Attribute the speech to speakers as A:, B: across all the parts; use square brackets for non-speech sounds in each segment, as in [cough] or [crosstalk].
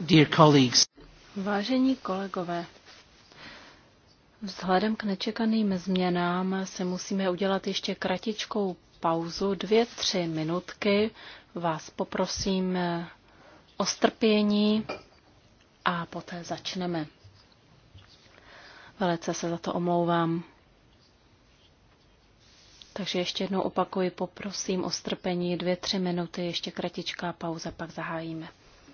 A: dear colleagues. Vážení kolegové, vzhledem k nečekaným změnám se musíme udělat ještě kratičkou pauzu, dvě, tři minutky. Vás poprosím o strpění a poté začneme. Velice se za to omlouvám. Takže ještě jednou opakuji, poprosím o strpení dvě, tři minuty, ještě kratičká pauza, pak zahájíme.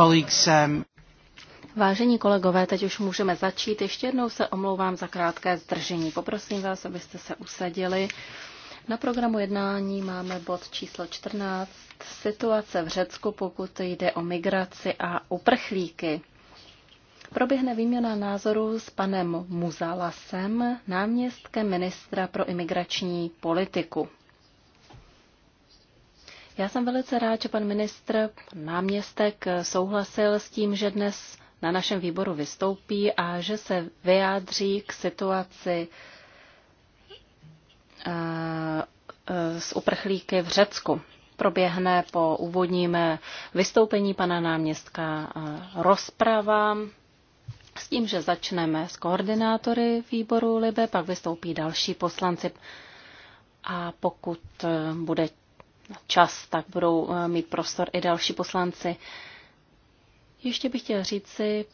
B: Uh, um,
A: Vážení kolegové, teď už můžeme začít. Ještě jednou se omlouvám za krátké zdržení. Poprosím vás, abyste se usadili. Na programu jednání máme bod číslo 14. Situace v Řecku, pokud jde o migraci a uprchlíky. Proběhne výměna názorů s panem Muzalasem, náměstkem ministra pro imigrační politiku. Já jsem velice rád, že pan ministr, pan náměstek souhlasil s tím, že dnes na našem výboru vystoupí a že se vyjádří k situaci eh, eh, s uprchlíky v Řecku. Proběhne po úvodním vystoupení pana náměstka eh, rozprava s tím, že začneme s koordinátory výboru Libe, pak vystoupí další poslanci a pokud bude čas, tak budou eh, mít prostor i další poslanci. Ještě bych chtěl říci,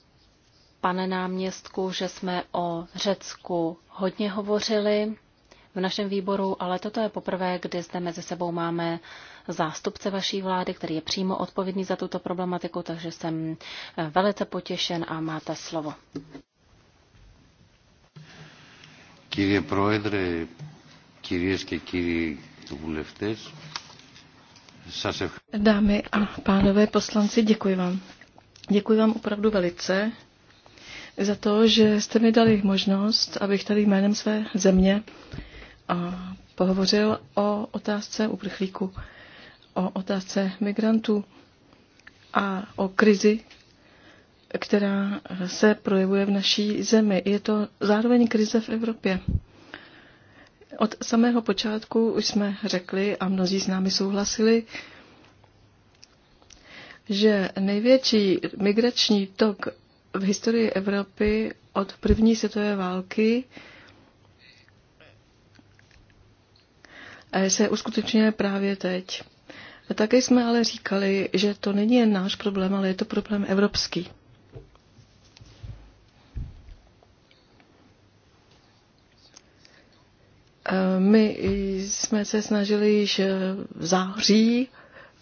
A: pane náměstku, že jsme o Řecku hodně hovořili v našem výboru, ale toto je poprvé, kdy zde mezi sebou máme zástupce vaší vlády, který je přímo odpovědný za tuto problematiku, takže jsem eh, velice potěšen a máte slovo.
C: Kyrie proedre, kyrie ke kyrii vůlevtes, Dámy a pánové poslanci, děkuji vám. Děkuji vám opravdu velice za to, že jste mi dali možnost, abych tady jménem své země pohovořil o otázce uprchlíku, o otázce migrantů a o krizi, která se projevuje v naší zemi. Je to zároveň krize v Evropě. Od samého počátku už jsme řekli, a mnozí s námi souhlasili, že největší migrační tok v historii Evropy od první světové války se uskutečňuje právě teď. Také jsme ale říkali, že to není jen náš problém, ale je to problém evropský. My jsme se snažili již v září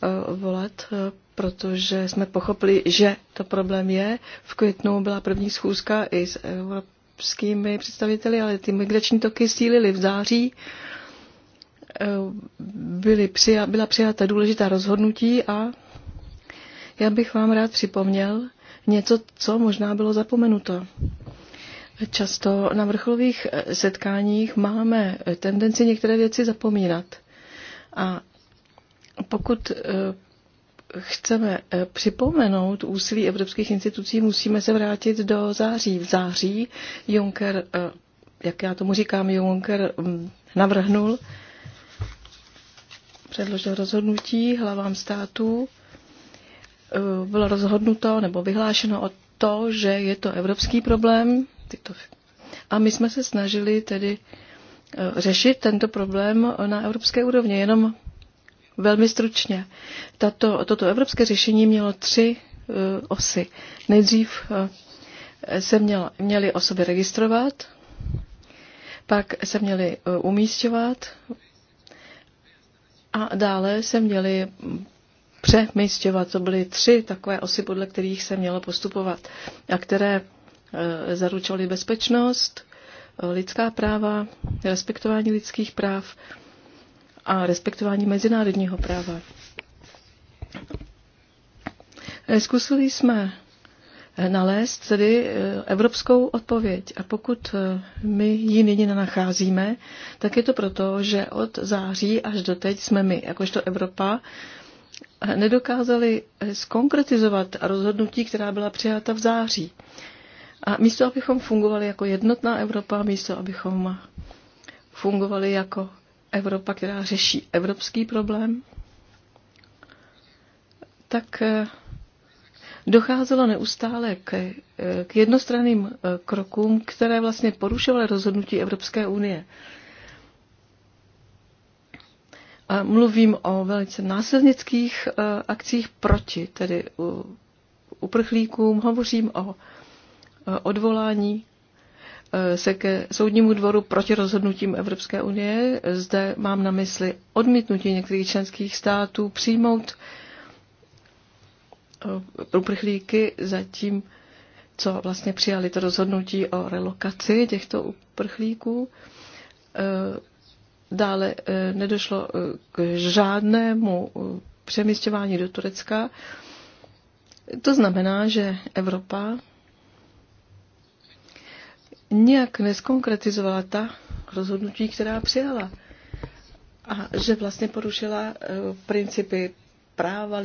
C: eh, volat, eh, protože jsme pochopili, že to problém je. V květnu byla první schůzka i s evropskými představiteli, ale ty migrační toky sílily v září. Eh, byly přija, byla přijata důležitá rozhodnutí a já bych vám rád připomněl něco, co možná bylo zapomenuto. Často na vrcholových eh, setkáních máme eh, tendenci některé věci zapomínat. A pokud eh, chceme připomenout úsilí evropských institucí, musíme se vrátit do září. V září Juncker, jak já tomu říkám, Juncker mm, navrhnul, předložil rozhodnutí hlavám států. Bylo rozhodnuto nebo vyhlášeno o to, že je to evropský problém, tyto. A my jsme se snažili tedy eh, řešit tento problém na evropské úrovni, jenom velmi stručně. Tato, toto evropské řešení mělo tři eh, osy. Nejdřív eh, se měl, měli osoby registrovat, pak se měli umístěvat a dále se měli přemístěvat. To byly tři takové osy, podle kterých se mělo postupovat a které Eh, zaručovali bezpečnost, eh, lidská práva, respektování lidských práv a respektování mezinárodního práva. Eh, zkusili jsme nalézt tedy evropskou odpověď. A pokud my ji nyní nenacházíme, tak je to proto, že od září až do teď jsme my, jakožto Evropa, nedokázali skonkretizovat rozhodnutí, která byla přijata v září. A místo, abychom fungovali jako jednotná Evropa, místo, abychom fungovali jako Evropa, která řeší evropský problém, tak eh, docházelo neustále k, eh, k jednostranným eh, krokům, které vlastně porušovaly rozhodnutí Evropské unie. A mluvím o velice následnických akcích proti tedy uprchlíkům, hovořím o Eh, odvolání eh, se ke soudnímu dvoru proti rozhodnutím Evropské unie. Zde mám na mysli odmítnutí některých členských států přijmout eh, uprchlíky zatím, co vlastně přijali to rozhodnutí o relokaci těchto uprchlíků. Dále nedošlo k žádnému přemístěvání do Turecka. To znamená, že Evropa nijak neskonkretizovala ta rozhodnutí, která přijala. A že vlastně porušila eh, principy práva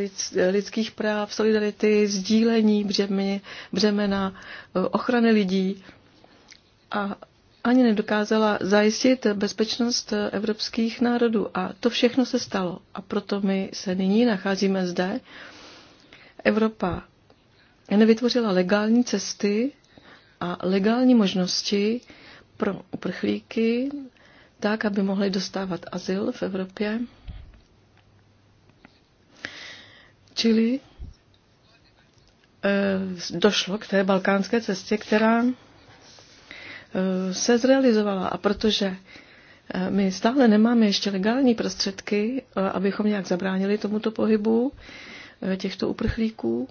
C: lidských práv, solidarity, sdílení břemene, břemena, eh, ochrany lidí. A ani nedokázala zajistit bezpečnost eh, evropských národů. A to všechno se stalo. A proto my se nyní nacházíme zde. Evropa nevytvořila legální cesty a legální možnosti pro uprchlíky, tak, aby mohli dostávat azyl v Evropě. Čili eh, došlo k té balkánské cestě, která eh, se zrealizovala. A protože eh, my stále nemáme ještě legální prostředky, abychom nějak zabránili tomuto pohybu těchto uprchlíků,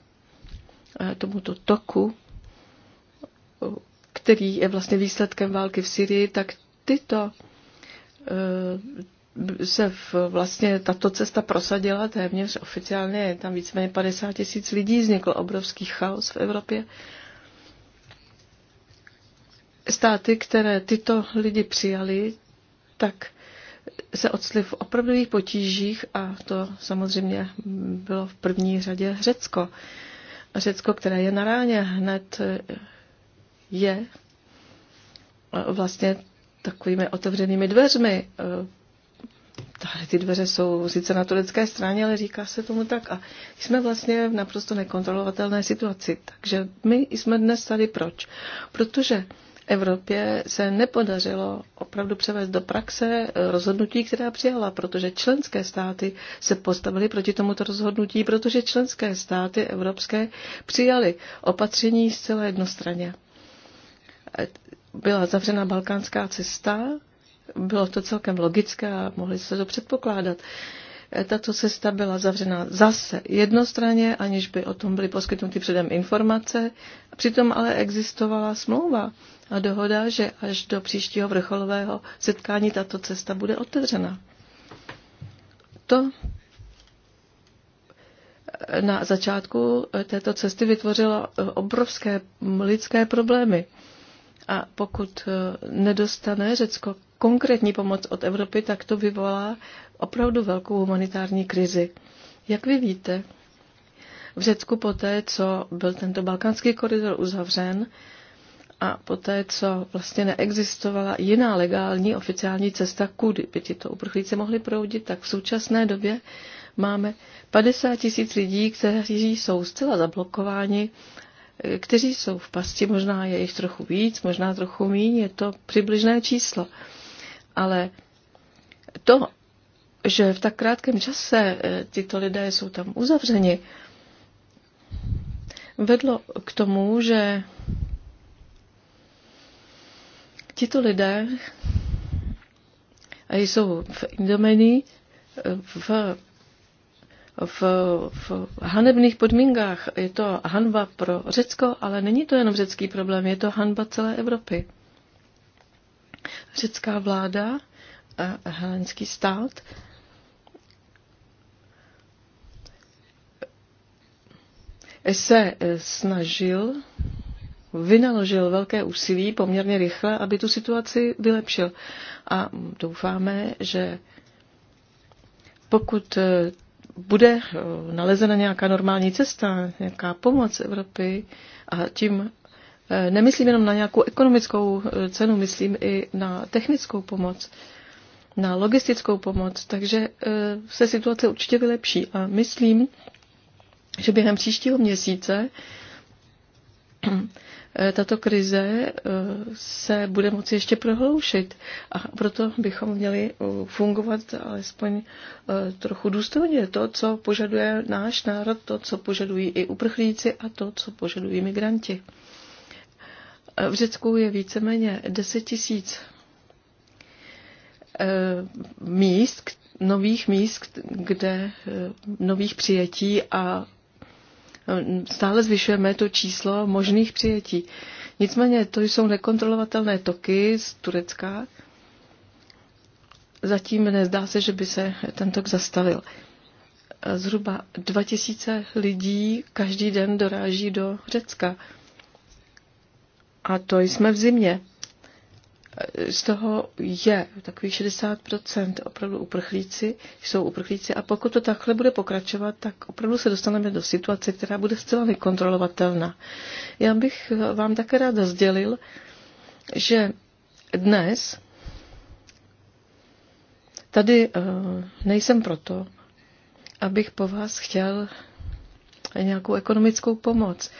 C: tomuto toku který je vlastně výsledkem války v Syrii, tak tyto eh, se v, vlastně tato cesta prosadila téměř oficiálně, je tam víceméně 50 tisíc lidí, vznikl obrovský chaos v Evropě. Státy, které tyto lidi přijali, tak se odstly v opravdových potížích a to samozřejmě bylo v první řadě Řecko. Řecko, které je na ráně hned je eh, vlastně takovými otevřenými dveřmi. Eh, tady ty dveře jsou sice na turecké straně, ale říká se tomu tak. A jsme vlastně v naprosto nekontrolovatelné situaci. Takže my jsme dnes tady proč? Protože Evropě se nepodařilo opravdu převést do praxe eh, rozhodnutí, která přijala, protože členské státy se postavily proti tomuto rozhodnutí, protože členské státy evropské přijaly opatření zcela jednostranně byla zavřena balkánská cesta, bylo to celkem logické a mohli se to předpokládat. Tato cesta byla zavřena zase jednostranně, aniž by o tom byly poskytnuty předem informace. Přitom ale existovala smlouva a dohoda, že až do příštího vrcholového setkání tato cesta bude otevřena. To na začátku této cesty vytvořilo obrovské lidské problémy. A pokud e, nedostane Řecko konkrétní pomoc od Evropy, tak to vyvolá opravdu velkou humanitární krizi. Jak vy víte, v Řecku poté, co byl tento balkánský koridor uzavřen a poté, co vlastně neexistovala jiná legální oficiální cesta, kudy by to uprchlíci mohli proudit, tak v současné době máme 50 tisíc lidí, kteří jsou zcela zablokováni kteří jsou v pasti, možná je jich trochu víc, možná trochu míň, je to přibližné číslo. Ale to, že v tak krátkém čase eh, tyto lidé jsou tam uzavřeni, vedlo k tomu, že tito lidé jsou v Indomení, v v, v hanebných podmínkách. Je to hanba pro Řecko, ale není to jenom řecký problém, je to hanba celé Evropy. Řecká vláda a helenský stát se snažil, vynaložil velké úsilí poměrně rychle, aby tu situaci vylepšil. A doufáme, že pokud bude eh, nalezena nějaká normální cesta, nějaká pomoc Evropy a tím eh, nemyslím jenom na nějakou ekonomickou eh, cenu, myslím i na technickou pomoc, na logistickou pomoc, takže se situace určitě vylepší a myslím, že během příštího měsíce Eh, tato krize eh, se bude moci ještě prohloušit a proto bychom měli eh, fungovat alespoň trochu důstojně. To, co požaduje náš národ, to, co požadují i uprchlíci a to, co požadují migranti. V Řecku je víceméně 10 tisíc míst, nových míst, kde nových přijetí a stále zvyšujeme to číslo možných přijetí. Nicméně to jsou nekontrolovatelné toky z Turecka. Zatím nezdá se, že by se ten tok zastavil. Zhruba 2000 lidí každý den doráží do Řecka. A to jsme v zimě z toho je takových 60% opravdu uprchlíci, jsou uprchlíci a pokud to takhle bude pokračovat, tak opravdu se dostaneme do situace, která bude zcela nekontrolovatelná. Já bych vám také ráda sdělil, že dnes tady eh, nejsem proto, abych po vás chtěl nějakou ekonomickou pomoc,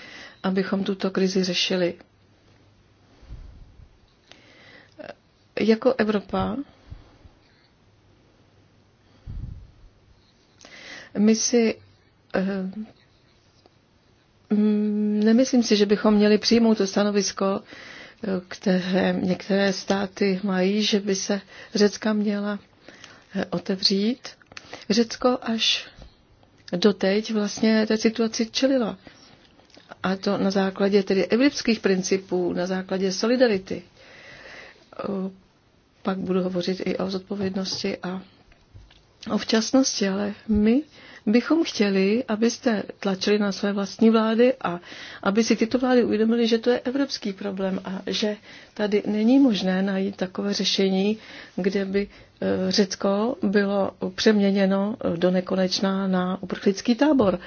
C: abychom tuto krizi řešili. jako Evropa my si eh, nemyslím si, že bychom měli přijmout to stanovisko, které některé státy mají, že by se Řecka měla eh, otevřít. Řecko až doteď vlastně té situaci čelila. A to na základě tedy evropských principů, na základě solidarity pak budu hovořit i o zodpovědnosti a o včasnosti, ale my bychom chtěli, abyste tlačili na své vlastní vlády a aby si tyto vlády uvědomily, že to je evropský problém a že tady není možné najít takové řešení, kde by eh, Řecko bylo přeměněno eh, do nekonečna na uprchlický tábor.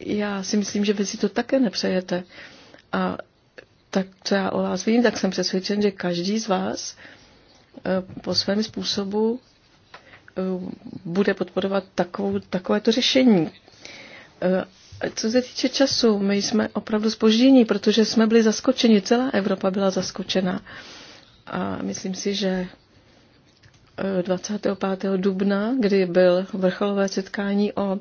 C: Já si myslím, že vy si to také nepřejete. A tak co já o vás vím, tak jsem přesvědčen, že každý z vás E, po svém způsobu e, bude podporovat takovou, takovéto řešení. E, co se týče času, my jsme opravdu spoždění, protože jsme byli zaskočeni, celá Evropa byla zaskočena. A myslím si, že 25. dubna, kdy byl vrcholové setkání o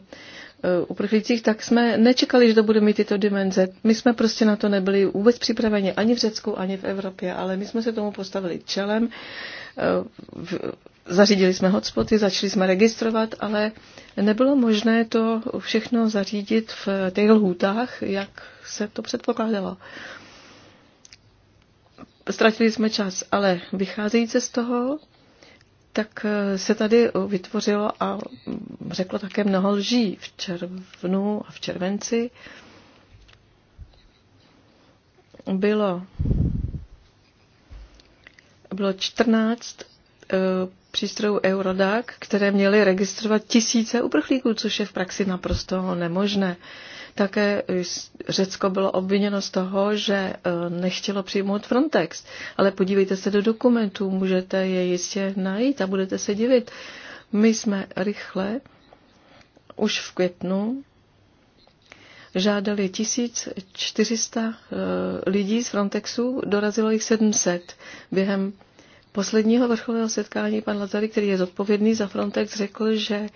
C: uprchlících, tak jsme nečekali, že to bude mít tyto dimenze. My jsme prostě na to nebyli vůbec připraveni ani v Řecku, ani v Evropě, ale my jsme se tomu postavili čelem Zařídili jsme hotspoty, začali jsme registrovat, ale nebylo možné to všechno zařídit v těch lhůtách, jak se to předpokládalo. Ztratili jsme čas, ale vycházející z toho, tak se tady vytvořilo a řeklo také mnoho lží v červnu a v červenci. Bylo bylo 14 eh, přístrojů Eurodac, které měly registrovat tisíce uprchlíků, což je v praxi naprosto nemožné. Také Řecko bylo obviněno z toho, že eh, nechtělo přijmout Frontex. Ale podívejte se do dokumentů, můžete je jistě najít a budete se divit. My jsme rychle, už v květnu, žádali 1400 eh, lidí z Frontexu, dorazilo jich 700. Během posledního vrcholného setkání pan Lazary, který je zodpovědný za Frontex, řekl, že eh,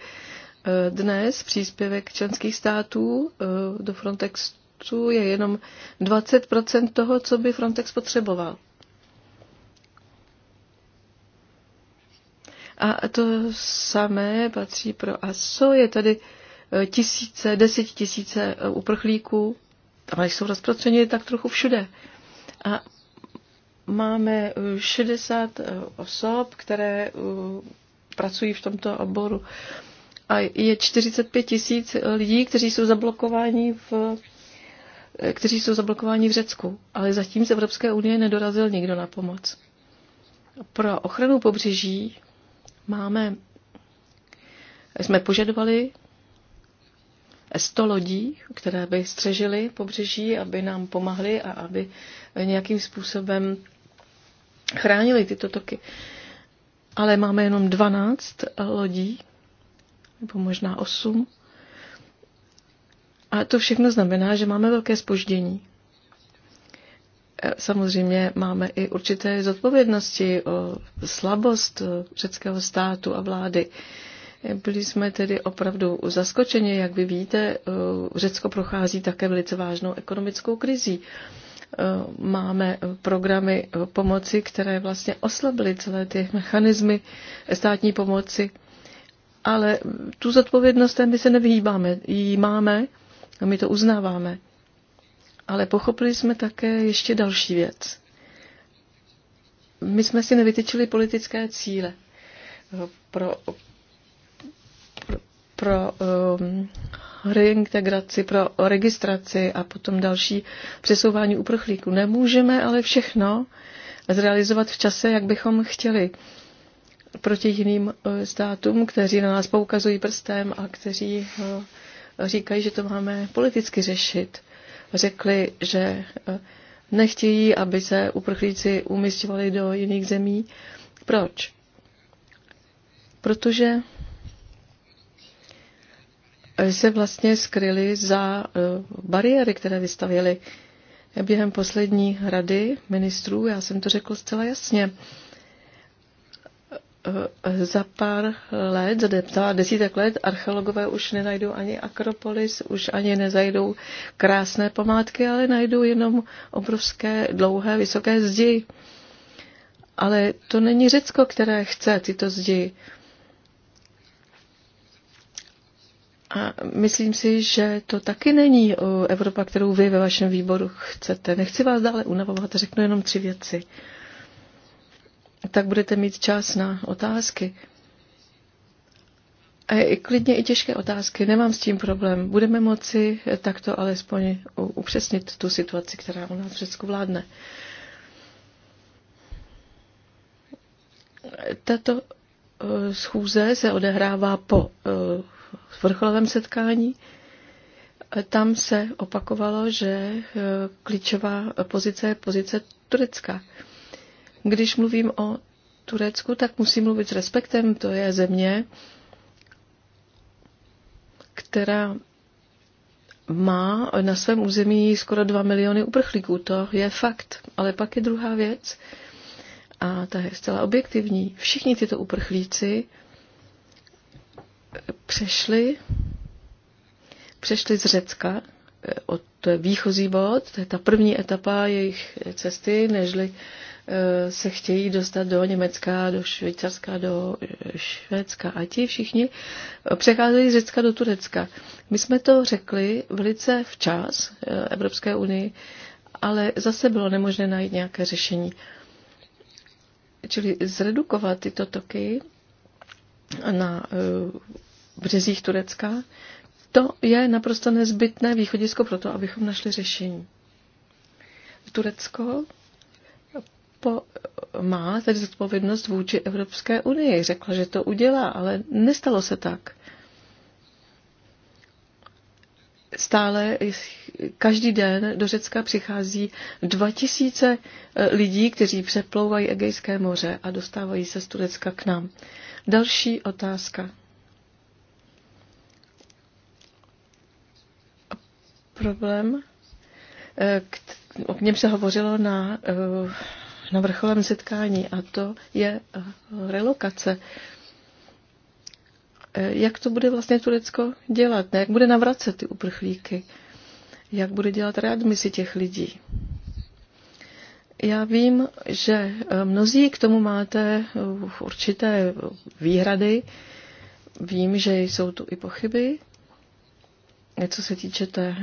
C: dnes příspěvek členských států eh, do Frontexu je jenom 20% toho, co by Frontex potřeboval. A to samé patří pro ASO. Je tady tisíce, deset tisíce e, uprchlíků, ale jsou rozprostřeni tak trochu všude. A máme 60 e, e, osob, které pracují v tomto oboru. A je 45 tisíc lidí, kteří jsou zablokováni v kteří jsou zablokováni v Řecku, ale zatím z Evropské unie nedorazil nikdo na pomoc. Pro ochranu pobřeží máme, jsme požadovali 100 lodí, které by střežily pobřeží, aby nám pomohly a aby nějakým způsobem chránili tyto toky. Ale máme jenom 12 lodí, nebo možná 8. A to všechno znamená, že máme velké spoždění. Samozřejmě máme i určité zodpovědnosti, slabost řeckého státu a vlády. Byli jsme tedy opravdu zaskočeni. Jak vy víte, eh, Řecko prochází také velice vážnou ekonomickou krizí. Eh, máme programy eh, pomoci, které vlastně oslabily celé ty mechanismy státní pomoci. Ale tu zodpovědnost my se nevyhýbáme. Jí máme a my to uznáváme. Ale pochopili jsme také ještě další věc. My jsme si nevytyčili politické cíle pro pro um, reintegraci, pro registraci a potom další přesouvání uprchlíků. Nemůžeme ale všechno zrealizovat v čase, jak bychom chtěli proti jiným uh, státům, kteří na nás poukazují prstem a kteří uh, říkají, že to máme politicky řešit. Řekli, že uh, nechtějí, aby se uprchlíci umistovali do jiných zemí. Proč? Protože se vlastně skryly za e, bariéry, které vystavili během poslední rady ministrů. Já jsem to řekl zcela jasně. E, e, za pár let, za desítek let, archeologové už nenajdou ani Akropolis, už ani nezajdou krásné památky, ale najdou jenom obrovské, dlouhé, vysoké zdi. Ale to není Řecko, které chce tyto zdi. A myslím si, že to taky není eh, Evropa, kterou vy ve vašem výboru chcete. Nechci vás dále unavovat, řeknu jenom tři věci. Tak budete mít čas na otázky. A klidně i těžké otázky, nemám s tím problém. Budeme moci eh, takto alespoň upřesnit tu situaci, která u nás v Řecku vládne. Tato eh, schůze se odehrává po vrcholovém setkání, tam se opakovalo, že eh, klíčová pozice je pozice Turecka. Když mluvím o Turecku, tak musím mluvit s respektem. To je země, která má na svém území skoro 2 miliony uprchlíků. To je fakt. Ale pak je druhá věc, a ta je zcela objektivní. Všichni tyto uprchlíci přešli, přešli z Řecka, eh, od, to je výchozí bod, to je ta první etapa jejich cesty, nežli eh, se chtějí dostat do Německa, do Švýcarska, do eh, Švédska a ti všichni přecházejí z Řecka do Turecka. My jsme to řekli velice včas Evropské unii, ale zase bylo nemožné najít nějaké řešení. Čili zredukovat tyto toky na březích eh, Turecka, to je naprosto nezbytné východisko pro to, abychom našli řešení. Turecko po, má tedy zodpovědnost vůči Evropské unii. Řekla, že to udělá, ale nestalo se tak stále každý den do Řecka přichází 2000 eh, lidí, kteří přeplouvají Egejské moře a dostávají se z Turecka k nám. Další otázka. Problém, eh, o něm se hovořilo na, eh, na vrcholem setkání, a to je relokace jak to bude vlastně Turecko dělat, ne? jak bude navracet ty uprchlíky, jak bude dělat readmisi těch lidí. Já vím, že eh, mnozí k tomu máte eh, určité výhrady. Vím, že jsou tu i pochyby, eh, co se týče té,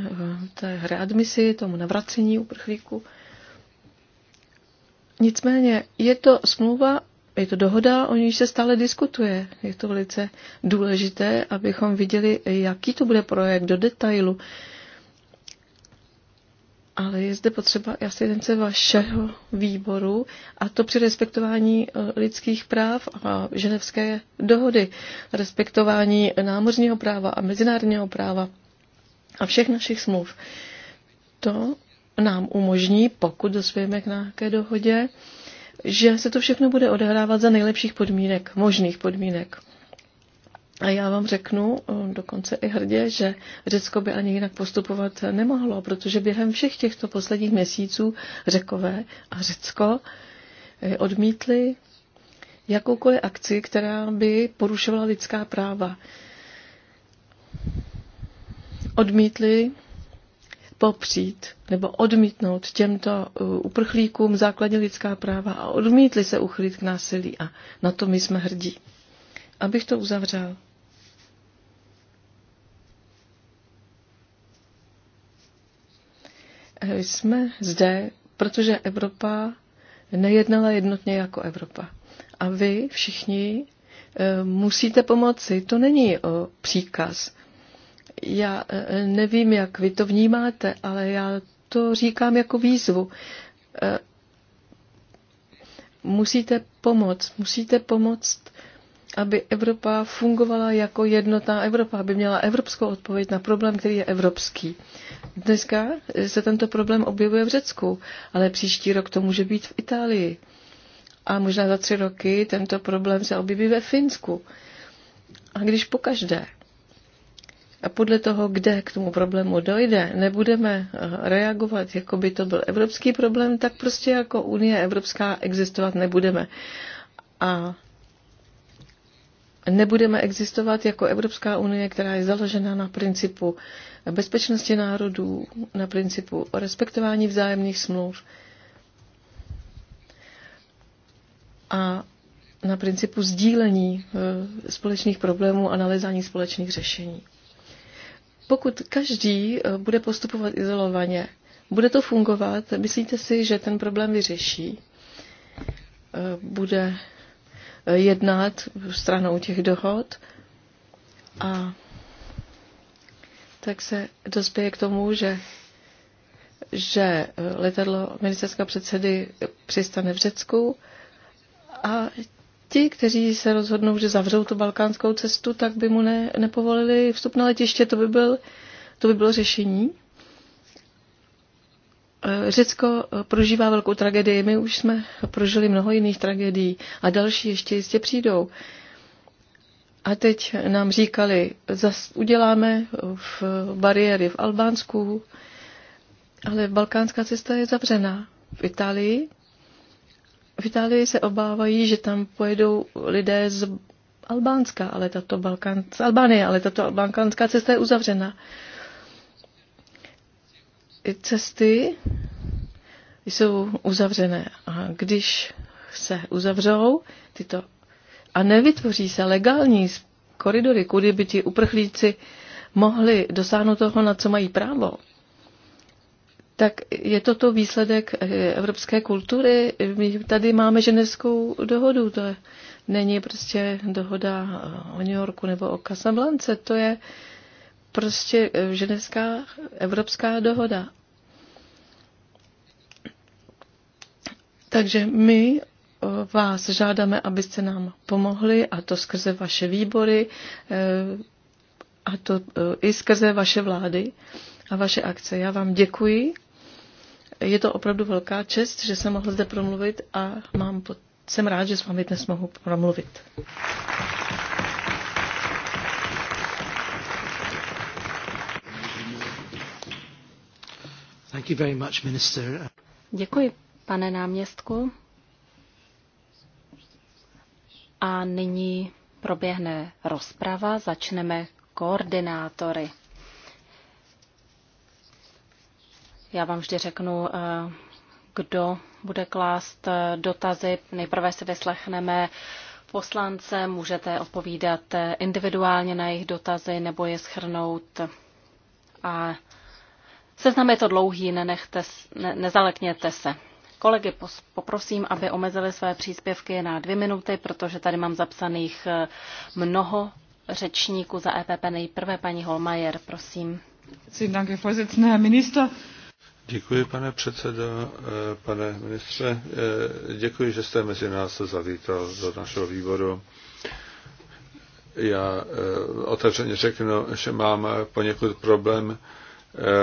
C: té readmisi, tomu navracení uprchlíku. Nicméně je to smlouva je to dohoda, o níž se stále diskutuje. Je to velice důležité, abychom viděli, jaký to bude projekt do detailu. Ale je zde potřeba asistence vašeho výboru a to při respektování eh, lidských práv a ženevské dohody, respektování námořního práva a mezinárodního práva a všech našich smluv. To nám umožní, pokud dospějeme k nějaké dohodě, že se to všechno bude odehrávat za nejlepších podmínek, možných podmínek. A já vám řeknu eh, dokonce i hrdě, že Řecko by ani jinak postupovat nemohlo, protože během všech těchto posledních měsíců Řekové a Řecko eh, odmítli jakoukoliv akci, která by porušovala lidská práva. Odmítli popřít nebo odmítnout těmto uh, uprchlíkům základní lidská práva a odmítli se uchylit k násilí. A na to my jsme hrdí. Abych to uzavřel. Eh, jsme zde, protože Evropa nejednala jednotně jako Evropa. A vy všichni eh, musíte pomoci. To není o eh, příkaz. Já eh, nevím, jak vy to vnímáte, ale já to říkám jako výzvu. Eh, musíte pomoct, musíte pomoct, aby Evropa fungovala jako jednotná Evropa, aby měla evropskou odpověď na problém, který je evropský. Dneska se tento problém objevuje v Řecku, ale příští rok to může být v Itálii. A možná za tři roky tento problém se objeví ve Finsku. A když pokaždé a podle toho, kde k tomu problému dojde, nebudeme eh, reagovat, jako by to byl evropský problém, tak prostě jako Unie Evropská existovat nebudeme. A nebudeme existovat jako Evropská unie, která je založena na principu bezpečnosti národů, na principu respektování vzájemných smluv a na principu sdílení eh, společných problémů a nalezání společných řešení. Pokud každý eh, bude postupovat izolovaně, bude to fungovat? Myslíte si, že ten problém vyřeší? Eh, bude eh, jednat stranou těch dohod a tak se dospěje k tomu, že, že letadlo ministerského předsedy přistane v Řecku a ti, kteří se rozhodnou, že zavřou tu balkánskou cestu, tak by mu ne, nepovolili vstup na letiště. To by, byl, to by bylo řešení. Eh, Řecko eh, prožívá velkou tragédii. My už jsme prožili mnoho jiných tragédií a další ještě jistě přijdou. A teď nám říkali, zas uděláme eh, v bariéry v Albánsku, ale balkánská cesta je zavřená. V Itálii v Itálii se obávají, že tam pojedou lidé z Albánska, ale tato Balkán, z Albánie, ale tato balkánská cesta je uzavřena. Cesty jsou uzavřené. A když se uzavřou tyto a nevytvoří se legální koridory, kudy by ti uprchlíci mohli dosáhnout toho, na co mají právo, tak je to to výsledek eh, evropské kultury. My tady máme ženevskou dohodu, to je, není prostě dohoda o New Yorku nebo o Casablance, to je prostě eh, ženevská evropská dohoda. Takže my eh, vás žádáme, abyste nám pomohli, a to skrze vaše výbory, a to i skrze vaše vlády a vaše akce. Já vám děkuji je to opravdu velká čest, že jsem mohl zde promluvit a mám pod... jsem rád, že s vámi dnes mohu promluvit.
B: Thank you very much, minister.
A: Děkuji, pane náměstku. A nyní proběhne rozprava. Začneme koordinátory. Já vám vždy řeknu, eh, kdo bude klást eh, dotazy. Nejprve si vyslechneme poslance, můžete odpovídat eh, individuálně na jejich dotazy nebo je schrnout. A seznam je to dlouhý, nenechte, ne, nezalekněte se. Kolegy poprosím, aby omezili své příspěvky na dvě minuty, protože tady mám zapsaných mnoho řečníků za EPP. Nejprve paní Holmajer, prosím. Vielen Dank, Herr Vorsitzender, Herr Minister.
B: Děkuji, pane předsedo, eh, pane ministře. Eh, děkuji, že jste mezi nás zavítal do našeho výboru. Já eh, otevřeně řeknu, že mám poněkud problém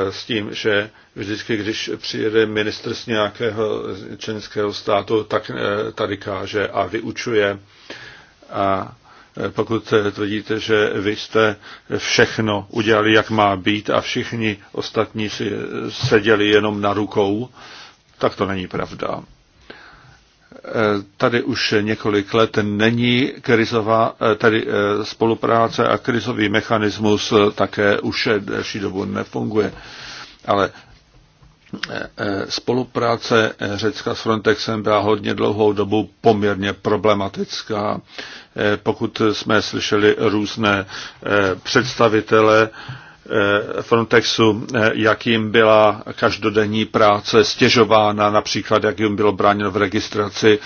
B: s tím, že vždycky, když přijede ministr z nějakého členského státu, tak tady káže a vyučuje. A Eh, pokud eh, tvrdíte, že vy jste všechno udělali, jak má být a všichni ostatní si eh, seděli jenom na rukou, tak to není pravda. Tady už několik let není krizová, tady spolupráce a krizový mechanismus také už delší dobu nefunguje. Ale Eh, eh, spolupráce eh, Řecka s Frontexem byla hodně dlouhou dobu poměrně problematická. Pokud jsme slyšeli různé představitele Frontexu, jak jim byla každodenní práce stěžována, například jak jim bylo bráněno v registraci,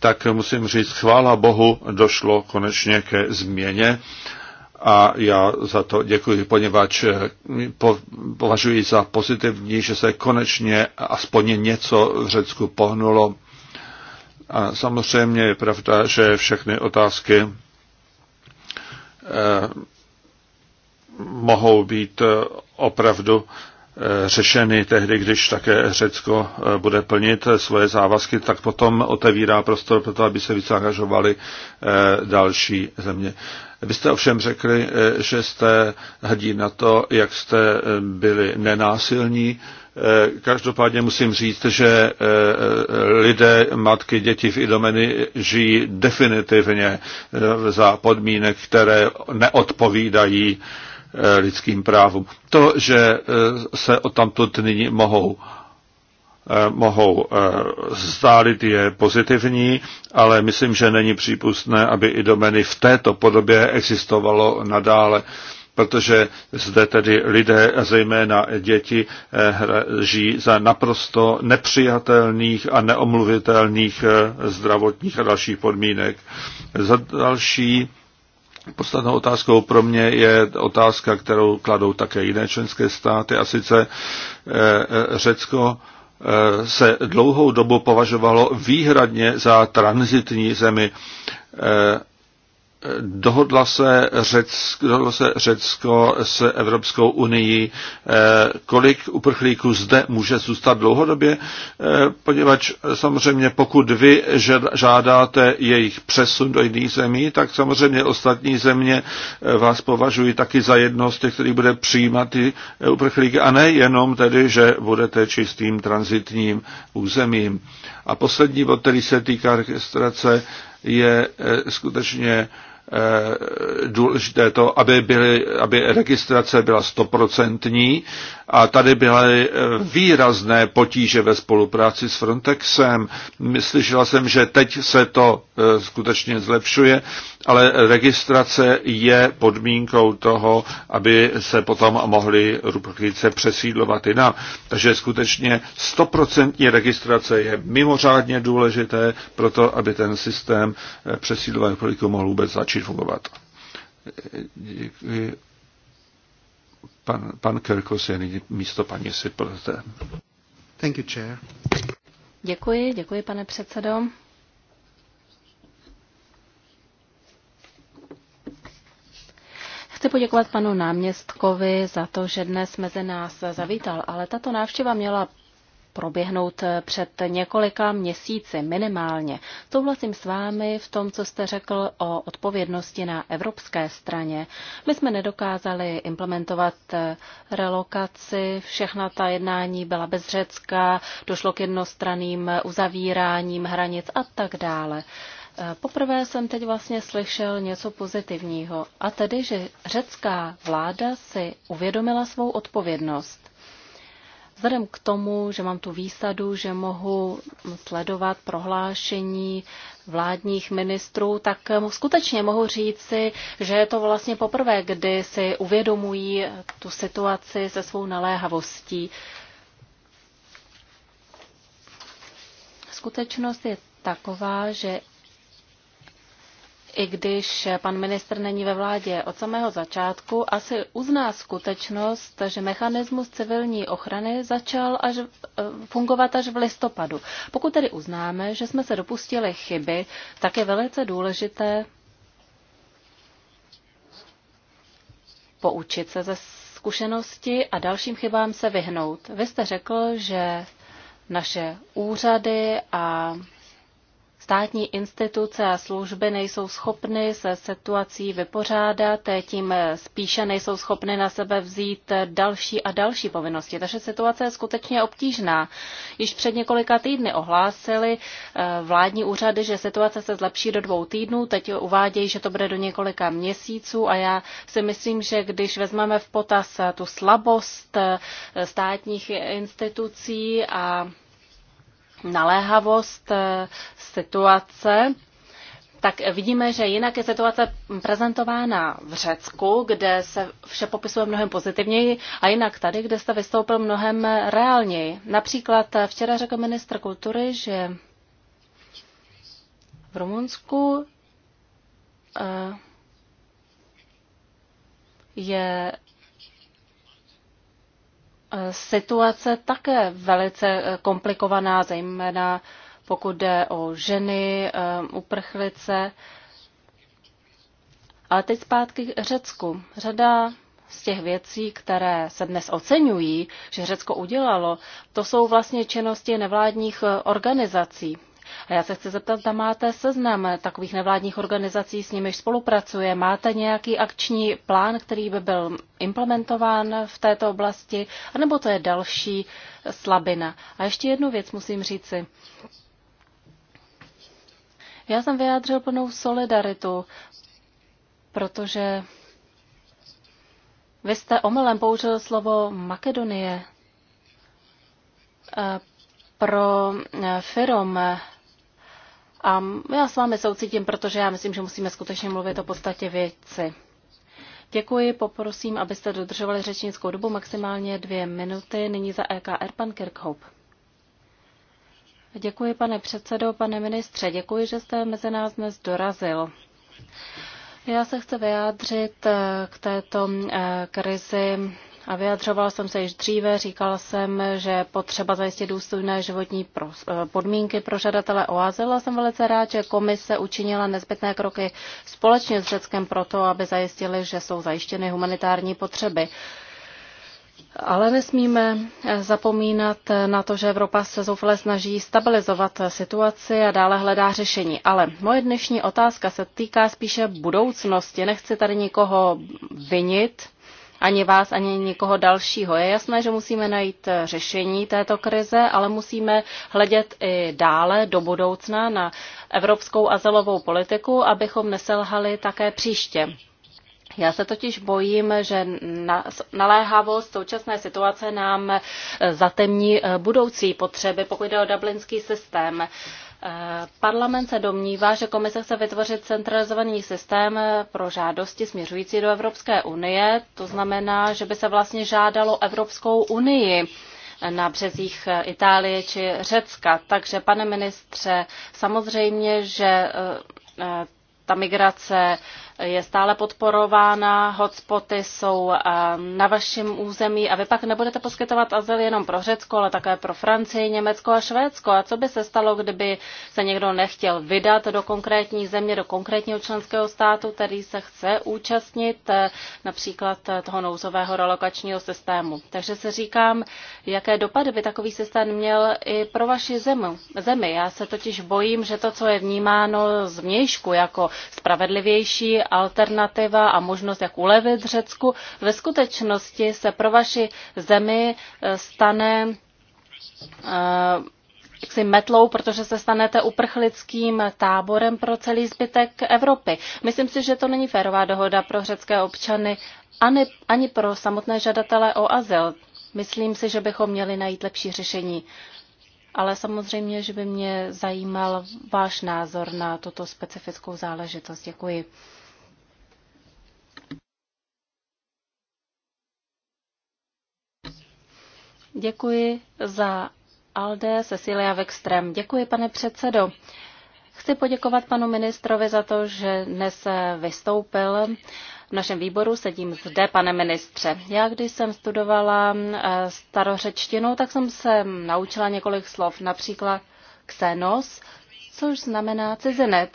B: tak musím říct, chvála Bohu, došlo konečně ke změně a já za to děkuji, poněvadž považuji za pozitivní, že se konečně aspoň něco v Řecku pohnulo. A samozřejmě je pravda, že všechny otázky eh, mohou být opravdu eh, řešeny tehdy, když také Řecko eh, bude plnit svoje závazky, tak potom otevírá prostor pro to, aby se více angažovaly další země. Vy jste ovšem řekli, eh, že jste hrdí na to, jak jste eh, byli nenásilní. Eh, každopádně musím říct, že lidé, matky, děti v Idomeni žijí definitivně za podmínek, které neodpovídají lidským právům. To, že se odtamtud nyní mohou Eh, mohou eh, zdálit je pozitivní, ale myslím, že není přípustné, aby i domeny v této podobě existovalo nadále, protože zde tedy lidé, zejména děti, eh, žijí za naprosto nepřijatelných a neomluvitelných zdravotních a dalších podmínek. Za další Podstatnou otázkou pro mě je otázka, kterou kladou také jiné členské státy, a sice Řecko Eh, se dlouhou dobu považovalo výhradně za transitní zemi eh, dohodla se, Řecko, dohodla se Řecko s Evropskou unii, eh, kolik uprchlíků zde může zůstat dlouhodobě, eh, poněvadž samozřejmě pokud vy žádáte jejich přesun do jiných zemí, tak samozřejmě ostatní země eh, vás považují taky za jedno z těch, který bude přijímat ty uprchlíky a ne jenom tedy, že budete čistým transitním územím. A poslední bod, který se týká registrace, je skutečně Eh, důležité to, aby, byly, aby registrace byla stoprocentní a tady byly eh, výrazné potíže ve spolupráci s Frontexem. Slyšela jsem, že teď se to eh, skutečně zlepšuje, ale registrace je podmínkou toho, aby se potom mohli ruprchlíce přesídlovat jinam. Takže skutečně stoprocentní registrace je mimořádně důležité pro to, aby ten systém přesídlování uprchlíků mohl vůbec začít začít fungovat. Děkuji. Pan, pan Kirkus je nyní místo paní Siplete. Thank you, chair.
A: Děkuji, děkuji, pane předsedo. Chci poděkovat panu náměstkovi za to, že dnes mezi nás zavítal, ale tato návštěva měla proběhnout eh, před několika měsíci minimálně. Souhlasím s vámi v tom, co jste řekl o odpovědnosti na evropské straně. My jsme nedokázali implementovat eh, relokaci, všechna ta jednání byla bez Řecka, došlo k jednostranným eh, uzavíráním hranic a tak dále. Poprvé jsem teď vlastně slyšel něco pozitivního, a tedy, že řecká vláda si uvědomila svou odpovědnost. Vzhledem k tomu, že mám tu výsadu, že mohu sledovat prohlášení vládních ministrů, tak skutečně mohu říci, že je to vlastně poprvé, kdy si uvědomují tu situaci se svou naléhavostí. Skutečnost je taková, že i když pan ministr není ve vládě od samého začátku, asi uzná skutečnost, že mechanismus civilní ochrany začal až, e, fungovat až v listopadu. Pokud tedy uznáme, že jsme se dopustili chyby, tak je velice důležité poučit se ze zkušenosti a dalším chybám se vyhnout. Vy jste řekl, že naše úřady a státní instituce a služby nejsou schopny se situací vypořádat, tím spíše nejsou schopny na sebe vzít další a další povinnosti. Takže situace je skutečně obtížná. Již před několika týdny ohlásili eh, vládní úřady, že situace se zlepší do dvou týdnů, teď uvádějí, že to bude do několika měsíců a já si myslím, že když vezmeme v potaz tu slabost eh, státních institucí a naléhavost eh, situace, tak vidíme, že jinak je situace prezentována v Řecku, kde se vše popisuje mnohem pozitivněji a jinak tady, kde jste vystoupil mnohem reálněji. Například včera řekl ministr kultury, že v Rumunsku eh, je situace také velice eh, komplikovaná, zejména pokud jde o ženy, eh, uprchlice. Ale teď zpátky k Řecku. Řada z těch věcí, které se dnes oceňují, že Řecko udělalo, to jsou vlastně činnosti nevládních eh, organizací. A já se chci zeptat, zda máte seznam takových nevládních organizací, s nimiž spolupracuje. Máte nějaký akční plán, který by byl implementován v této oblasti, anebo to je další slabina? A ještě jednu věc musím říci. Já jsem vyjádřil plnou solidaritu, protože vy jste omylem použil slovo Makedonie eh, pro eh, firom a já s vámi soucitím, protože já myslím, že musíme skutečně mluvit o podstatě věci. Děkuji, poprosím, abyste dodržovali řečnickou dobu maximálně dvě minuty. Nyní za EKR pan Kirkhope. Děkuji, pane předsedo, pane ministře. Děkuji, že jste mezi nás dnes dorazil. Já se chci vyjádřit eh, k této eh, krizi a vyjadřovala jsem se již dříve, říkal jsem, že potřeba zajistit důstojné životní eh, podmínky pro žadatele o azyl a jsem velice rád, že komise učinila nezbytné kroky společně s Řeckem proto, aby zajistili, že jsou zajištěny humanitární potřeby. Ale nesmíme eh, zapomínat na to, že Evropa se zoufale snaží stabilizovat eh, situaci a dále hledá řešení. Ale moje dnešní otázka se týká spíše budoucnosti. Nechci tady nikoho vinit, ani vás, ani nikoho dalšího. Je jasné, že musíme najít řešení této krize, ale musíme hledět i dále do budoucna na evropskou azylovou politiku, abychom neselhali také příště. Já se totiž bojím, že naléhavost současné situace nám zatemní budoucí potřeby, pokud jde o dublinský systém. Parlament se domnívá, že komise chce vytvořit centralizovaný systém pro žádosti směřující do Evropské unie. To znamená, že by se vlastně žádalo Evropskou unii na březích Itálie či Řecka. Takže, pane ministře, samozřejmě, že eh, ta migrace je stále podporována, hotspoty jsou eh, na vašem území a vy pak nebudete poskytovat azyl jenom pro Řecko, ale také pro Francii, Německo a Švédsko. A co by se stalo, kdyby se někdo nechtěl vydat do konkrétní země, do konkrétního členského státu, který se chce účastnit eh, například eh, toho nouzového relokačního systému. Takže se říkám, jaké dopady by takový systém měl i pro vaši zemi. zemi. Já se totiž bojím, že to, co je vnímáno zvnějšku jako spravedlivější, alternativa a možnost, jak ulevit Řecku, ve skutečnosti se pro vaši zemi eh, stane eh, jaksi metlou, protože se stanete uprchlickým táborem pro celý zbytek Evropy. Myslím si, že to není férová dohoda pro řecké občany ani, ani pro samotné žadatele o azyl. Myslím si, že bychom měli najít lepší řešení. Ale samozřejmě, že by mě zajímal váš názor na tuto specifickou záležitost. Děkuji. Děkuji za Alde Cecilia Vekstrem. Děkuji, pane předsedo. Chci poděkovat panu ministrovi za to, že dnes vystoupil. V našem výboru sedím zde, pane ministře. Já, když jsem studovala eh, starořečtinu, tak jsem se naučila několik slov, například ksenos, což znamená cizinec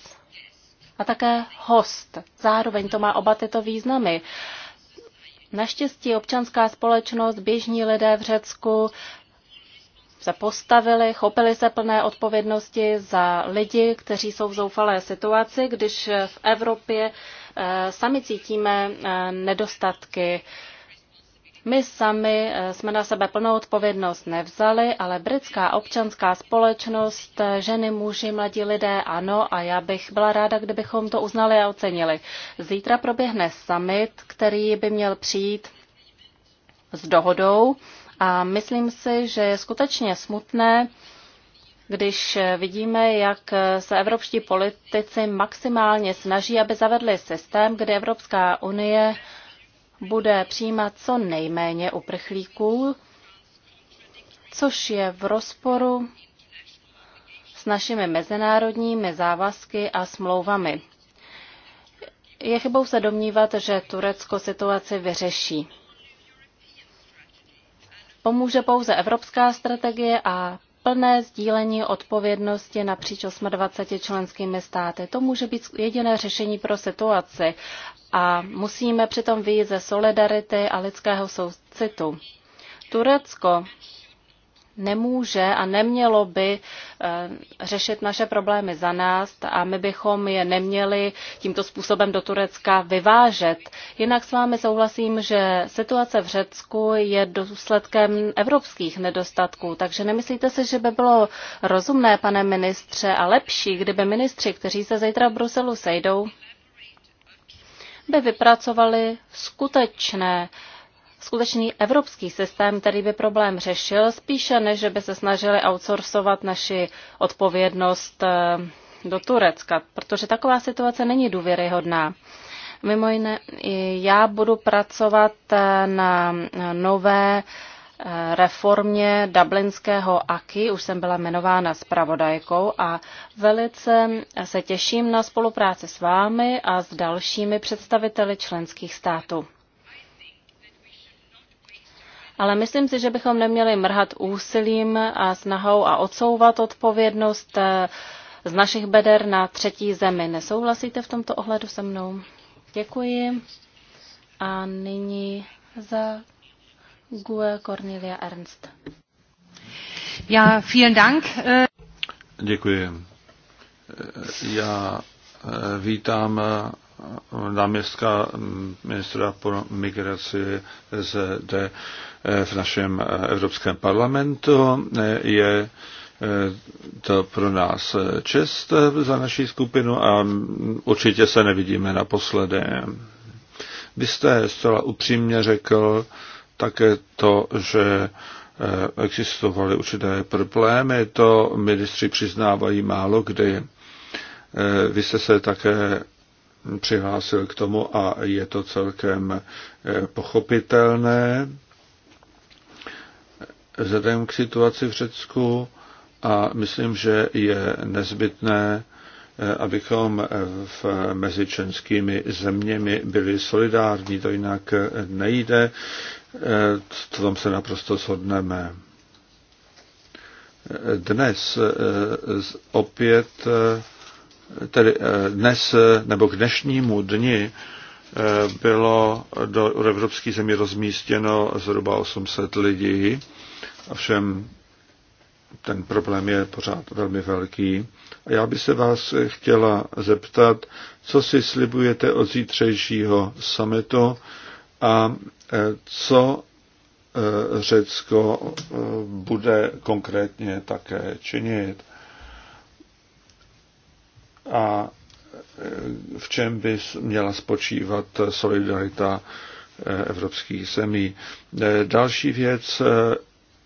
A: a také host. Zároveň to má oba tyto významy. Uh, Naštěstí občanská společnost, běžní lidé v Řecku se postavili, chopili se plné odpovědnosti za lidi, kteří jsou v zoufalé situaci, když v Evropě eh, sami cítíme eh, nedostatky my sami eh, jsme na sebe plnou odpovědnost nevzali, ale britská občanská společnost, eh, ženy, muži, mladí lidé, ano, a já bych byla ráda, kdybychom to uznali a ocenili. Zítra proběhne summit, který by měl přijít s dohodou a myslím si, že je skutečně smutné, když eh, vidíme, jak se evropští politici maximálně snaží, aby zavedli systém, kde Evropská unie bude přijímat co nejméně uprchlíků, což je v rozporu s našimi mezinárodními závazky a smlouvami. Je chybou se domnívat, že Turecko situaci vyřeší. Pomůže pouze evropská strategie a plné sdílení odpovědnosti napříč 28 členskými státy. To může být jediné řešení pro situaci a musíme přitom vyjít ze solidarity a lidského soucitu. Turecko nemůže a nemělo by eh, řešit naše problémy za nás a my bychom je neměli tímto způsobem do Turecka vyvážet. Jinak s vámi souhlasím, že situace v Řecku je důsledkem evropských nedostatků, takže nemyslíte si, že by bylo rozumné, pane ministře, a lepší, kdyby ministři, kteří se zítra v Bruselu sejdou, by vypracovali skutečné uh, skutečný evropský systém, který by problém řešil, spíše než by se snažili outsourcovat naši odpovědnost eh, do Turecka, protože taková situace není důvěryhodná. Mimo jiné, já budu pracovat eh, na nové eh, reformě dublinského AKI, už jsem byla jmenována zpravodajkou a velice se těším na spolupráci s vámi a s dalšími představiteli členských států ale myslím si, že bychom neměli mrhat úsilím a snahou a odsouvat odpovědnost eh, z našich beder na třetí zemi. Nesouhlasíte v tomto ohledu se mnou? Děkuji. A nyní za GUE Cornelia Ernst. Já, vielen Dank. Äh.
B: Děkuji. Äh, já äh, vítám náměstka mm, ministra pro migraci zde eh, v našem eh, Evropském parlamentu. Eh, je to pro nás čest za naší skupinu a mm, určitě se nevidíme naposledy. Vy jste zcela upřímně řekl také to, že existovaly určité problémy, to ministři přiznávají málo kdy. Vy jste se také přihlásil k tomu a je to celkem eh, pochopitelné vzhledem k situaci v Řecku a myslím, že je nezbytné, eh, abychom eh, v mezičenskými zeměmi byli solidární, to jinak nejde, v tom se naprosto shodneme. Dnes opět tedy eh, dnes nebo k dnešnímu dni eh, bylo do evropských zemí rozmístěno zhruba 800 lidí. Ovšem ten problém je pořád velmi velký. A já bych se vás chtěla zeptat, co si slibujete od zítřejšího summitu a eh, co Řecko bude konkrétně také činit a e, v čem by měla spočívat solidarita e, evropských zemí. E, další věc,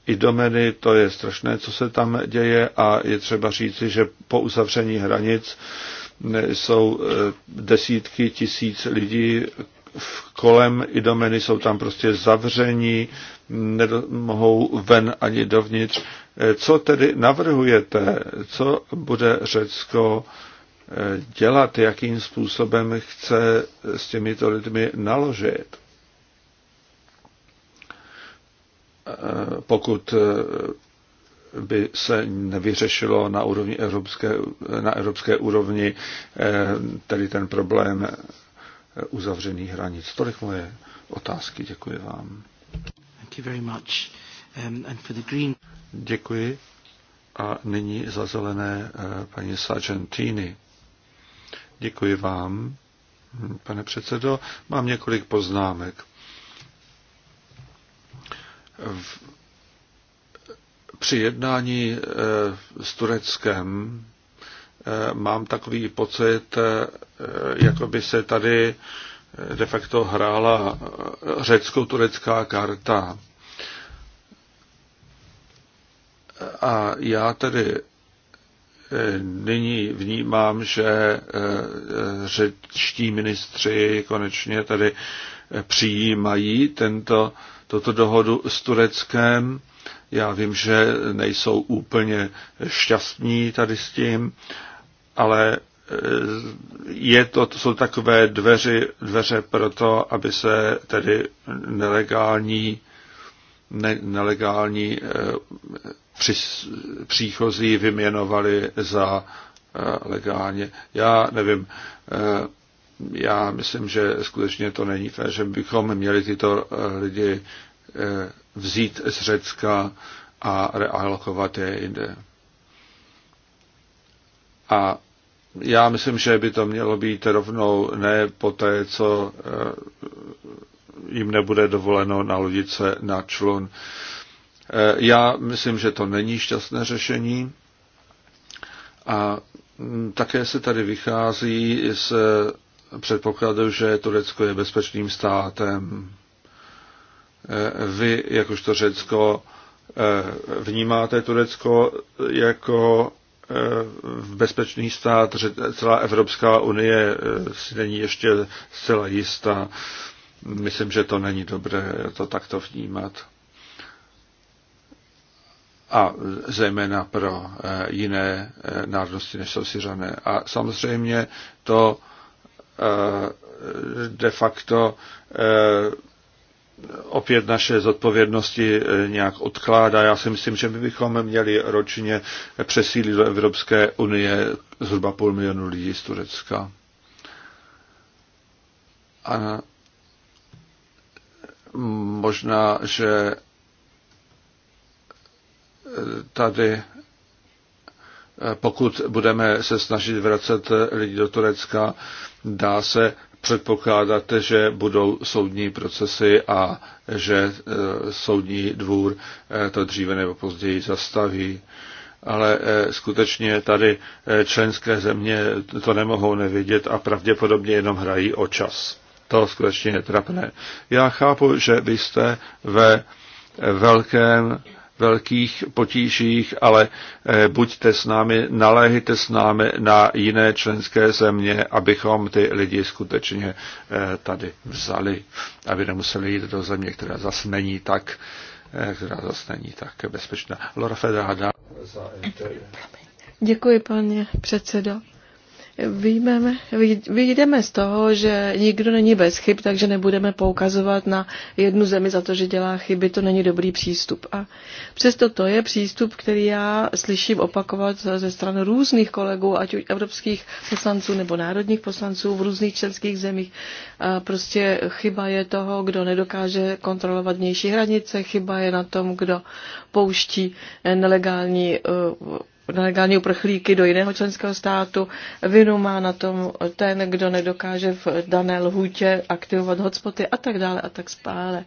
B: i domeny, to je strašné, co se tam děje a je třeba říci, že po uzavření hranic jsou desítky tisíc lidí v kolem i domeny jsou tam prostě zavření, nemohou ven ani dovnitř. Co tedy navrhujete? Co bude Řecko dělat, jakým způsobem chce s těmito lidmi naložit. Pokud by se nevyřešilo na, úrovni evropské, na evropské úrovni tedy ten problém uzavřených hranic. Tolik moje otázky. Děkuji vám. Thank you very much. Um, and for the green... Děkuji. A nyní za zelené eh, paní Sargentini. Děkuji vám, pane předsedo. Mám několik poznámek. V, při jednání e, s Tureckem e, mám takový pocit, e, jako by se tady de facto hrála řecko-turecká karta. A já tedy nyní vnímám, že eh, řečtí ministři konečně tady eh, přijímají tento, toto dohodu s Tureckem. Já vím, že nejsou úplně šťastní tady s tím, ale eh, je to, to jsou takové dveři, dveře pro to, aby se tedy nelegální ne- nelegální eh, příchozí vyměnovali za eh, legálně. Já nevím, eh, já myslím, že skutečně to není fér, že bychom měli tyto lidi vzít z Řecka a realokovat je jinde. A já myslím, že by to mělo být rovnou ne po té, co jim nebude dovoleno nalodit se na člun. E, já myslím, že to není šťastné řešení a mm, také se tady vychází z předpokladu, že Turecko je bezpečným státem. E, vy, jakožto Řecko, e, vnímáte Turecko jako v bezpečný stát, že celá Evropská unie si není ještě zcela jistá. Myslím, že to není dobré to takto vnímat. A zejména pro eh, jiné eh, národnosti, než jsou siřané. A samozřejmě to eh, de facto opět naše zodpovědnosti nějak odkládá. Já si myslím, že my bychom měli ročně přesílit do Evropské unie zhruba půl milionu lidí z Turecka. A Možná, že eh, tady eh, pokud budeme se snažit vracet lidi do Turecka, dá se předpokládat, že budou soudní procesy a že eh, soudní dvůr to dříve nebo později zastaví. Ale skutečně tady členské země to nemohou nevidět a pravděpodobně jenom hrají o čas to skutečně je trapné. Já chápu, že vy jste ve velkém, velkých potížích, ale eh, buďte s námi, naléhejte s námi na jiné členské země, abychom ty lidi skutečně eh, tady vzali, aby nemuseli jít do země, která zase není tak eh, která zase není tak bezpečná. Lora za
C: Děkuji, pane předsedo. Víme, vyjdeme z toho, že nikdo není bez chyb, takže nebudeme poukazovat na jednu zemi za to, že dělá chyby, to není dobrý přístup. A přesto to je přístup, který já slyším opakovat ze stran různých kolegů, ať už evropských poslanců nebo národních poslanců v různých členských zemích. A prostě chyba je toho, kdo nedokáže kontrolovat vnější hranice, chyba je na tom, kdo pouští nelegální eh, nelegální uprchlíky do jiného členského státu. Vinu má na tom ten, kdo nedokáže v dané lhůtě aktivovat hotspoty a tak dále a tak spále.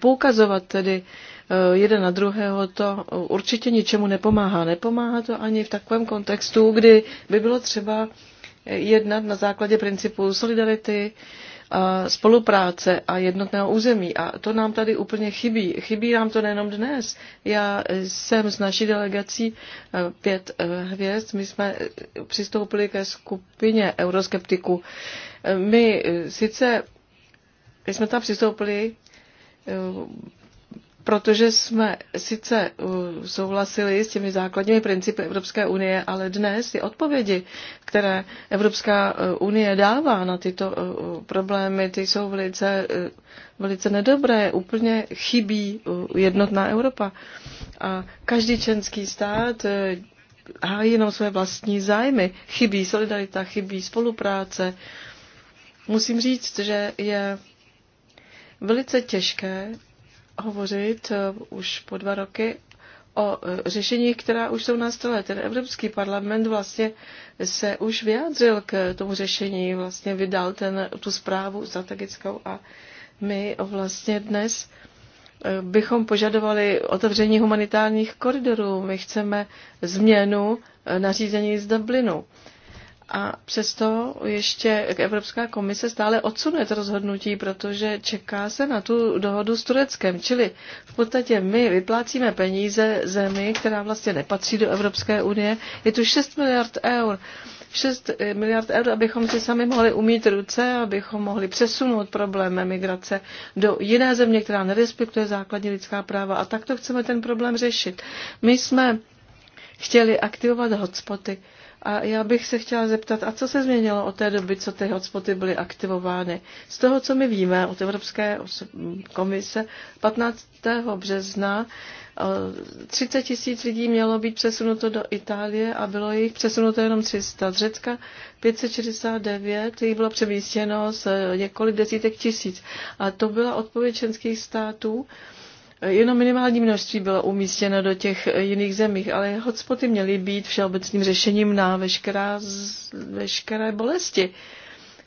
C: Poukazovat tedy eh, jeden na druhého to určitě ničemu nepomáhá. Nepomáhá to ani v takovém kontextu, kdy by bylo třeba jednat na základě principu solidarity, spolupráce a jednotného území. A to nám tady úplně chybí. Chybí nám to nejenom dnes. Já jsem z naší delegací eh, pět eh, hvězd. My jsme eh, přistoupili ke skupině euroskeptiků. My sice my jsme tam přistoupili protože jsme sice uh, souhlasili s těmi základními principy Evropské unie, ale dnes ty odpovědi, které Evropská uh, unie dává na tyto uh, problémy, ty jsou velice, velice nedobré, úplně chybí jednotná Evropa. A každý členský stát hájí jenom své vlastní zájmy. Chybí solidarita, chybí spolupráce. Musím říct, že je velice těžké hovořit eh, už po dva roky o eh, řešení, která už jsou na stole. Ten Evropský parlament vlastně se už vyjádřil k tomu řešení, vlastně vydal ten, tu zprávu strategickou a my vlastně dnes eh, bychom požadovali otevření humanitárních koridorů. My chceme změnu nařízení z Dublinu. A přesto ještě Evropská komise stále odsune to rozhodnutí, protože čeká se na tu dohodu s Tureckem. Čili v podstatě my vyplácíme peníze zemi, která vlastně nepatří do Evropské unie. Je tu 6 miliard eur. 6 eh, miliard eur, abychom si sami mohli umít ruce, abychom mohli přesunout problém migrace do jiné země, která nerespektuje základní lidská práva. A takto chceme ten problém řešit. My jsme chtěli aktivovat hotspoty a já bych se chtěla zeptat, a co se změnilo od té doby, co ty hotspoty byly aktivovány? Z toho, co my víme od Evropské komise, 15. března 30 eh, tisíc lidí mělo být přesunuto do Itálie a bylo jich přesunuto jenom 300. Z Řecka 569 jich bylo přemístěno z několik desítek tisíc. A to byla odpověď členských států, Jenom minimální množství bylo umístěno do těch eh, jiných zemích, ale hotspoty měly být všeobecným řešením na veškerá, veškeré bolesti.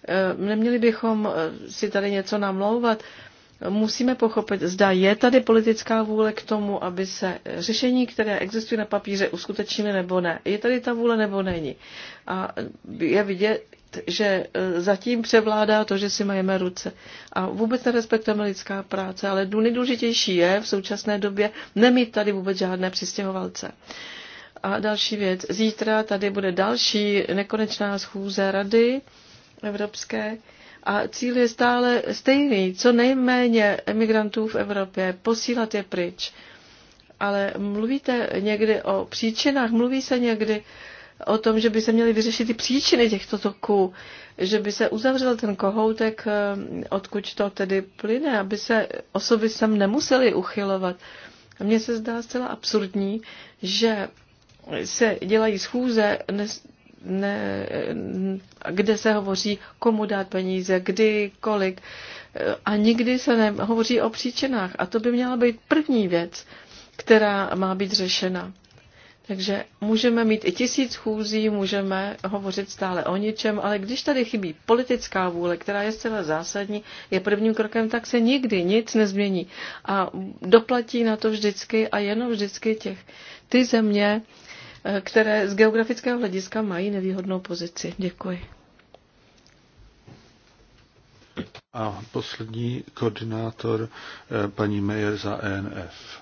C: Eh, neměli bychom eh, si tady něco namlouvat. Musíme pochopit, zda je tady politická vůle k tomu, aby se řešení, které existují na papíře, uskutečnily nebo ne. Je tady ta vůle nebo není. A je vidět, že eh, zatím převládá to, že si majeme ruce a vůbec nerespektujeme lidská práce, ale nejdůležitější je v současné době nemít tady vůbec žádné přistěhovalce. A další věc. Zítra tady bude další nekonečná schůze Rady Evropské. A cíl je stále stejný. Co nejméně emigrantů v Evropě, posílat je pryč. Ale mluvíte někdy o příčinách, mluví se někdy o tom, že by se měly vyřešit ty příčiny těchto toků, že by se uzavřel ten kohoutek, eh, odkud to tedy plyne, aby se osoby sem nemusely uchylovat. A mně se zdá zcela absurdní, že se dělají schůze, ne, ne, eh, kde se hovoří, komu dát peníze, kdy, kolik. Eh, a nikdy se nehovoří o příčinách. A to by měla být první věc, která má být řešena. Takže můžeme mít i tisíc chůzí, můžeme hovořit stále o ničem, ale když tady chybí politická vůle, která je zcela zásadní, je prvním krokem, tak se nikdy nic nezmění. A doplatí na to vždycky a jenom vždycky těch ty země, eh, které z geografického hlediska mají nevýhodnou pozici. Děkuji.
B: A poslední koordinátor eh, paní Mejer za ENF.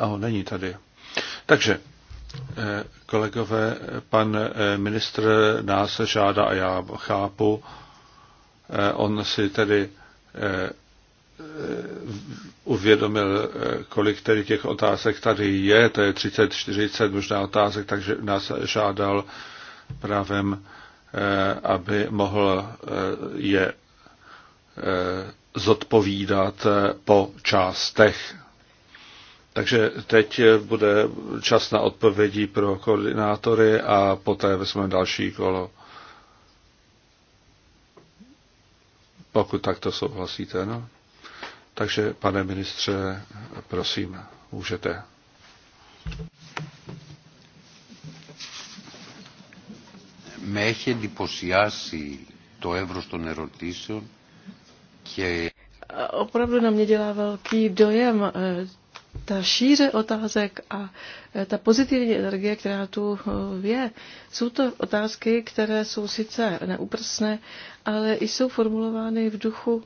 B: Aho, není tady. Takže Kolegové, pan eh, ministr nás žádá a já chápu. Eh, on si tedy eh, uvědomil, kolik tedy těch otázek tady je, to je 30, 40 možná otázek, takže nás žádal právem, aby mohl je zodpovídat po částech takže teď bude čas na odpovědi pro koordinátory a poté vezmeme další kolo. Pokud takto souhlasíte, no. Takže, pane ministře, prosím, můžete.
C: Με έχει to το των ερωτήσεων και opravdu na mě dělá velký dojem eh, ta šíře otázek a eh, ta pozitivní energie, která tu eh, je, jsou to otázky, které jsou sice neúprsné, ale jsou formulovány v duchu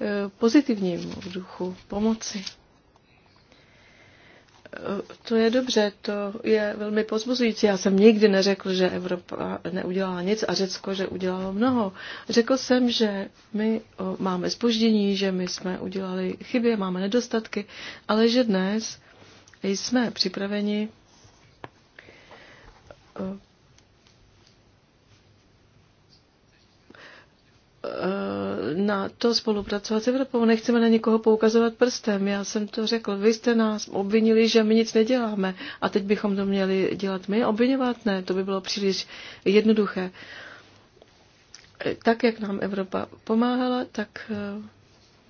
C: eh, pozitivním, v duchu pomoci. To je dobře, to je velmi pozbuzující. Já jsem nikdy neřekl, že Evropa neudělala nic a Řecko, že udělalo mnoho. Řekl jsem, že my máme spoždění, že my jsme udělali chyby, máme nedostatky, ale že dnes jsme připraveni na to spolupracovat s Evropou. Nechceme na někoho poukazovat prstem. Já jsem to řekl. Vy jste nás obvinili, že my nic neděláme. A teď bychom to měli dělat my? Obvinovat ne. To by bylo příliš jednoduché. Tak, jak nám Evropa pomáhala, tak eh,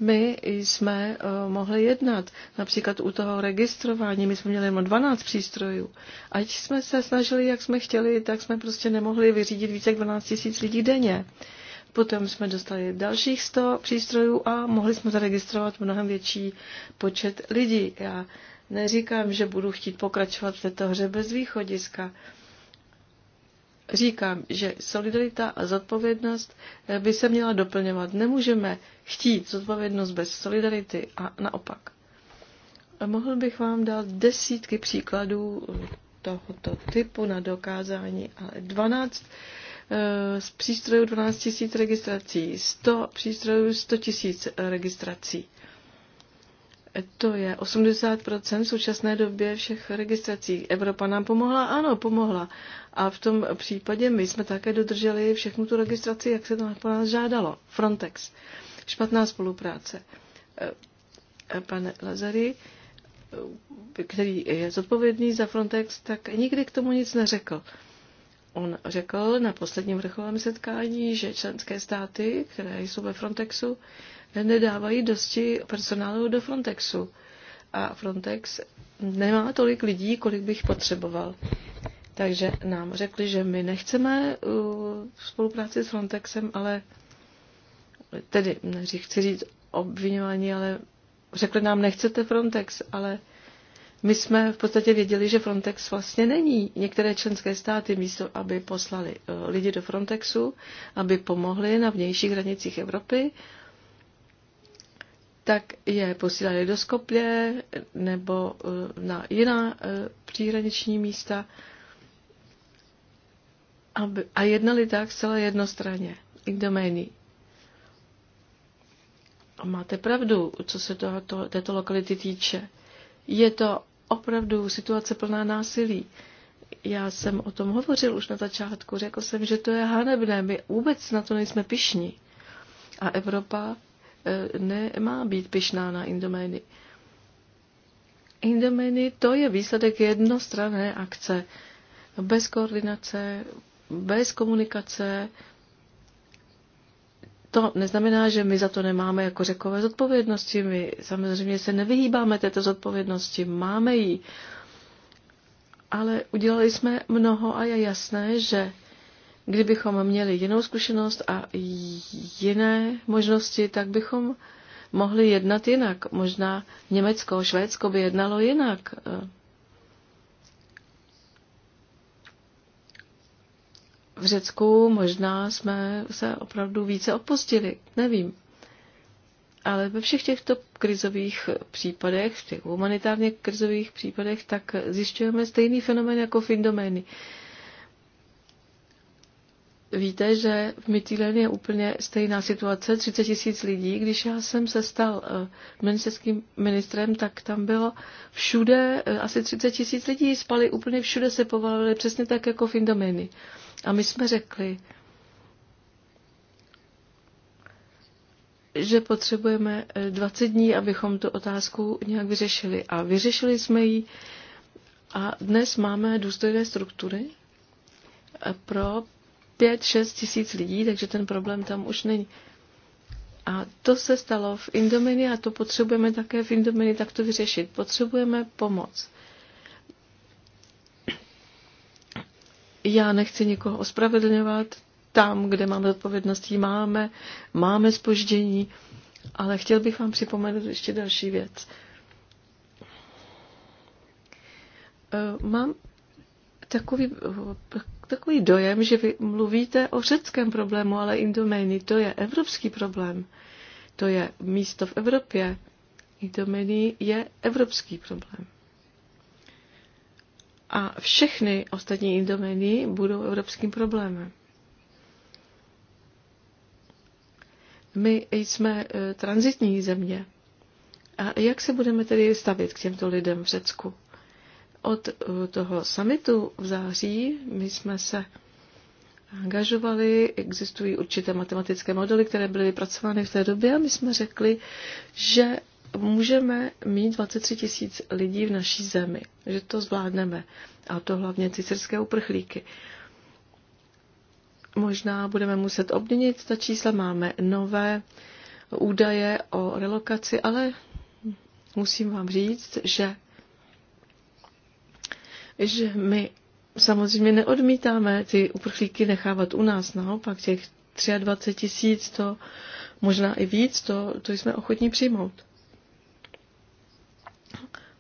C: my jsme eh, mohli jednat. Například u toho registrování, my jsme měli jenom 12 přístrojů. Ať jsme se snažili, jak jsme chtěli, tak jsme prostě nemohli vyřídit více jak 12 tisíc lidí denně. Potom jsme dostali dalších 100 přístrojů a mohli jsme zaregistrovat mnohem větší počet lidí. Já neříkám, že budu chtít pokračovat v této hře bez východiska. Říkám, že solidarita a zodpovědnost by se měla doplňovat. Nemůžeme chtít zodpovědnost bez solidarity a naopak. A mohl bych vám dát desítky příkladů tohoto typu na dokázání, ale 12 Eh, z přístrojů 12 tisíc registrací, 100 přístrojů 100 tisíc eh, registrací. Eh, to je 80% v současné době všech registrací. Evropa nám pomohla? Ano, pomohla. A v tom případě my jsme také dodrželi všechnu tu registraci, jak se to po nás žádalo. Frontex. Špatná spolupráce. Pane Lazary, který je zodpovědný za Frontex, tak nikdy k tomu nic neřekl. On řekl na posledním vrcholovém setkání, že členské státy, které jsou ve Frontexu, nedávají dosti personálu do Frontexu. A Frontex nemá tolik lidí, kolik bych potřeboval. Takže nám řekli, že my nechceme uh, spolupráci s Frontexem, ale tedy, chci říct obvinování, ale řekli nám, nechcete Frontex, ale my jsme v podstatě věděli, že Frontex vlastně není. Některé členské státy místo, aby poslali eh, lidi do Frontexu, aby pomohli na vnějších hranicích Evropy, tak je posílali do Skopě nebo eh, na jiná eh, příhraniční místa aby, a jednali tak zcela jednostranně, igdomény. A máte pravdu, co se to, této lokality týče. Je to opravdu situace plná násilí. Já jsem o tom hovořil už na začátku. Řekl jsem, že to je hanebné. My vůbec na to nejsme pišní. A Evropa eh, nemá být pišná na Indomény. Indomény to je výsledek jednostranné akce. Bez koordinace, bez komunikace, to neznamená, že my za to nemáme jako řekové zodpovědnosti. My samozřejmě se nevyhýbáme této zodpovědnosti, máme ji. Ale udělali jsme mnoho a je jasné, že kdybychom měli jinou zkušenost a jiné možnosti, tak bychom mohli jednat jinak. Možná Německo, Švédsko by jednalo jinak. v Řecku možná jsme se opravdu více opustili, nevím. Ale ve všech těchto krizových případech, v těch humanitárně krizových případech, tak zjišťujeme stejný fenomén jako v Indomény. Víte, že v Mytýlen je úplně stejná situace, 30 tisíc lidí. Když já jsem se stal eh, ministerským ministrem, tak tam bylo všude eh, asi 30 tisíc lidí, spali úplně všude, se povalovali přesně tak jako v Indomény. A my jsme řekli, že potřebujeme 20 eh, dní, abychom tu otázku nějak vyřešili. A vyřešili jsme ji a dnes máme důstojné struktury eh, pro 5-6 tisíc lidí, takže ten problém tam už není. A to se stalo v Indomini a to potřebujeme také v Indomini takto vyřešit. Potřebujeme pomoc. Já nechci nikoho ospravedlňovat. Tam, kde máme odpovědnosti, máme, máme spoždění, ale chtěl bych vám připomenout ještě další věc. E, mám takový, takový dojem, že vy mluvíte o řeckém problému, ale indoméni, to je evropský problém. To je místo v Evropě. Indoméni je evropský problém a všechny ostatní domény budou evropským problémem. My jsme e, transitní země. A jak se budeme tedy stavit k těmto lidem v Řecku? Od e, toho samitu v září my jsme se angažovali, existují určité matematické modely, které byly vypracovány v té době a my jsme řekli, že můžeme mít 23 tisíc lidí v naší zemi, že to zvládneme. A to hlavně cicerské uprchlíky. Možná budeme muset obměnit ta čísla, máme nové údaje o relokaci, ale musím vám říct, že, že my samozřejmě neodmítáme ty uprchlíky nechávat u nás, naopak těch 23 tisíc, to možná i víc, to, to jsme ochotní přijmout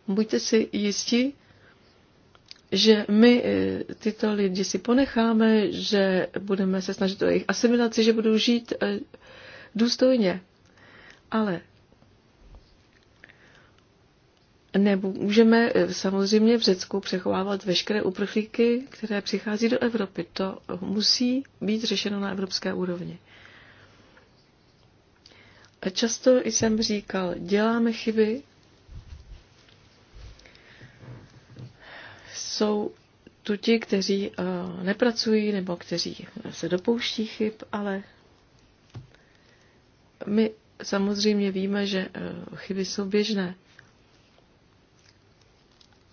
C: buďte si jistí, že my eh, tyto lidi si ponecháme, že budeme se snažit o jejich asimilaci, že budou žít eh, důstojně. Ale nemůžeme eh, samozřejmě v Řecku přechovávat veškeré uprchlíky, které přichází do Evropy. To musí být řešeno na evropské úrovni. Často jsem říkal, děláme chyby, jsou tu ti, kteří eh, nepracují nebo kteří se dopouští chyb, ale my samozřejmě víme, že eh, chyby jsou běžné.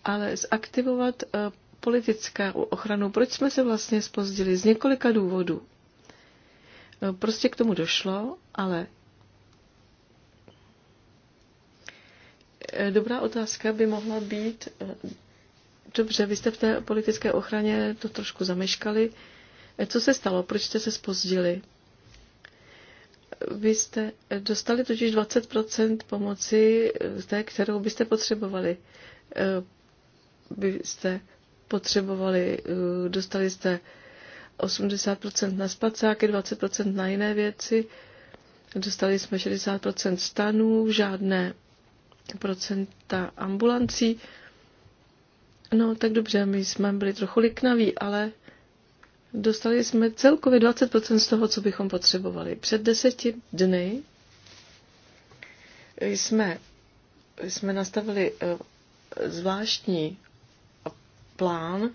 C: Ale zaktivovat eh, politická ochranu, proč jsme se vlastně spozdili? Z několika důvodů. Prostě k tomu došlo, ale dobrá otázka by mohla být, Dobře, vy jste v té politické ochraně to trošku zameškali. E, co se stalo? Proč jste se spozdili? Vy jste e, dostali totiž 20% pomoci, e, té, kterou byste potřebovali. Vy jste potřebovali, dostali jste 80% na spacáky, 20% na jiné věci, dostali jsme 60% stanů, žádné procenta ambulancí No, tak dobře, my jsme byli trochu liknaví, ale dostali jsme celkově 20% z toho, co bychom potřebovali. Před deseti dny jsme, jsme nastavili eh, zvláštní plán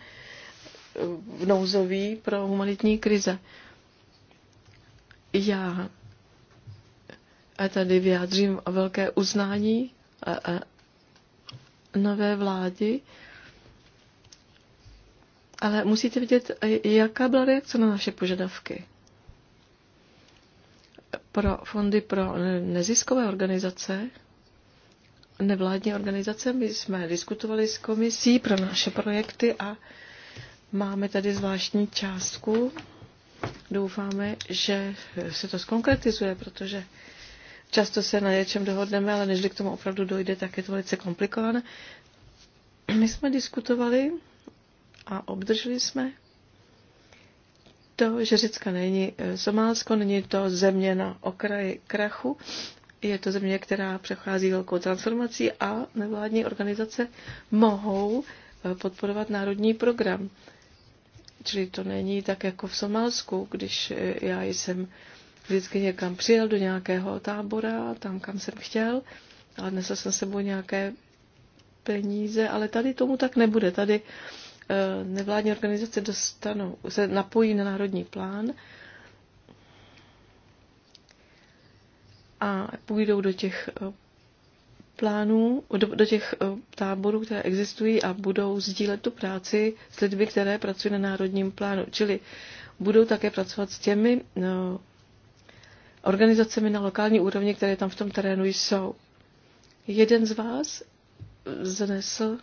C: v eh, nouzový pro humanitní krize. Já a tady vyjádřím velké uznání eh, nové vlády, ale musíte vidět, eh, jaká byla reakce na naše požadavky. Pro fondy pro neziskové organizace, nevládní organizace, my jsme diskutovali s komisí pro naše projekty a máme tady zvláštní částku. Doufáme, že se to skonkretizuje, protože často se na něčem dohodneme, ale nežli k tomu opravdu dojde, tak je to velice komplikované. My jsme diskutovali a obdrželi jsme to, že Řecka není eh, Somálsko, není to země na okraji krachu, je to země, která přechází velkou transformací a nevládní organizace mohou eh, podporovat národní program. Čili to není tak jako v Somálsku, když eh, já jsem vždycky někam přijel do nějakého tábora, tam, kam jsem chtěl, a nesl jsem sebou nějaké peníze, ale tady tomu tak nebude. Tady Eh, nevládní organizace dostanou, se napojí na národní plán a půjdou do těch eh, plánů, do, do těch eh, táborů, které existují a budou sdílet tu práci s lidmi, které pracují na národním plánu. Čili budou také pracovat s těmi no, organizacemi na lokální úrovni, které tam v tom terénu jsou. Jeden z vás vznesl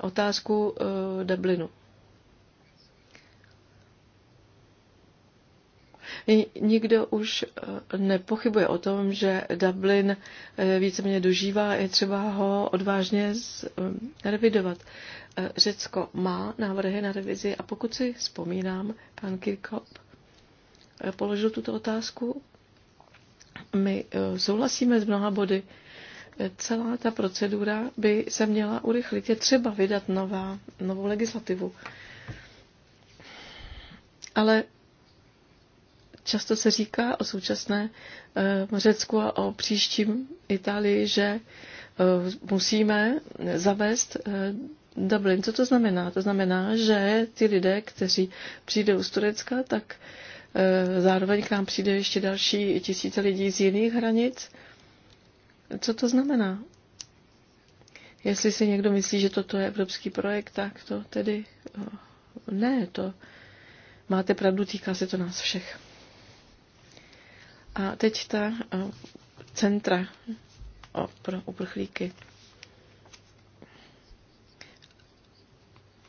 C: otázku eh, Dublinu. Nikdo už eh, nepochybuje o tom, že Dublin eh, víceméně dožívá, je třeba ho odvážně revidovat. Řecko má návrhy na revizi a pokud si vzpomínám, pan Kirkop položil tuto otázku. My souhlasíme s mnoha body celá ta procedura by se měla urychlit. Je třeba vydat nová, novou legislativu. Ale často se říká o současné eh, Řecku a o příštím Itálii, že eh, musíme zavést eh, Dublin. Co to znamená? To znamená, že ti lidé, kteří přijdou z Turecka, tak zároveň k nám přijde ještě další tisíce lidí z jiných hranic co to znamená? Jestli si někdo myslí, že toto je evropský projekt, tak to tedy eh, ne, to máte pravdu, týká se to nás všech. A teď ta eh, centra o, pro uprchlíky.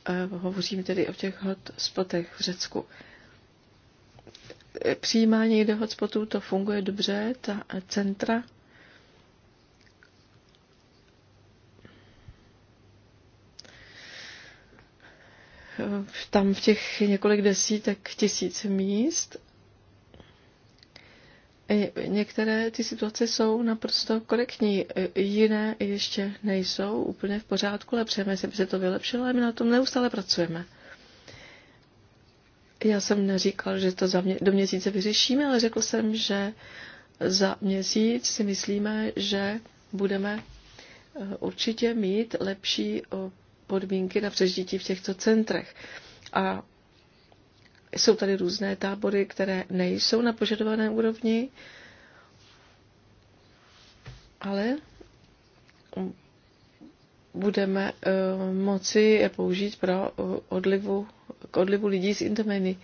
C: Eh, Hovořím tedy o těch hotspotech v Řecku. Přijímání do hotspotů to funguje dobře, ta centra tam v těch několik desítek tisíc míst. Některé ty situace jsou naprosto korektní, jiné ještě nejsou úplně v pořádku, ale přejeme si, aby se to vylepšilo ale my na tom neustále pracujeme. Já jsem neříkal, že to za mě, do měsíce vyřešíme, ale řekl jsem, že za měsíc si myslíme, že budeme eh, určitě mít lepší podmínky na přežití v těchto centrech. A jsou tady různé tábory, které nejsou na požadované úrovni, ale budeme uh, moci je použít pro uh, odlivu, k odlivu lidí z Indomeny.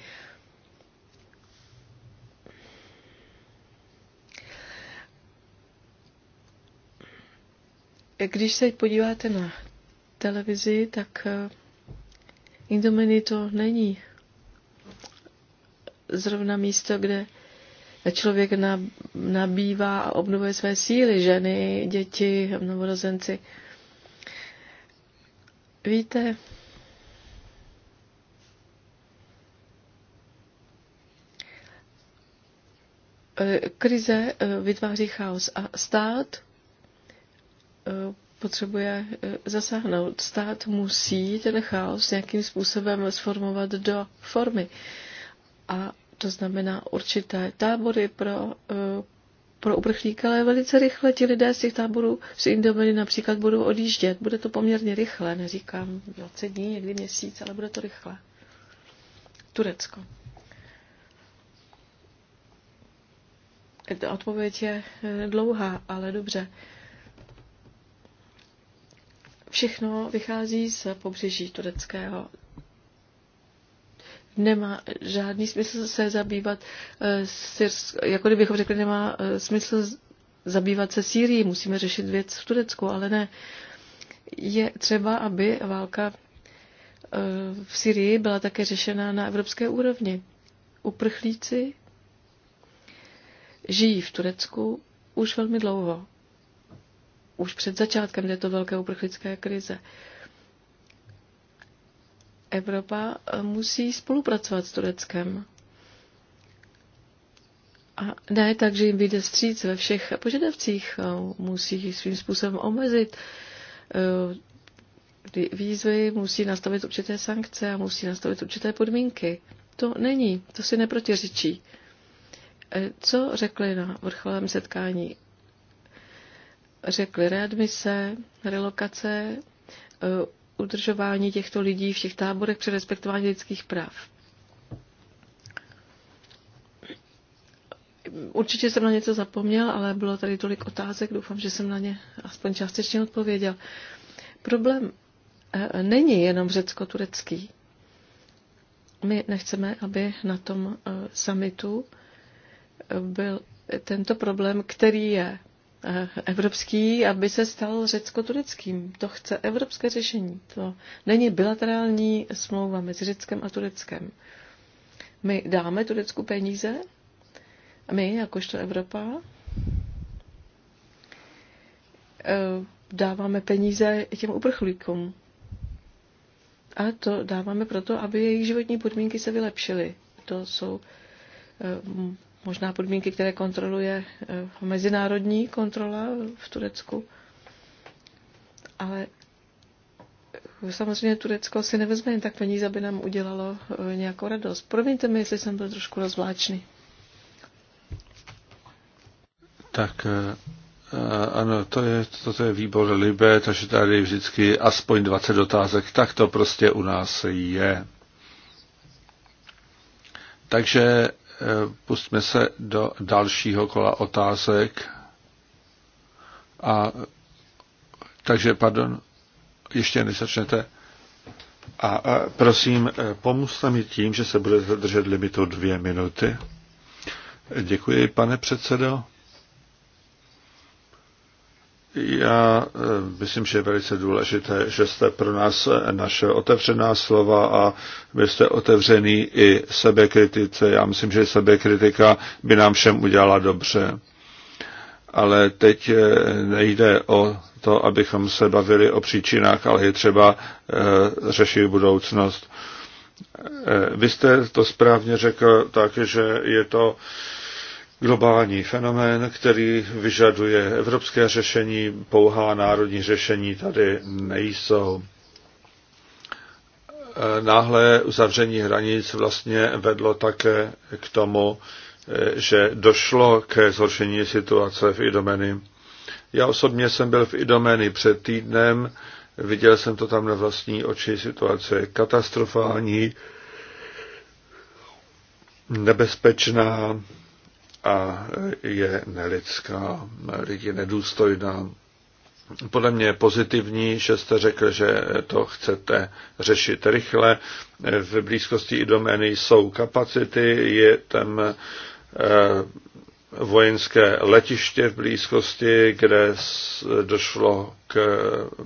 C: Když se podíváte na televizi, tak eh, Indomini to není zrovna místo, kde člověk nabývá a obnovuje své síly, ženy, děti, novorozenci. Víte, eh, krize eh, vytváří chaos a stát potřebuje eh, zasáhnout. Stát musí ten chaos nějakým způsobem sformovat do formy. A to znamená určité tábory pro, eh, pro uprchlíky, ale velice rychle ti lidé z těch táborů z Indomeny například budou odjíždět. Bude to poměrně rychle, neříkám 20 dní, někdy měsíc, ale bude to rychle. Turecko. Ta odpověď je eh, dlouhá, ale dobře. Všechno vychází z pobřeží tureckého. Nemá žádný smysl se zabývat, eh, jako kdybychom řekli, nemá eh, smysl zabývat se Sýrií, musíme řešit věc v Turecku, ale ne. Je třeba, aby válka eh, v Syrii byla také řešena na evropské úrovni. Uprchlíci žijí v Turecku už velmi dlouho už před začátkem této velké uprchlické krize. Evropa eh, musí spolupracovat s Tureckem. A ne tak, že jim vyjde stříc ve všech požadavcích, eh, musí svým způsobem omezit eh, výzvy, musí nastavit určité sankce a musí nastavit určité podmínky. To není, to si neprotiřečí. Co řekli na vrcholém setkání řekli readmise, relokace, eh, udržování těchto lidí v těch táborech při respektování lidských práv. Určitě jsem na něco zapomněl, ale bylo tady tolik otázek, doufám, že jsem na ně aspoň částečně odpověděl. Problém eh, není jenom řecko-turecký. My nechceme, aby na tom eh, samitu byl tento problém, který je Eh, evropský, aby se stal řecko-tureckým. To chce evropské řešení. To není bilaterální smlouva mezi Řeckem a Tureckem. My dáme Turecku peníze, my, jakožto Evropa, eh, dáváme peníze těm uprchlíkům. A to dáváme proto, aby jejich životní podmínky se vylepšily. To jsou eh, možná podmínky, které kontroluje eh, mezinárodní kontrola v Turecku. Ale eh, samozřejmě Turecko si nevezme jen tak peníze, aby nám udělalo eh, nějakou radost. Promiňte mi, jestli jsem byl trošku rozvláčný.
B: Tak ano, to je, toto je výbor Libe, takže tady vždycky aspoň 20 otázek. Tak to prostě u nás je. Takže pustme se do dalšího kola otázek. A, takže, pardon, ještě než začnete. A, a prosím, pomůžte mi tím, že se bude držet limitu dvě minuty. Děkuji, pane předsedo. Já eh, myslím, že je velice důležité, že jste pro nás eh, naše otevřená slova a vy jste otevřený i sebekritice. Já myslím, že sebekritika by nám všem udělala dobře. Ale teď eh, nejde o to, abychom se bavili o příčinách, ale je třeba řešit budoucnost. Vy jste to správně řekl tak, že je to globální fenomén, který vyžaduje evropské řešení, pouhá národní řešení tady nejsou. Náhle uzavření hranic vlastně vedlo také k tomu, že došlo ke zhoršení situace v Idomeni. Já osobně jsem byl v Idomeni před týdnem, viděl jsem to tam na vlastní oči, situace je katastrofální, nebezpečná, a je nelidská, lidi nedůstojná. Podle mě je pozitivní, že jste řekl, že to chcete řešit rychle. V blízkosti i domény jsou kapacity, je tam eh, vojenské letiště v blízkosti, kde došlo k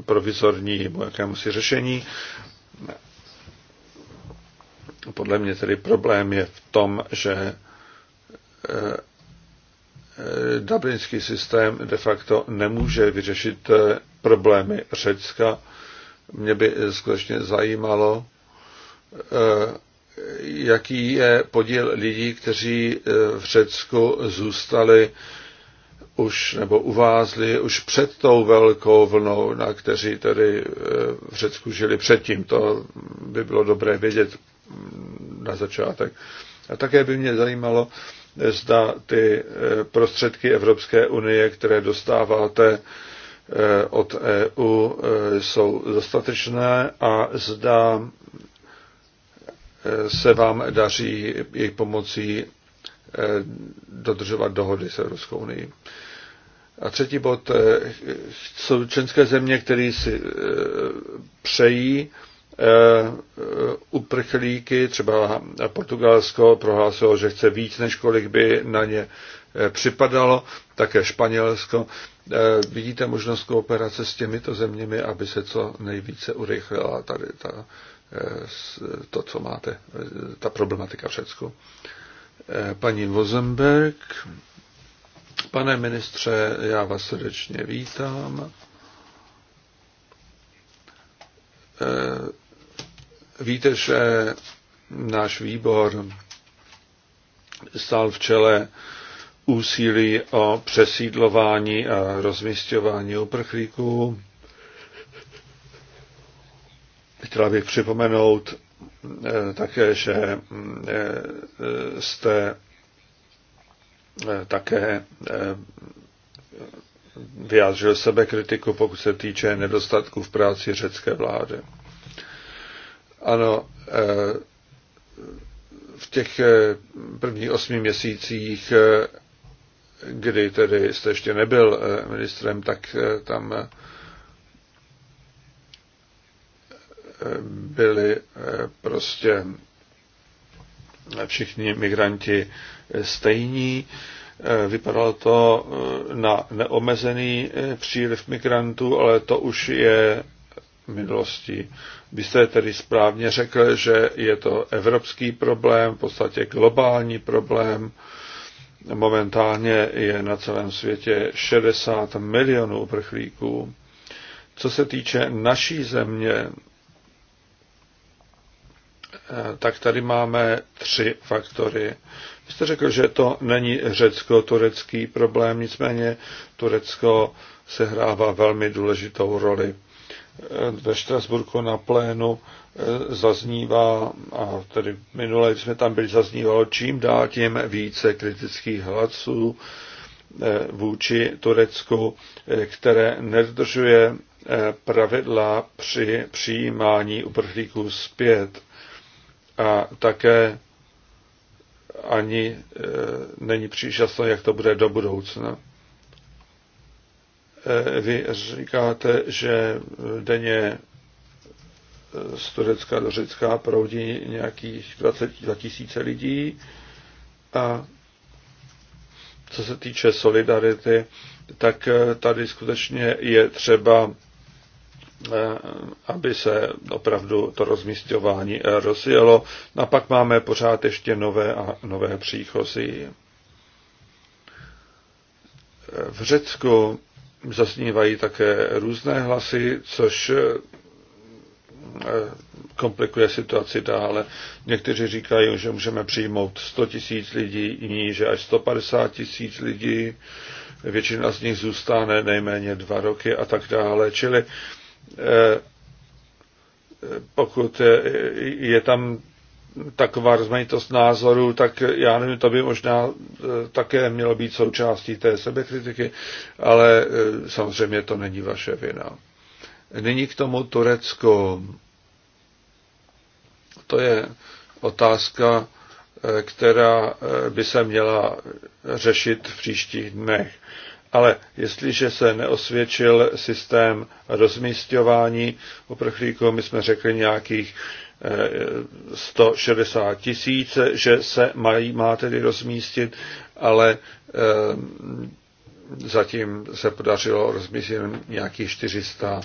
B: provizornímu jakému si řešení. Podle mě tedy problém je v tom, že eh, Eh, dublinský systém de facto nemůže vyřešit eh, problémy Řecka. Mě by eh, skutečně zajímalo, jaký je podíl lidí, kteří v Řecku zůstali už nebo uvázli už před tou velkou vlnou, na kteří tedy v Řecku žili předtím. To by bylo dobré vědět mm, na začátek. A také by mě zajímalo, zda ty eh, prostředky Evropské unie, které dostáváte eh, od EU, eh, jsou dostatečné a zda se vám daří jejich pomocí dodržovat dohody s Evropskou unii. A třetí bod, jsou členské země, které si přejí Eh, uprchlíky, třeba Portugalsko prohlásilo, že chce víc, než kolik by na ně eh, připadalo, také Španělsko. Eh, vidíte možnost kooperace s těmito zeměmi, aby se co nejvíce urychlila tady ta, to, co máte, ta problematika v Řecku. Paní Vozenberg, pane ministře, já vás srdečně vítám Víte, že náš výbor stál v čele úsilí o přesídlování a rozmístěvání uprchlíků. Chtěla bych připomenout eh, také, že eh, jste eh, také vyjádřil sebekritiku, pokud se týče nedostatku v práci řecké vlády. Ano, eh, v těch eh, prvních osmi měsících, eh, kdy tedy jste ještě nebyl ministrem, tak tam byli prostě všichni migranti stejní. Vypadalo to na neomezený příliv migrantů, ale to už je minulosti. Vy jste tedy správně řekl, že je to evropský problém, v podstatě globální problém. Momentálně je na celém světě 60 milionů uprchlíků. Co se týče naší země, eh, tak tady máme tři faktory. Vy jste řekl, že to není řecko-turecký problém, nicméně Turecko sehrává velmi důležitou roli ve Štrasburku na plénu e, zaznívá, a tedy minule jsme tam byli, zaznívalo čím dál tím více kritických hlasů e, vůči Turecku, e, které nedržuje pravidla při přijímání uprchlíků zpět a také ani není příliš jasno, jak to bude do budoucna. Eh, vy říkáte, že denně eh, z Turecka do Řecka proudí nějakých 22 tisíce lidí a co se týče solidarity, tak eh, tady skutečně je třeba, aby se opravdu to rozmístování rozjelo. A pak máme pořád ještě nové a nové příchozí. V Řecku zaznívají také různé hlasy, což eh, komplikuje situaci dále. Někteří říkají, že můžeme přijmout 100 tisíc lidí, jiní, že až 150 tisíc lidí, většina z nich zůstane nejméně dva roky a tak dále. Čili eh, pokud je tam taková rozmanitost názorů, tak já nevím, to by možná e, také mělo být součástí té sebekritiky, ale e, samozřejmě to není vaše vina. Nyní k tomu Turecku. To je otázka, e, která by se měla řešit v příštích dnech. Ale jestliže se neosvědčil systém rozmístěvání uprchlíků, my jsme řekli nějakých 160 tisíc, že se mají, má tedy rozmístit, ale eh, zatím se podařilo rozmístit nějakých 400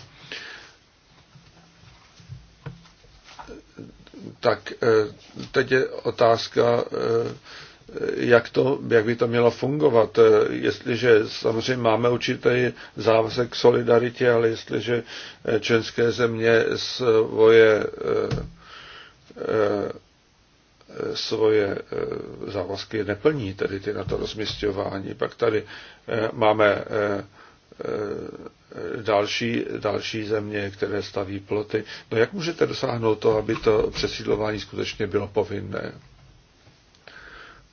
B: tak eh, teď je otázka, eh, jak, to, jak by to mělo fungovat. Jestliže samozřejmě máme určitý závazek k solidaritě, ale jestliže členské země svoje Eh, svoje eh, závazky neplní, tedy ty na to rozměstňování. Pak tady eh, máme další, další země, které staví ploty. No jak můžete dosáhnout to, aby to přesídlování skutečně bylo povinné?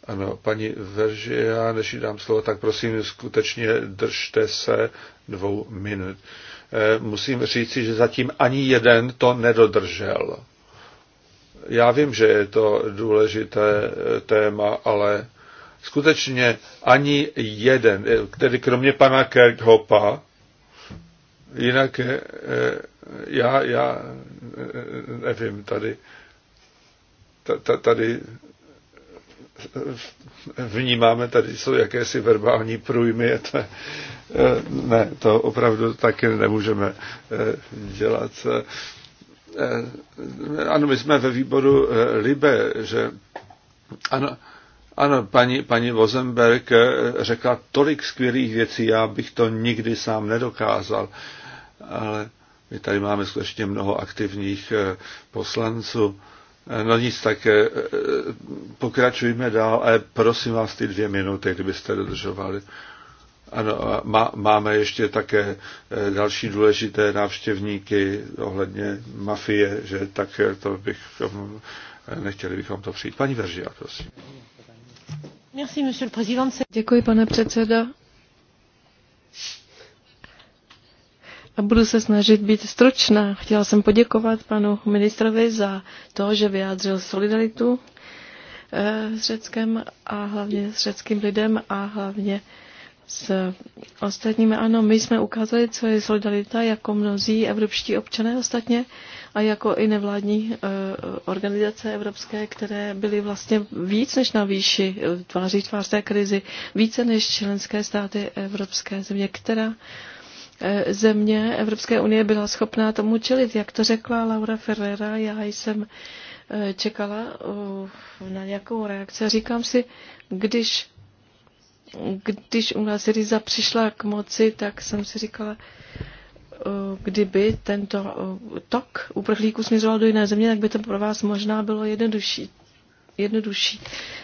B: Ano, paní Verži, já než jí dám slovo, tak prosím, skutečně držte se dvou minut. Musím říci, že zatím ani jeden to nedodržel já vím, že je to důležité eh, téma, ale skutečně ani jeden, eh, tedy kromě pana Kerkhopa, jinak eh, já, já nevím, tady, tady vnímáme, tady jsou jakési verbální průjmy, je to ne, to opravdu taky nemůžeme dělat. Eh, ano, my jsme ve výboru eh, Libe, že ano, ano, paní, paní Vozenberg eh, řekla tolik skvělých věcí, já bych to nikdy sám nedokázal. Ale my tady máme skutečně mnoho aktivních poslanců. No nic, tak pokračujme dál, ale prosím vás ty dvě minuty, kdybyste dodržovali. Ano, má, máme ještě také eh, další důležité návštěvníky ohledně mafie, že tak to bych eh, nechtěli bychom to přijít. Paní Veržia, prosím.
C: Děkuji, pane předsedo. A budu se snažit být stručná. Chtěla jsem poděkovat panu ministrovi za to, že vyjádřil solidaritu eh, s Řeckem a hlavně s řeckým lidem a hlavně s ostatními. Ano, my jsme ukázali, co je solidarita, jako mnozí evropští občané ostatně a jako i nevládní eh, organizace evropské, které byly vlastně víc než na výši eh, tváří tvář té krizi, více než členské státy evropské země, která eh, země Evropské unie byla schopná tomu čelit. Jak to řekla Laura Ferrera, já jsem čekala na nějakou reakci a říkám si, když když u nás Syriza přišla k moci, tak jsem si říkala, kdyby tento tok uprchlíků směřoval do jiné země, tak by to pro vás možná bylo jednodušší. jednodušší.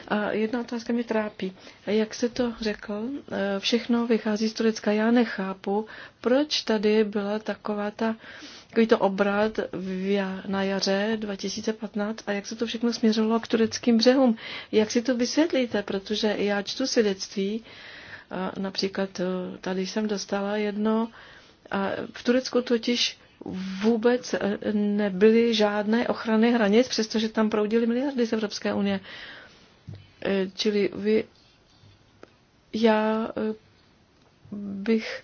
C: A jedna otázka mě trápí. Jak se to řekl, e, všechno vychází z Turecka. Já nechápu, proč tady byla taková ta uh, takovýto obrat v, na jaře 2015 a jak se to všechno směřilo k tureckým břehům. Jak si to vysvětlíte? Protože já čtu svědectví, například e, tady jsem dostala jedno, a v Turecku totiž vůbec e, nebyly žádné ochrany hranic, přestože tam proudily miliardy z Evropské unie. E, čili vy, já bych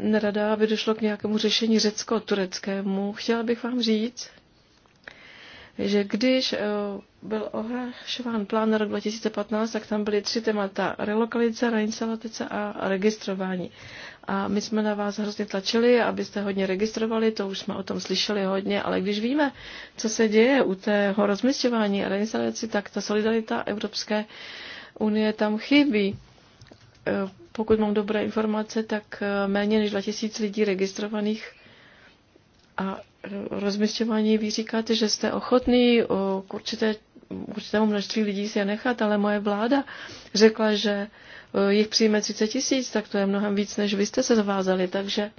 C: nerada, aby došlo k nějakému řešení řecko-tureckému. Chtěla bych vám říct, že když eh, byl ohlašován plán na rok 2015, tak tam byly tři témata. Relokalice, reinstalatice a registrování. A my jsme na vás hrozně tlačili, abyste hodně registrovali, to už jsme o tom slyšeli hodně, ale když víme, co se děje u tého rozmysťování a reinstalaci, tak ta solidarita Evropské unie tam chybí pokud mám dobré informace, tak eh, méně než 2000 lidí registrovaných a rozmysťování. Vy říkáte, že jste ochotný o eh, určité, určitému množství lidí si je nechat, ale moje vláda řekla, že eh, jich přijme 30 tisíc, tak to je mnohem víc, než vy jste se zavázali, takže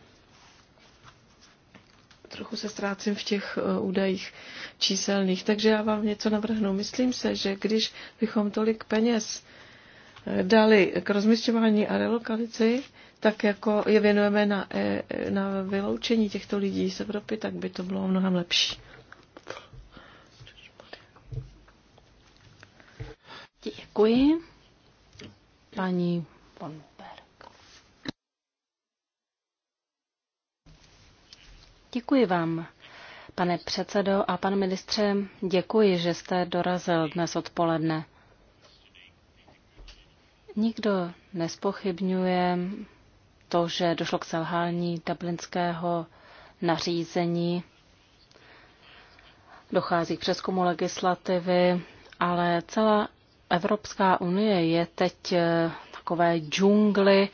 C: trochu se ztrácím v těch údajích číselných. Takže já vám něco navrhnu. Myslím se, že když bychom tolik peněz dali k rozmysťování a relokalici, tak jako je věnujeme na, e, na vyloučení těchto lidí z Evropy, tak by to bylo mnohem lepší.
A: Děkuji. Paní Bonberg. Děkuji vám. Pane předsedo a pane ministře, děkuji, že jste dorazil dnes odpoledne. Nikdo nespochybňuje to, že došlo k selhání dublinského nařízení. Dochází k přeskumu legislativy, ale celá Evropská unie je teď eh, takové džungly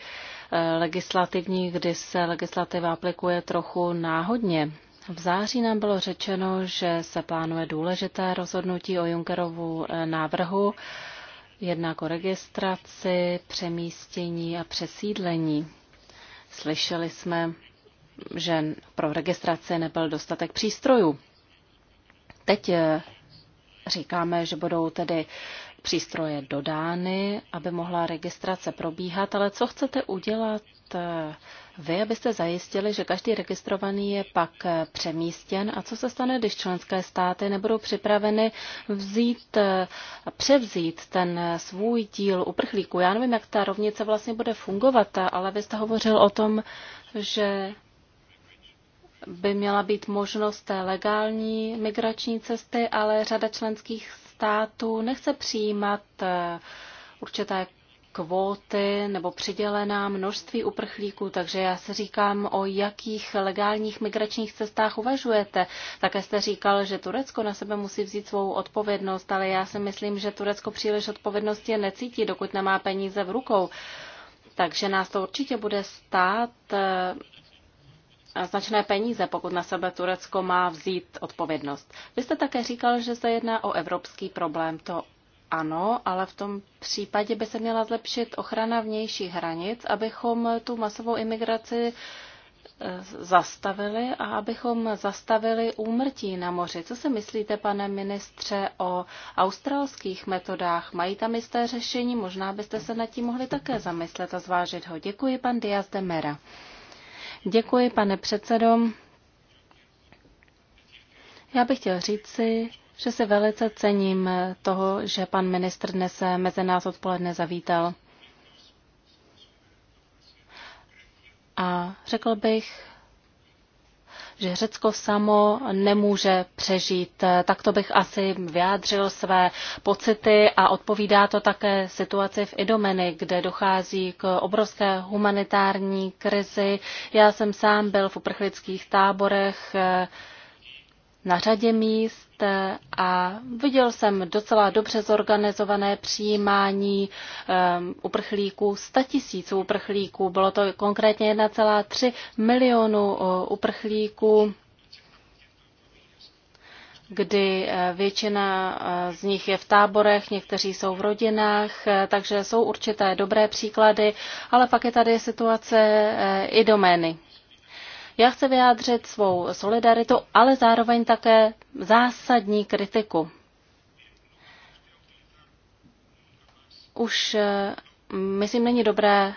A: eh, legislativní, kdy se legislativa aplikuje trochu náhodně. V září nám bylo řečeno, že se plánuje důležité rozhodnutí o Junckerovu eh, návrhu jednak o registraci, přemístění a přesídlení. Slyšeli jsme, že pro registraci nebyl dostatek přístrojů. Teď eh, říkáme, že budou tedy přístroje dodány, aby mohla registrace probíhat, ale co chcete udělat eh, vy, abyste zajistili, že každý registrovaný je pak eh, přemístěn a co se stane, když členské státy nebudou připraveny vzít, eh, převzít ten svůj díl uprchlíků. Já nevím, jak ta rovnice vlastně bude fungovat, ale vy jste hovořil o tom, že by měla být možnost té legální migrační cesty, ale řada členských státu nechce přijímat eh, určité kvóty nebo přidělená množství uprchlíků, takže já se říkám, o jakých legálních migračních cestách uvažujete. Také jste říkal, že Turecko na sebe musí vzít svou odpovědnost, ale já si myslím, že Turecko příliš odpovědnosti necítí, dokud nemá peníze v rukou. Takže nás to určitě bude stát eh, značné peníze, pokud na sebe Turecko má vzít odpovědnost. Vy jste také říkal, že se jedná o evropský problém. To ano, ale v tom případě by se měla zlepšit ochrana vnějších hranic, abychom tu masovou imigraci eh, zastavili a abychom zastavili úmrtí na moři. Co si myslíte, pane ministře, o australských metodách? Mají tam jisté řešení? Možná byste se nad tím mohli také zamyslet a zvážit ho. Děkuji, pan Diaz de Mera. Děkuji, pane předsedo. Já bych chtěl říci, že si velice cením toho, že pan ministr dnes mezi nás odpoledne zavítal. A řekl bych, že Řecko samo nemůže přežít. Tak to bych asi vyjádřil své pocity a odpovídá to také situaci v Idomeny, kde dochází k obrovské humanitární krizi. Já jsem sám byl v uprchlických táborech eh, na řadě míst a viděl jsem docela dobře zorganizované přijímání um, uprchlíků, 100 tisíců uprchlíků, bylo to konkrétně 1,3 milionu uprchlíků kdy eh, většina eh, z nich je v táborech, někteří jsou v rodinách, eh, takže jsou určité dobré příklady, ale pak je tady situace i domény. Já chci vyjádřit svou solidaritu, ale zároveň také zásadní kritiku. Už, eh, myslím, není dobré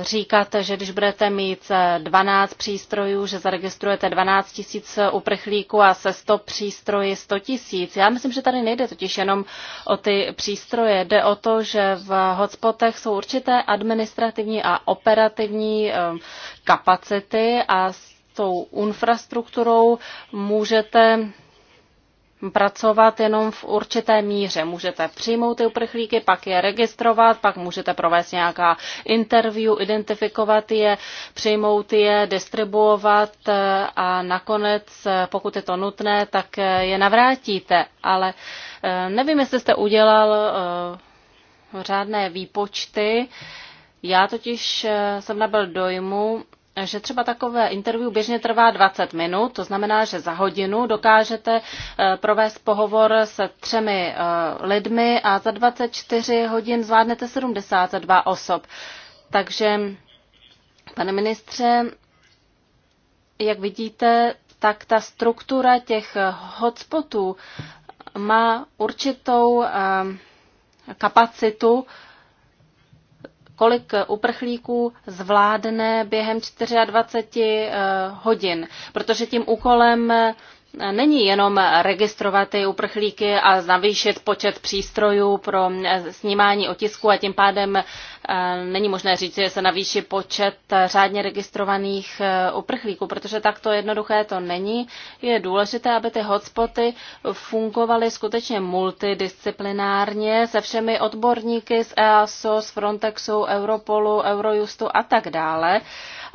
A: říkáte, že když budete mít 12 eh, přístrojů, že zaregistrujete 12 tisíc eh, uprchlíků a se 100 přístroji 100 tisíc. Já myslím, že tady nejde totiž jenom o ty přístroje. Jde o to, že v hotspotech jsou určité administrativní a operativní eh, kapacity a s tou infrastrukturou můžete pracovat jenom v určité míře. Můžete přijmout ty uprchlíky, pak je registrovat, pak můžete provést nějaká interview, identifikovat je, přijmout je, distribuovat eh, a nakonec, eh, pokud je to nutné, tak eh, je navrátíte. Ale nevím, jestli jste udělal řádné výpočty. Já totiž jsem nabil dojmu, že třeba takové interview běžně trvá 20 minut, to znamená, že za hodinu dokážete eh, provést pohovor se třemi eh, lidmi a za 24 hodin zvládnete 72 osob. Takže, pane ministře, jak vidíte, tak ta struktura těch hotspotů má určitou eh, kapacitu kolik uprchlíků zvládne během 24 eh, hodin, protože tím úkolem není jenom registrovat ty uprchlíky a navýšit počet přístrojů pro eh, snímání otisku a tím pádem eh, není možné říct, že se navýší počet řádně registrovaných eh, uprchlíků, protože takto jednoduché to není. Je důležité, aby ty hotspoty fungovaly skutečně multidisciplinárně se všemi odborníky z EASO, z Frontexu, Europolu, Eurojustu a tak dále,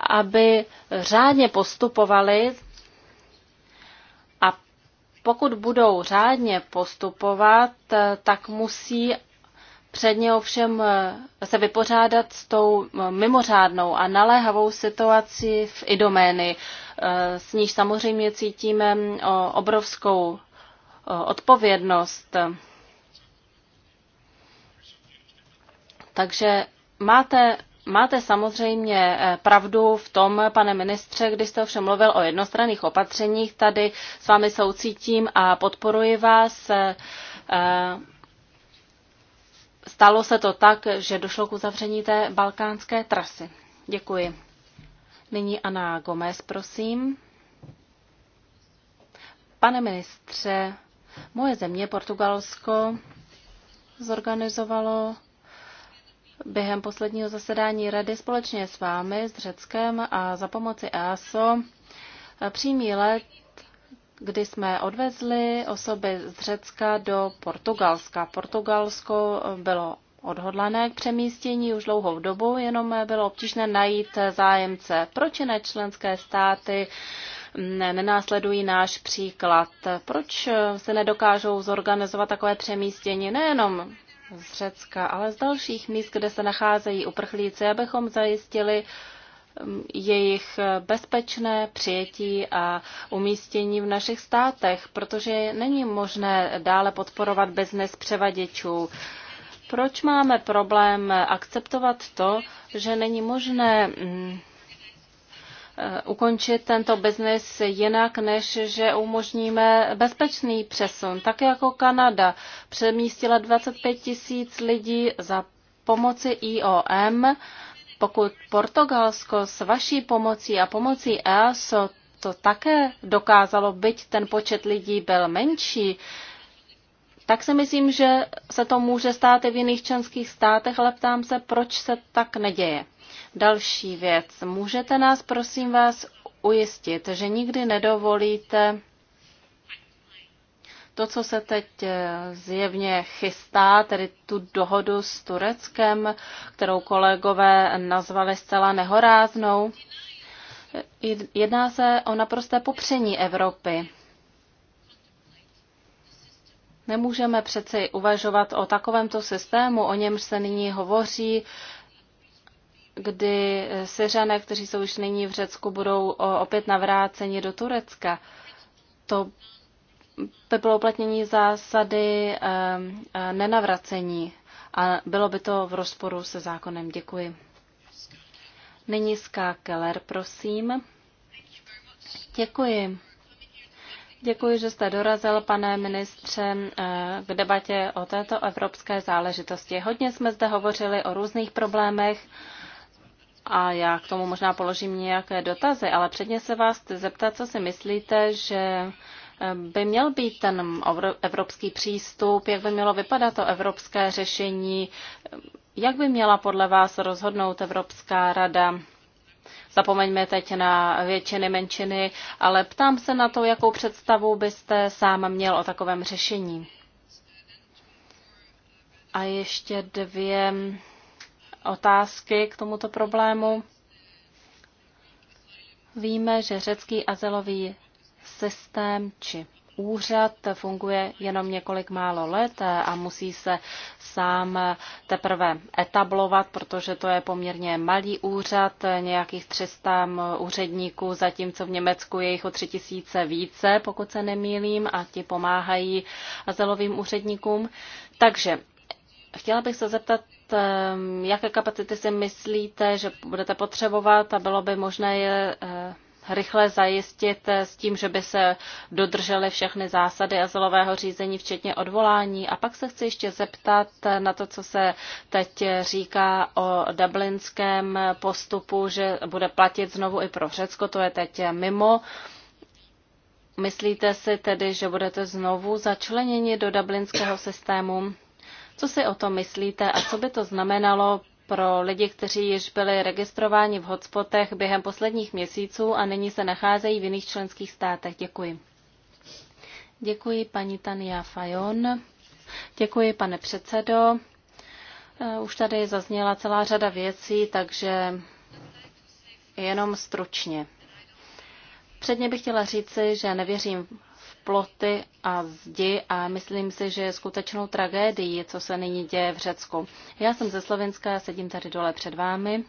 A: aby řádně postupovali pokud budou řádně postupovat, tak musí předně ovšem se vypořádat s tou mimořádnou a naléhavou situací v idomény, s níž samozřejmě cítíme obrovskou odpovědnost. Takže máte Máte samozřejmě eh, pravdu v tom, pane ministře, když jste ovšem mluvil o jednostranných opatřeních, tady s vámi soucítím a podporuji vás. Eh, eh, stalo se to tak, že došlo k uzavření té balkánské trasy. Děkuji. Nyní Ana Gomez, prosím. Pane ministře, moje země Portugalsko zorganizovalo během posledního zasedání Rady společně s vámi, s Řeckem a za pomoci EASO eh, přímý let, kdy jsme odvezli osoby z Řecka do Portugalska. Portugalsko eh, bylo odhodlané k přemístění už dlouhou dobu, jenom eh, bylo obtížné najít zájemce. Proč ne členské státy mm, nenásledují náš příklad? Proč se nedokážou zorganizovat takové přemístění nejenom z Řecka, ale z dalších míst, kde se nacházejí uprchlíci, abychom zajistili um, jejich bezpečné přijetí a umístění v našich státech, protože není možné dále podporovat biznes převaděčů. Proč máme problém akceptovat to, že není možné mm, Eh, ukončit tento biznis jinak, než že umožníme bezpečný přesun. Tak jako Kanada přemístila 25 tisíc lidí za pomoci IOM, pokud Portugalsko s vaší pomocí a pomocí EASO to také dokázalo, byť ten počet lidí byl menší, tak si myslím, že se to může stát i v jiných členských státech, ale ptám se, proč se tak neděje. Další věc. Můžete nás, prosím vás, ujistit, že nikdy nedovolíte to, co se teď eh, zjevně chystá, tedy tu dohodu s Tureckem, kterou kolegové nazvali zcela nehoráznou. Jedná se o naprosté popření Evropy. Nemůžeme přeci uvažovat o takovémto systému, o němž se nyní hovoří, kdy eh, Syřané, kteří jsou už nyní v Řecku, budou eh, opět navráceni do Turecka. To by bylo uplatnění zásady eh, nenavracení a bylo by to v rozporu se zákonem. Děkuji. Nyní Ská Keller, prosím. Děkuji. Děkuji, že jste dorazil, pane ministře, k debatě o této evropské záležitosti. Hodně jsme zde hovořili o různých problémech, a já k tomu možná položím nějaké dotazy, ale předně se vás chci zeptat, co si myslíte, že eh, by měl být ten evropský přístup, jak by mělo vypadat to evropské řešení, eh, jak by měla podle vás rozhodnout Evropská rada. Zapomeňme teď na většiny, menšiny, ale ptám se na to, jakou představu byste sám měl o takovém řešení. A ještě dvě otázky k tomuto problému. Víme, že řecký azylový systém či úřad funguje jenom několik málo let a musí se sám teprve etablovat, protože to je poměrně malý úřad, nějakých 300 úředníků, zatímco v Německu je jich o 3000 více, pokud se nemýlím, a ti pomáhají azylovým úředníkům. Takže chtěla bych se zeptat, Ehm, jaké kapacity si myslíte, že budete potřebovat a bylo by možné je eh, rychle zajistit eh, s tím, že by se dodržely všechny zásady azylového řízení, včetně odvolání. A pak se chci ještě zeptat eh, na to, co se teď říká o dublinském postupu, že bude platit znovu i pro Řecko, to je teď mimo. Myslíte si tedy, že budete znovu začleněni do dublinského systému? Co si o tom myslíte a co by to znamenalo pro lidi, kteří již byli registrováni v hotspotech během posledních měsíců a nyní se nacházejí v jiných členských státech? Děkuji. Děkuji paní Tania Fajon. Děkuji pane předsedo. Eh, už tady zazněla celá řada věcí, takže jenom stručně. Předně bych chtěla říci, že nevěřím ploty a zdi a myslím si, že je skutečnou tragédií, co se nyní děje v Řecku. Já jsem ze Slovenska, sedím tady dole před vámi.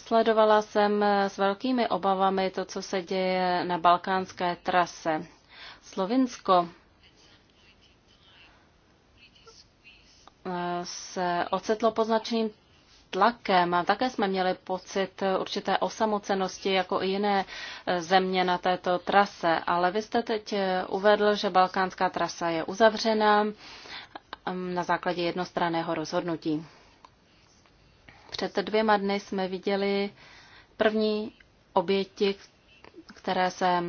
A: Sledovala jsem s velkými obavami to, co se děje na balkánské trase. Slovinsko eh, se ocetlo poznačným tlakem. Také jsme měli pocit určité osamocenosti jako i jiné e, země na této trase. Ale vy jste teď e, uvedl, že balkánská trasa je uzavřená na základě jednostranného rozhodnutí. Před dvěma dny jsme viděli první oběti, které se e,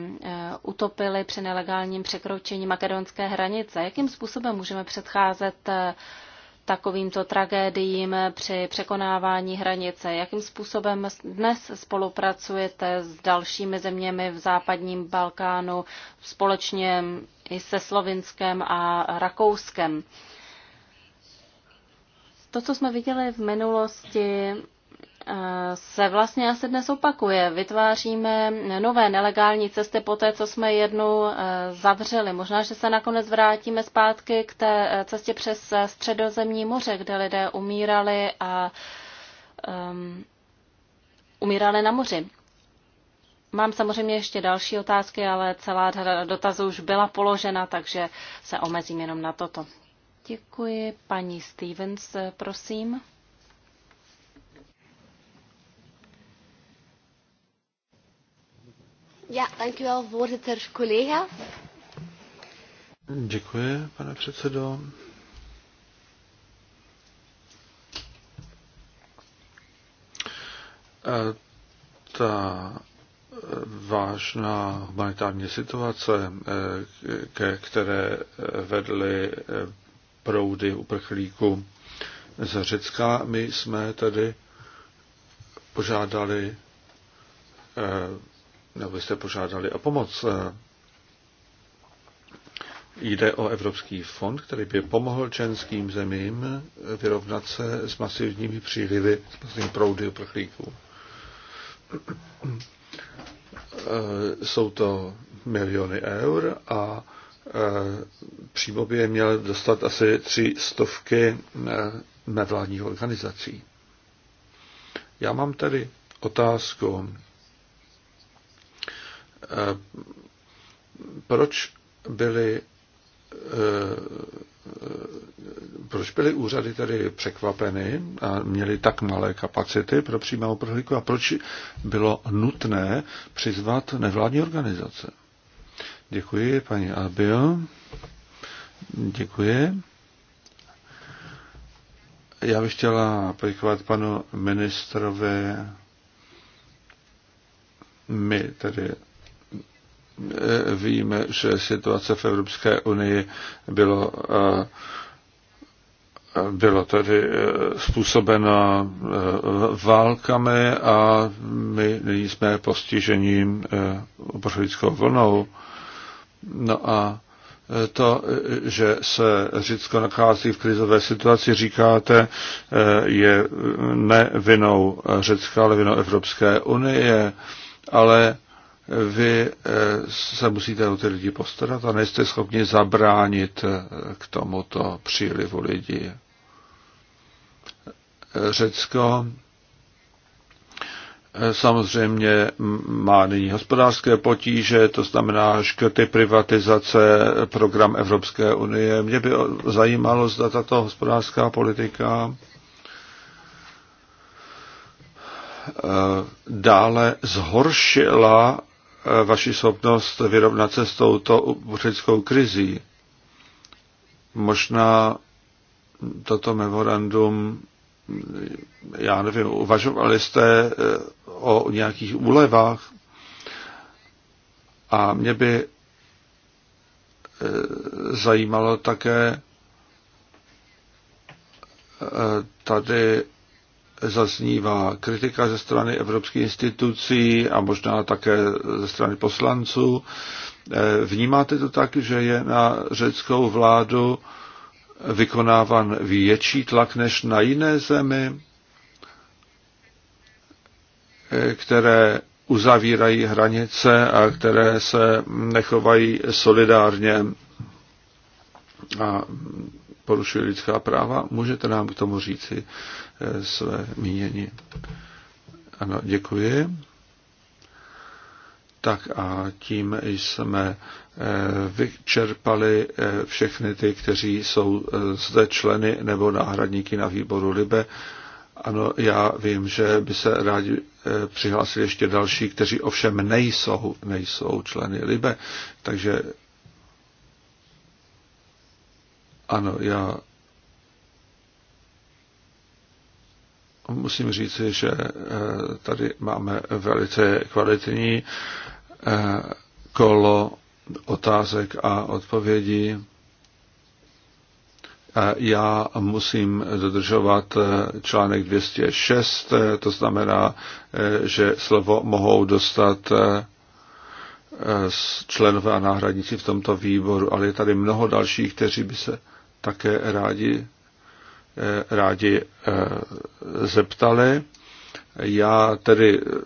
A: utopily při nelegálním překročení makedonské hranice. Jakým způsobem můžeme předcházet takovýmto tragédiím při překonávání hranice? Jakým způsobem dnes spolupracujete s dalšími zeměmi v západním Balkánu společně i se Slovinskem a Rakouskem? To, co jsme viděli v minulosti, se vlastně asi dnes opakuje. Vytváříme nové nelegální cesty po té, co jsme jednu eh, zavřeli. Možná, že se nakonec vrátíme zpátky k té eh, cestě přes eh, středozemní moře, kde lidé umírali a um, umírali na moři. Mám samozřejmě ještě další otázky, ale celá dotazů už byla položena, takže se omezím jenom na toto. Děkuji. Paní Stevens, prosím.
B: Ja, dank voorzitter, collega. Děkuji, pane předsedo. E, ta vážná humanitární situace, e, ke které vedly e, proudy uprchlíků z Řecka, my jsme tedy požádali abyste požádali o pomoc. Jde o Evropský fond, který by pomohl členským zemím vyrovnat se s masivními přílivy, s masivními proudy uprchlíků. Jsou to miliony eur a e, přímo by je měl dostat asi tři stovky e, nevládních organizací. Já mám tady otázku Eh, proč byly eh, proč byly úřady tedy překvapeny a měly tak malé kapacity pro přímého prohlíku a proč bylo nutné přizvat nevládní organizace? Děkuji, paní Albio. Děkuji. Já bych chtěla poděkovat panu ministrovi. My tedy Eh, víme, že situace v Evropské unii bylo, eh, bylo tedy eh, způsobena válkami a my nyní jsme postižením uprchlickou vlnou. No a to, že se Řecko nachází v krizové situaci, říkáte, je ne vinou Řecka, ale vinou Evropské unie, ale vy eh, se musíte o ty lidi postarat a nejste schopni zabránit eh, k tomuto přílivu lidí. Eh, Řecko samozřejmě má nyní hospodářské potíže, to znamená škrty privatizace, program Evropské unie. Mě by zajímalo, zda tato hospodářská politika dále zhoršila vaši schopnost vyrovnat se s touto uprchlickou krizí. Možná toto memorandum, já nevím, uvažovali jste eh, o nějakých úlevách a mě by eh, zajímalo také eh, tady zaznívá kritika ze strany evropských institucí a možná také ze strany poslanců. Eh, vnímáte to tak, že je na řeckou vládu vykonávan větší tlak než na jiné zemi, eh, které uzavírají hranice a které se nechovají solidárně a porušuje lidská práva. Můžete nám k tomu říci eh, své mínění. Ano, děkuji. Tak a tím jsme eh, vyčerpali eh, všechny ty, kteří jsou zde členy nebo náhradníky na výboru LIBE. Ano, já vím, že by se rádi přihlásili ještě další, kteří ovšem nejsou, nejsou členy LIBE, takže ano, já musím říci, že eh, tady máme velice kvalitní eh, kolo otázek a odpovědí. Eh, já musím dodržovat článek 206, to znamená, že slovo mohou dostat členové a náhradníci v tomto výboru, ale je tady mnoho dalších, kteří by se také rádi, eh, rádi eh, zeptali. Já tedy eh,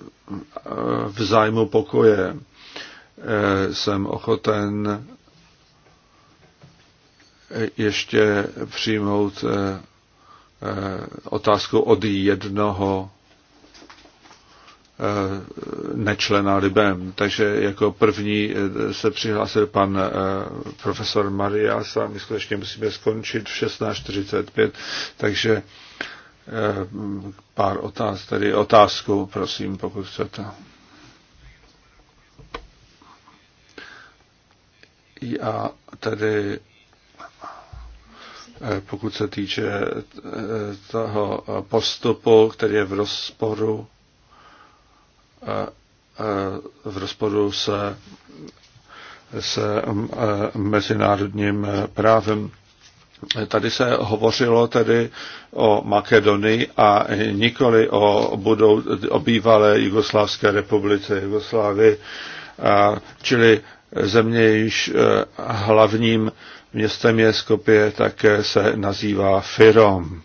B: v zájmu pokoje jsem ochoten ještě přijmout otázku od jednoho Eh, nečlena Libem. Takže jako první eh, se přihlásil pan eh, profesor Marias a my skutečně musíme skončit v 16.45, takže pár otázek, tedy otázku, prosím, pokud chcete. Já tedy pokud se týče toho postupu, který je v rozporu v rozporu se, se mezinárodním právem. Tady se hovořilo tedy o Makedonii a nikoli o, budou, o bývalé Jugoslávské republice Jugoslávy, čili země, již e, hlavním městem je Skopje, také se nazývá Firom.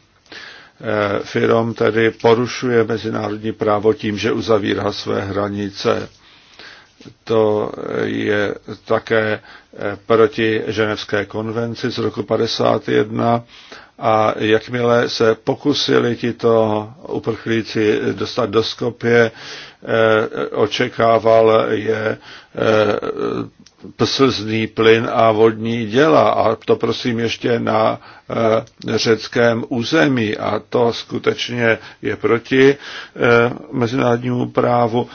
B: Eh, firm tedy porušuje mezinárodní právo tím, že uzavírá své hranice. To je také eh, proti Ženevské konvenci z roku 51 a jakmile se pokusili tito uprchlíci dostat do Skopě, eh, očekával je eh, slzný plyn a vodní děla. A to prosím ještě na eh, řeckém území. A to skutečně je proti mezinárodnímu právu.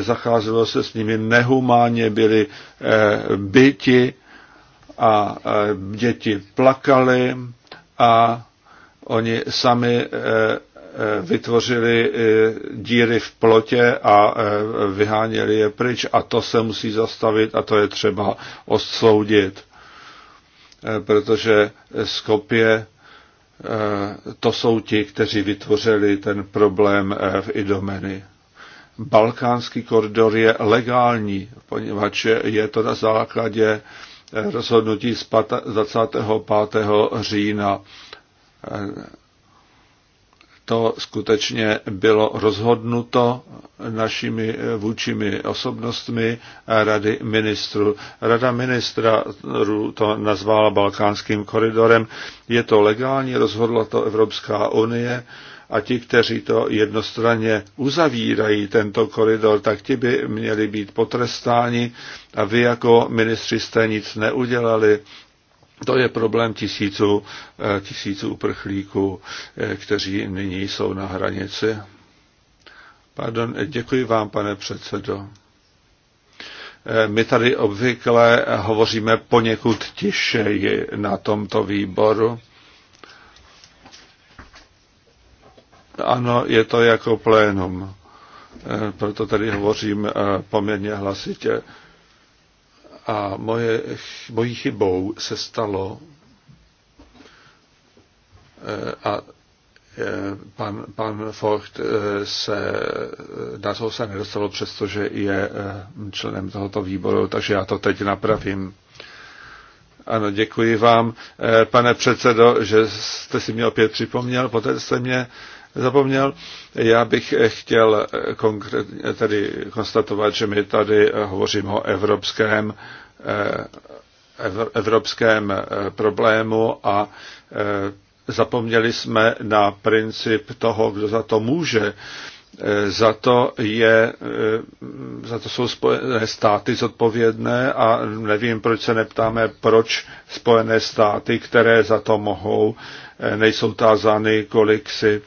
B: Zacházelo se s nimi nehumánně, byli byti a děti plakaly a oni sami eh, eh, vytvořili eh, díry v plotě a vyháněli je pryč a to se musí zastavit a to je třeba odsoudit. Protože Skopje to jsou ti, kteří vytvořili ten problém v Idomeny. Balkánský koridor je legální, poněvadž je to na základě rozhodnutí z 25. října. To skutečně bylo rozhodnuto našimi vůčími osobnostmi Rady ministrů. Rada ministra to nazvala Balkánským koridorem. Je to legální, rozhodla to Evropská unie a ti, kteří to jednostranně uzavírají, tento koridor, tak ti by měli být potrestáni a vy jako ministři jste nic neudělali. To je problém tisíců, eh, tisíců uprchlíků, eh, kteří nyní jsou na hranici. Pardon, děkuji vám, pane předsedo. Eh, my tady obvykle hovoříme poněkud tišeji na tomto výboru. Ano, je to jako plénum. E, proto tady hovořím e, poměrně hlasitě. A moje, mojí chybou se stalo, e, a pan, pan Focht se, na toho se nedostalo, přestože je členem tohoto výboru, takže já to teď napravím. Ano, děkuji vám, pane předsedo, že jste si mě opět připomněl, poté jste mě zapomněl. Já bych chtěl konkrétně tady konstatovat, že my tady hovoříme o evropském eh, evropském eh, problému a eh, zapomněli jsme na princip toho, kdo za to může. Za to, je, za to jsou Spojené státy zodpovědné a nevím, proč se neptáme, proč Spojené státy, které za to mohou, nejsou tázány, kolik si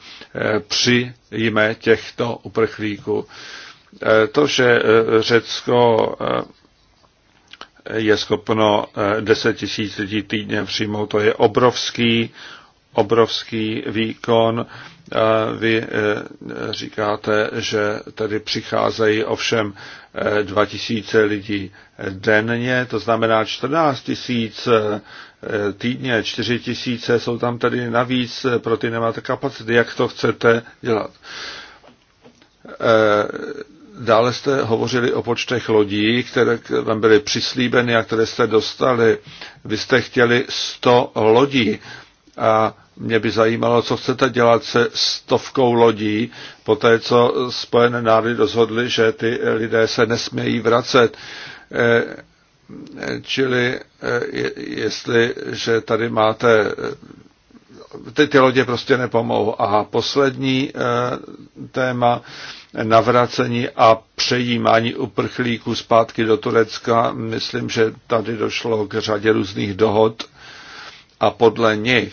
B: přijme těchto uprchlíků. E, to, že e, Řecko e, je schopno 10 tisíc lidí týdně přijmout, to je obrovský, obrovský výkon. Vy říkáte, že tady přicházejí ovšem 2000 lidí denně, to znamená 14 tisíc týdně, čtyři tisíce, jsou tam tady navíc, pro ty nemáte kapacity, jak to chcete dělat. E, dále jste hovořili o počtech lodí, které vám byly přislíbeny a které jste dostali. Vy jste chtěli 100 lodí a mě by zajímalo, co chcete dělat se stovkou lodí, po té, co Spojené národy rozhodly, že ty lidé se nesmějí vracet. E, Čili eh, jestli, že tady máte eh, ty, ty lodě prostě nepomohou. A poslední eh, téma, navracení a přejímání uprchlíků zpátky do Turecka. Myslím, že tady došlo k řadě různých dohod a podle nich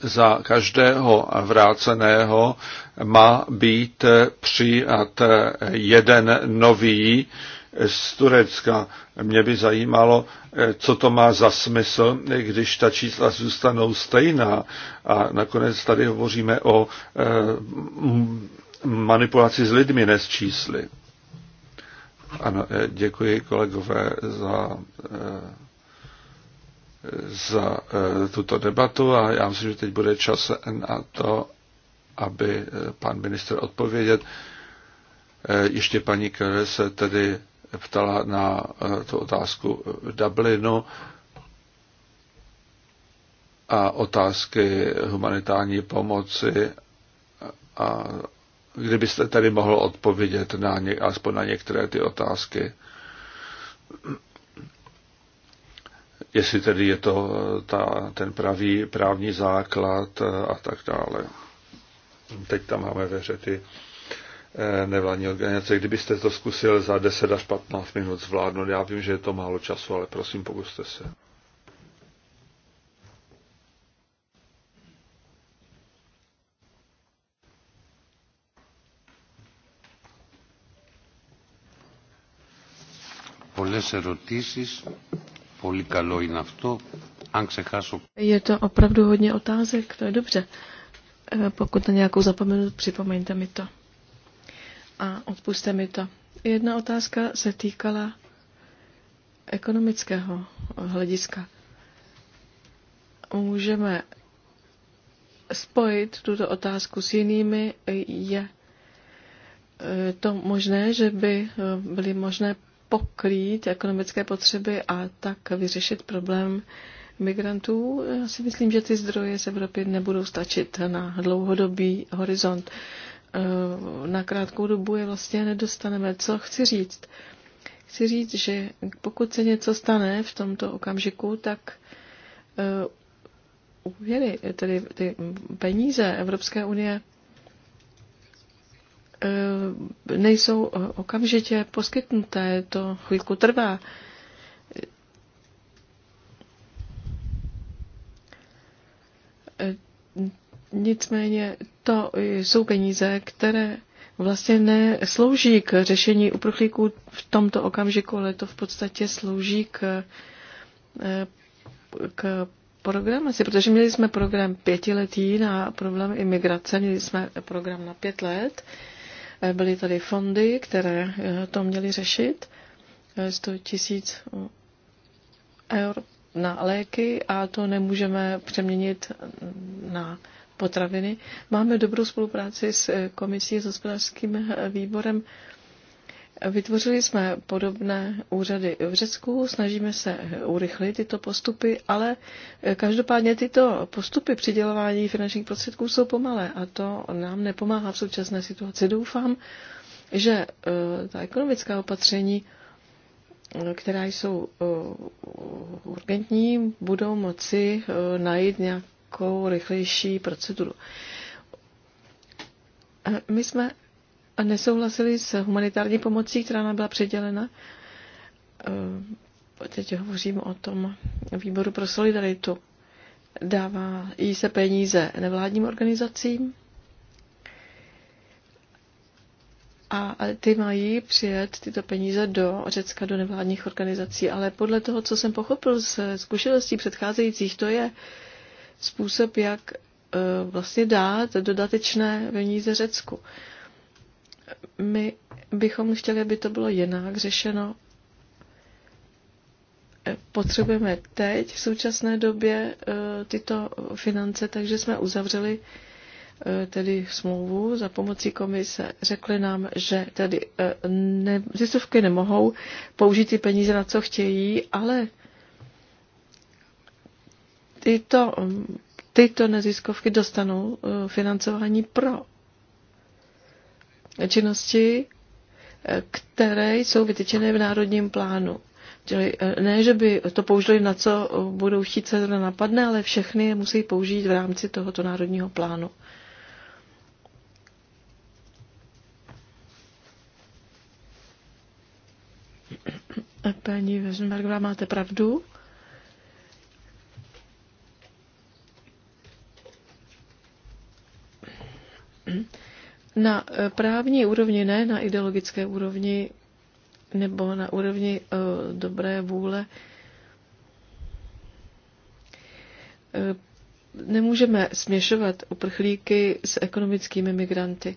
B: za každého vráceného má být přijat jeden nový z Turecka. Mě by zajímalo, eh, co to má za smysl, když ta čísla zůstanou stejná. A nakonec tady hovoříme o eh, manipulaci s lidmi, ne s čísly. Ano, eh, děkuji kolegové za, za tuto debatu a já myslím, že teď bude čas na to, aby pan minister odpovědět. Ještě paní Kere se tedy ptala na eh, tu otázku Dublinu a otázky humanitární pomoci a kdybyste tady mohl odpovědět na ně, aspoň na některé ty otázky. Jestli tedy je to eh, ta, ten pravý právní základ eh, a tak dále. Teď tam máme ve ty Eh, nevládní organizace. Kdybyste to zkusil za 10 až 15 minut zvládnout, já vím, že je to málo času, ale prosím, pokuste se. Πολλές ερωτήσεις. Πολύ καλό είναι αυτό. Αν ξεχάσω...
C: Je to opravdu hodně otázek, to je dobře. Eh, pokud na nějakou zapomenu, připomeňte mi to a odpuste mi to. Jedna otázka se týkala ekonomického hlediska. Můžeme spojit tuto otázku s jinými. Je eh, to možné, že by eh, byly možné pokrýt ekonomické potřeby a tak vyřešit problém migrantů. Já si myslím, že ty zdroje z Evropy nebudou stačit na dlouhodobý horizont. Eh, na krátkou dobu je vlastně nedostaneme. Co chci říct? Chci říct, že pokud se něco stane v tomto okamžiku, tak uvěry, eh, tedy ty peníze Evropské unie eh, nejsou okamžitě poskytnuté, to chvílku trvá. Nicméně to jsou peníze, které vlastně neslouží k řešení uprchlíků v tomto okamžiku, ale to v podstatě slouží k, eh, k programaci, protože měli jsme program pětiletý na problém imigrace, měli jsme program na pět let, eh, byly tady fondy, které eh, to měly řešit, 100 tisíc eur na léky a to nemůžeme přeměnit na potraviny. Máme dobrou spolupráci s eh, komisí, s hospodářským eh, výborem. Vytvořili jsme podobné úřady v Řecku, snažíme se eh, urychlit tyto postupy, ale každopádně tyto postupy přidělování finančních prostředků jsou pomalé a to nám nepomáhá v současné situaci. Doufám, že ta ekonomická opatření, která jsou urgentní, budou moci najít nějak takovou rychlejší proceduru. My jsme nesouhlasili s humanitární pomocí, která nám byla předělena. E, teď hovořím o tom výboru pro solidaritu. Dává jí se peníze nevládním organizacím a ty mají přijet tyto peníze do Řecka, do nevládních organizací. Ale podle toho, co jsem pochopil z zkušeností předcházejících, to je uh, způsob, jak eh, vlastně dát dodatečné peníze Řecku. My bychom chtěli, aby to bylo jinak řešeno. Eh, potřebujeme teď v současné době eh, tyto finance, takže jsme uzavřeli tedy smlouvu za pomocí komise. Řekli nám, že tedy ne, zistovky nemohou použít ty peníze na co chtějí, ale tyto, mm, tyto neziskovky dostanou e, financování pro činnosti, e, které jsou vytyčené v národním plánu. Čili e, ne, že by to použili na co budou chtít se napadne, ale všechny je musí použít v rámci tohoto národního plánu. Paní Vesenbergová, máte pravdu. na eh, právní úrovni, ne na ideologické úrovni nebo na úrovni eh, dobré vůle, eh, nemůžeme směšovat uprchlíky s ekonomickými migranty.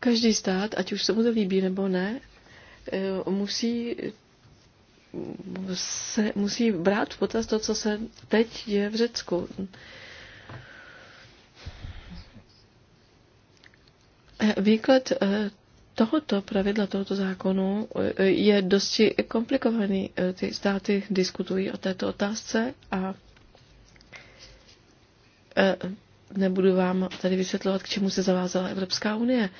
C: Každý stát, ať už se mu to líbí nebo ne, musí, se, musí brát v potaz to, co se teď děje v Řecku. Výklad eh, tohoto pravidla, tohoto zákonu eh, je dosti komplikovaný. Eh, ty státy diskutují o této otázce a nebudu vám tady vysvětlovat, k čemu se zavázala Evropská unie.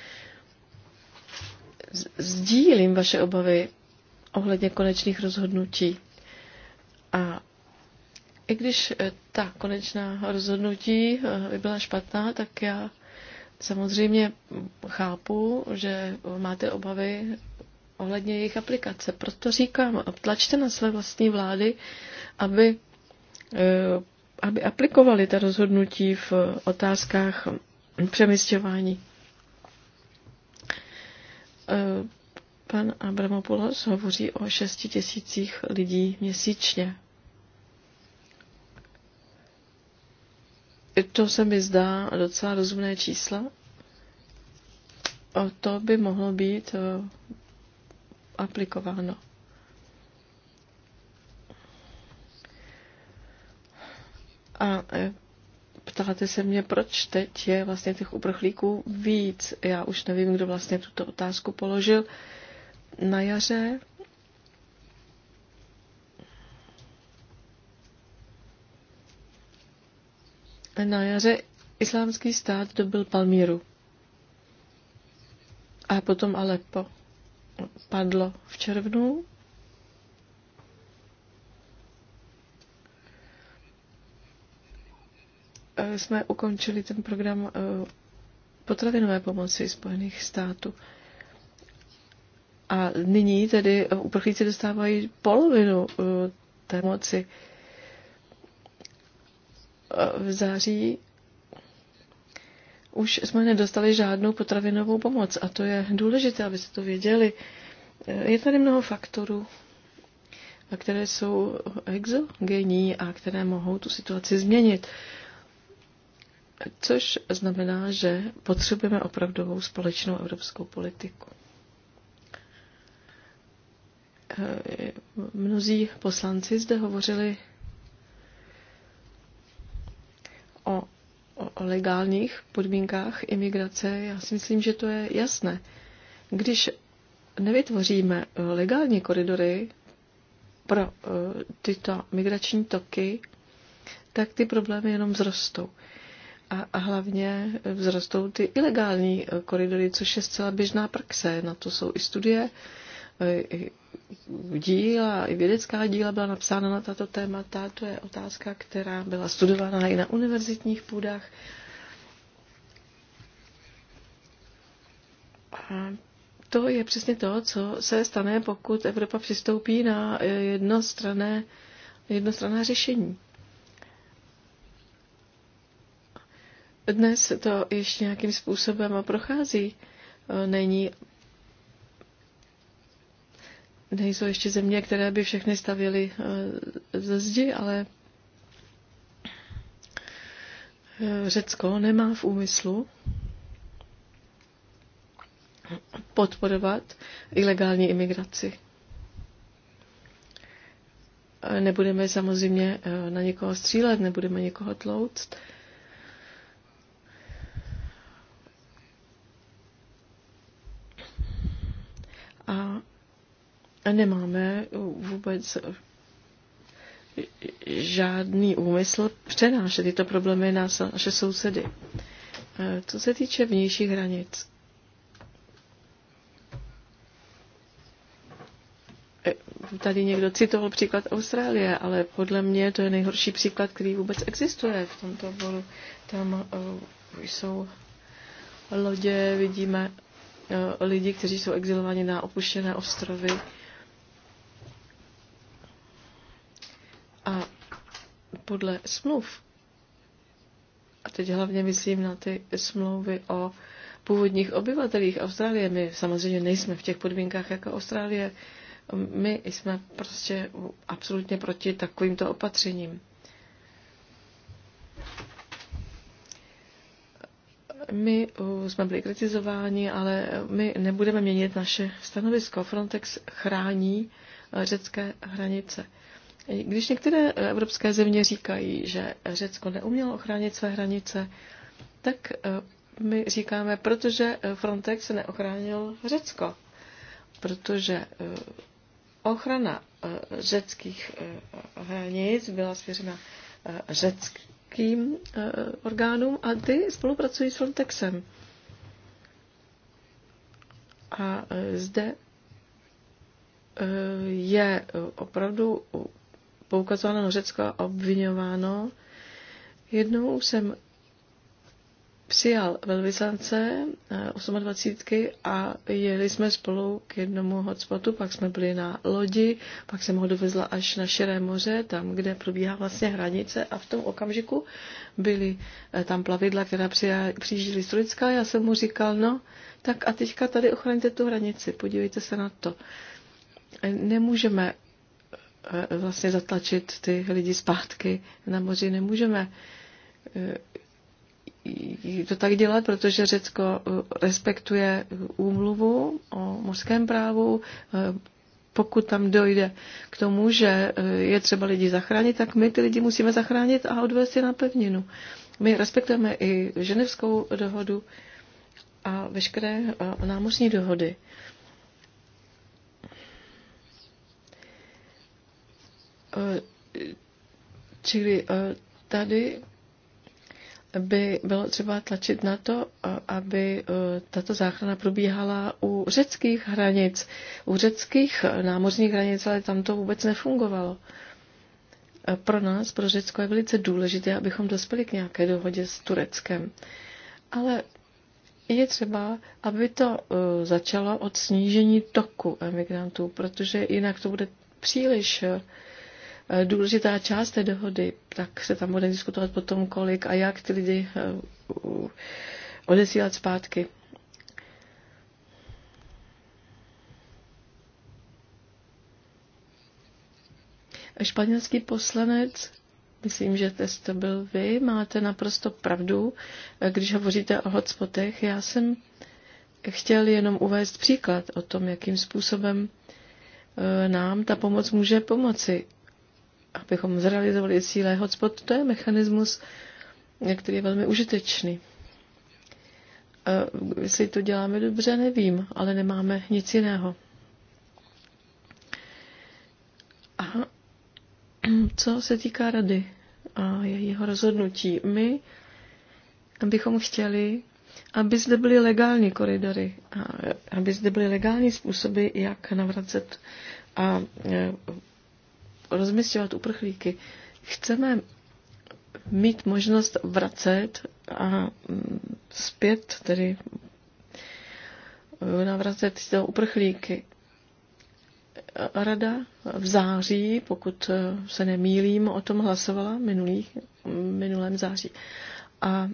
C: Sdílím vaše obavy ohledně konečných rozhodnutí. A i když ta konečná rozhodnutí by byla špatná, tak já Samozřejmě chápu, že máte obavy ohledně jejich aplikace. Proto říkám, tlačte na své vlastní vlády, aby, eh, aby aplikovali ta rozhodnutí v otázkách přemysťování. Eh, pan Abramopoulos hovoří o šesti tisících lidí měsíčně. To se mi zdá docela rozumné čísla. A to by mohlo být eh, aplikováno. A eh, ptáte se mě, proč teď je vlastně těch uprchlíků víc. Já už nevím, kdo vlastně tuto otázku položil. Na jaře na jaře islámský stát dobil Palmíru. A potom Alepo padlo v červnu. E, jsme ukončili ten program e, potravinové pomoci Spojených států. A nyní tedy uprchlíci dostávají polovinu e, té moci v září už jsme nedostali žádnou potravinovou pomoc a to je důležité, abyste to věděli. Je tady mnoho faktorů, které jsou exogenní a které mohou tu situaci změnit. Což znamená, že potřebujeme opravdovou společnou evropskou politiku. Mnozí poslanci zde hovořili o legálních podmínkách imigrace, já si myslím, že to je jasné. Když nevytvoříme eh, legální koridory pro eh, tyto migrační toky, tak ty problémy jenom vzrostou. A, a hlavně eh, vzrostou ty ilegální koridory, což je zcela běžná praxe. Na to jsou i studie, díla, i vědecká díla byla napsána na tato témata. To je otázka, která byla studovaná i na univerzitních půdách. A to je přesně to, co se stane, pokud Evropa přistoupí na eh, jednostrané, jednostrané řešení. Dnes to ještě nějakým způsobem prochází. Eh, není nejsou ještě země, které by všechny stavěly eh, ze zdi, ale eh, Řecko nemá v úmyslu podporovat ilegální imigraci. Eh, nebudeme samozřejmě na někoho střílet, nebudeme někoho tlouct. A nemáme uh, vůbec uh, žádný úmysl přenášet tyto problémy na naše sousedy. Uh, co se týče vnějších hranic, eh, tady někdo citoval příklad Austrálie, ale podle mě to je nejhorší příklad, který vůbec existuje v tomto bodu. Tam eh, jsou lodě, vidíme eh, lidi, kteří jsou exilováni na opuštěné ostrovy podle smluv, a teď hlavně myslím na ty smlouvy o původních obyvatelích Austrálie. My samozřejmě nejsme v těch podmínkách jako Austrálie. My jsme prostě absolutně proti takovýmto opatřením. My eh, jsme byli kritizováni, ale my nebudeme měnit naše stanovisko. Frontex chrání eh, řecké hranice. Když některé evropské země říkají, že Řecko neumělo ochránit své hranice, tak eh, my říkáme, protože eh, Frontex neochránil Řecko. Protože eh, ochrana řeckých hranic byla svěřena řeckým orgánům a ty spolupracují s Frontexem. A zde je opravdu poukazováno na Řecko a obvinováno. Jednou jsem přijal velvyslance 28 eh, a jeli jsme spolu k jednomu hotspotu, pak jsme byli na lodi, pak jsem ho dovezla až na Širé moře, tam, kde probíhá vlastně hranice a v tom okamžiku byly eh, tam plavidla, která přijížděly z Turecka já jsem mu říkal, no, tak a teďka tady ochraňte tu hranici, podívejte se na to. Eh, nemůžeme vlastně zatlačit ty lidi zpátky na moři nemůžeme eh, to tak dělat, protože Řecko eh, respektuje úmluvu o mořském právu. Eh, pokud tam dojde k tomu, že je třeba lidi zachránit, tak my ty lidi musíme zachránit a odvést je na pevninu. My respektujeme i ženevskou dohodu a veškeré námořní dohody. Eh, čili eh, tady by bylo třeba tlačit na to, eh, aby tato záchrana probíhala u řeckých hranic, u řeckých námořních hranic, ale tam to vůbec nefungovalo. Pro nás, pro Řecko, je velice důležité, abychom dospěli k nějaké dohodě s Tureckem. Ale je třeba, aby to začalo od snížení toku emigrantů, protože jinak to bude příliš Eh, důležitá část té dohody, tak se tam bude diskutovat potom, kolik a jak ty lidi eh, odesílat zpátky. Španělský poslanec, myslím, že to byl vy, máte naprosto pravdu, eh, když hovoříte o hotspotech. Já jsem chtěl jenom uvést příklad o tom, jakým způsobem nám ta pomoc může pomoci abychom zrealizovali cíle hotspot, to je mechanismus, který je velmi užitečný. Jestli to děláme dobře, nevím, ale nemáme nic jiného. A co se týká rady a jeho rozhodnutí, my bychom chtěli, aby zde byly legální koridory, aby zde byly legální způsoby, jak navracet a rozmysťovat uprchlíky. Chceme mít možnost vracet a mm, zpět tedy eh, navracet tyto uprchlíky. Rada v září, pokud eh, se nemýlím, o tom hlasovala minulý, minulém září. A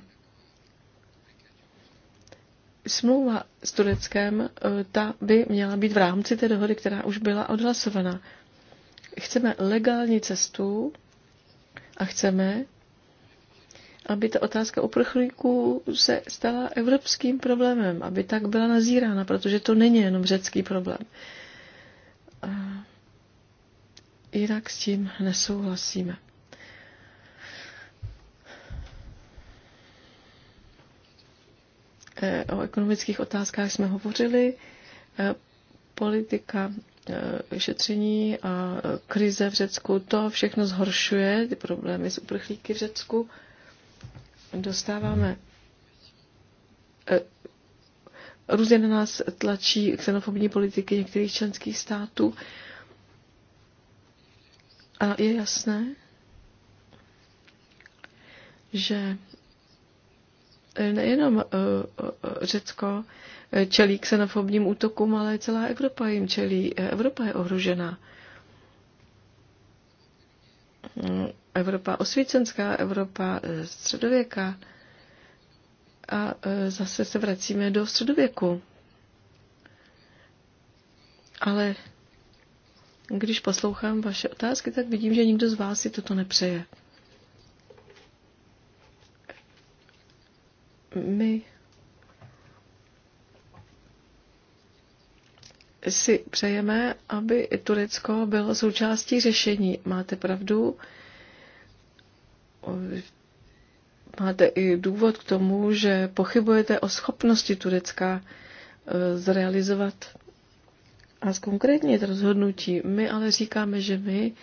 C: smlouva s Tureckem, eh, ta by měla být v rámci té dohody, která už byla odhlasovaná. Chceme legální cestu a chceme, aby ta otázka uprchlíků se stala evropským problémem, aby tak byla nazírána, protože to není jenom řecký problém. A jinak s tím nesouhlasíme. Eh, o ekonomických otázkách jsme hovořili. Eh, politika Eh, šetření a eh, krize v Řecku, to všechno zhoršuje ty problémy s uprchlíky v Řecku. Dostáváme eh, Různě na nás tlačí xenofobní politiky některých členských států. A je jasné, že nejenom Řecko čelí ksenofobním útokům, ale celá Evropa jim čelí. Evropa je ohrožená. Evropa osvícenská, Evropa eh, středověká. A eh, zase se vracíme do středověku. Ale když poslouchám vaše otázky, tak vidím, že nikdo z vás si toto nepřeje. My si přejeme, aby Turecko bylo součástí řešení. Máte pravdu, máte i důvod k tomu, že pochybujete o schopnosti Turecka eh, zrealizovat a zkonkrétnit rozhodnutí. My ale říkáme, že my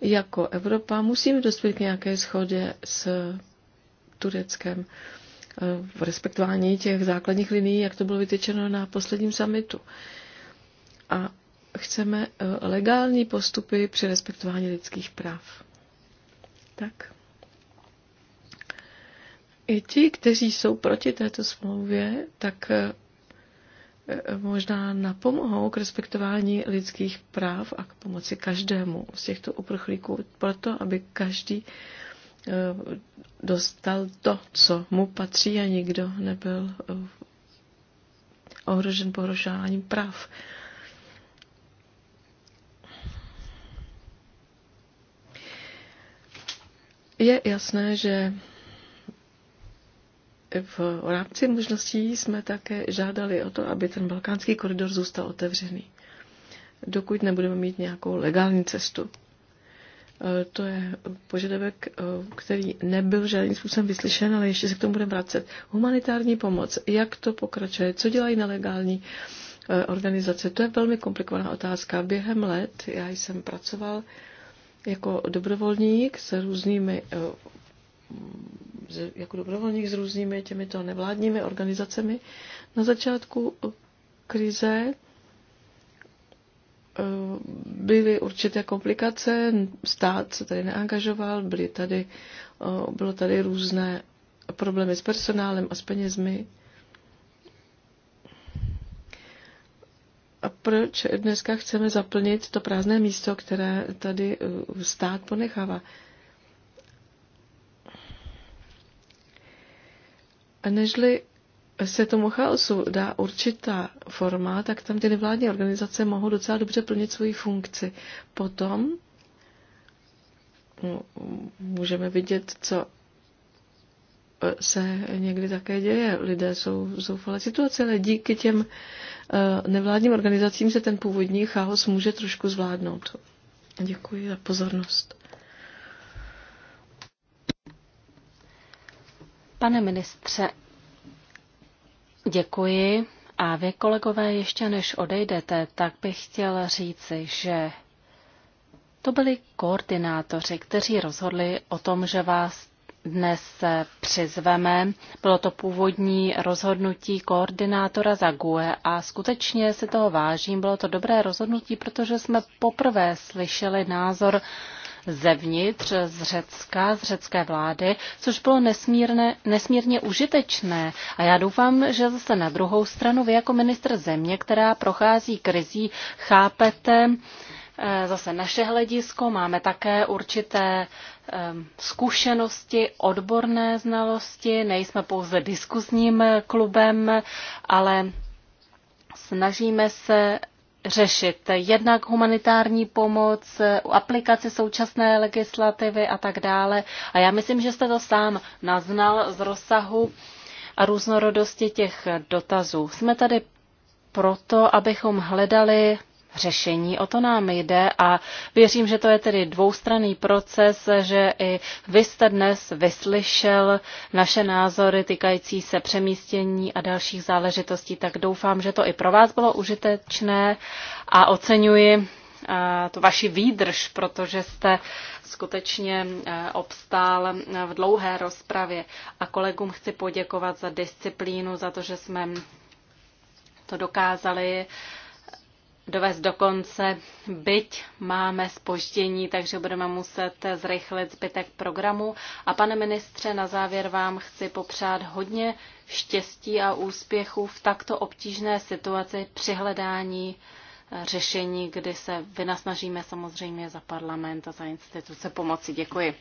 C: jako Evropa musíme dospět k nějaké schodě s Tureckem eh, v respektování těch základních linií, jak to bylo vytečeno na posledním samitu a chceme eh, legální postupy při respektování lidských práv. Tak. I ti, kteří jsou proti této smlouvě, tak eh, eh, možná napomohou k respektování lidských práv a k pomoci každému z těchto uprchlíků, proto aby každý dostal to, co mu patří a nikdo nebyl ohrožen porušováním práv. Je jasné, že v rámci možností jsme také žádali o to, aby ten balkánský koridor zůstal otevřený, dokud nebudeme mít nějakou legální cestu. E, to je požadavek, e, který nebyl žádným způsobem vyslyšen, ale ještě se k tomu budeme vracet. Humanitární pomoc, jak to pokračuje, co dělají nelegální e, organizace, to je velmi komplikovaná otázka. Během let já jsem pracoval jako dobrovolník s různými eh, jako dobrovolník s různými těmito nevládními organizacemi. Na začátku krize eh, byly určité komplikace, stát se tady neangažoval, byly tady, eh, bylo tady různé problémy s personálem a s penězmi. proč dneska chceme zaplnit to prázdné místo, které tady eh, stát ponechává. A nežli se tomu chaosu dá určitá forma, tak tam ty nevládní organizace mohou docela dobře plnit svoji funkci. Potom no, můžeme vidět, co se někdy také děje. Lidé jsou v zoufalé situace, ale díky těm eh, nevládním organizacím se ten původní chaos může trošku zvládnout.
A: Děkuji za pozornost. Pane ministře, děkuji. A vy, kolegové, ještě než odejdete, tak bych chtěl říci, že to byli koordinátoři, kteří rozhodli o tom, že vás dnes přizveme. Bylo to původní rozhodnutí koordinátora za GUE a skutečně si toho vážím. Bylo to dobré rozhodnutí, protože jsme poprvé slyšeli názor zevnitř z Řecka, z řecké vlády, což bylo nesmírne, nesmírně užitečné. A já doufám, že zase na druhou stranu vy jako ministr země, která prochází krizí, chápete eh, zase naše hledisko, máme také určité Ehm, zkušenosti, odborné znalosti, nejsme pouze diskuzním klubem, ale snažíme se řešit jednak humanitární pomoc, aplikaci současné legislativy a tak dále. A já myslím, že jste to sám naznal z rozsahu a různorodosti těch dotazů. Jsme tady proto, abychom hledali řešení. O to nám jde a věřím, že to je tedy dvoustranný proces, že i vy jste dnes vyslyšel naše názory týkající se přemístění a dalších záležitostí, tak doufám, že to i pro vás bylo užitečné a oceňuji eh, tu vaši výdrž, protože jste skutečně eh, obstál eh, v dlouhé rozpravě. A kolegům chci poděkovat za disciplínu, za to, že jsme to dokázali dovést do konce, byť máme spoždění, takže budeme muset zrychlit zbytek programu. A pane ministře, na závěr vám chci popřát hodně štěstí a úspěchů v takto obtížné situaci při hledání řešení, kdy se vynasnažíme samozřejmě za parlament a za instituce pomoci. Děkuji.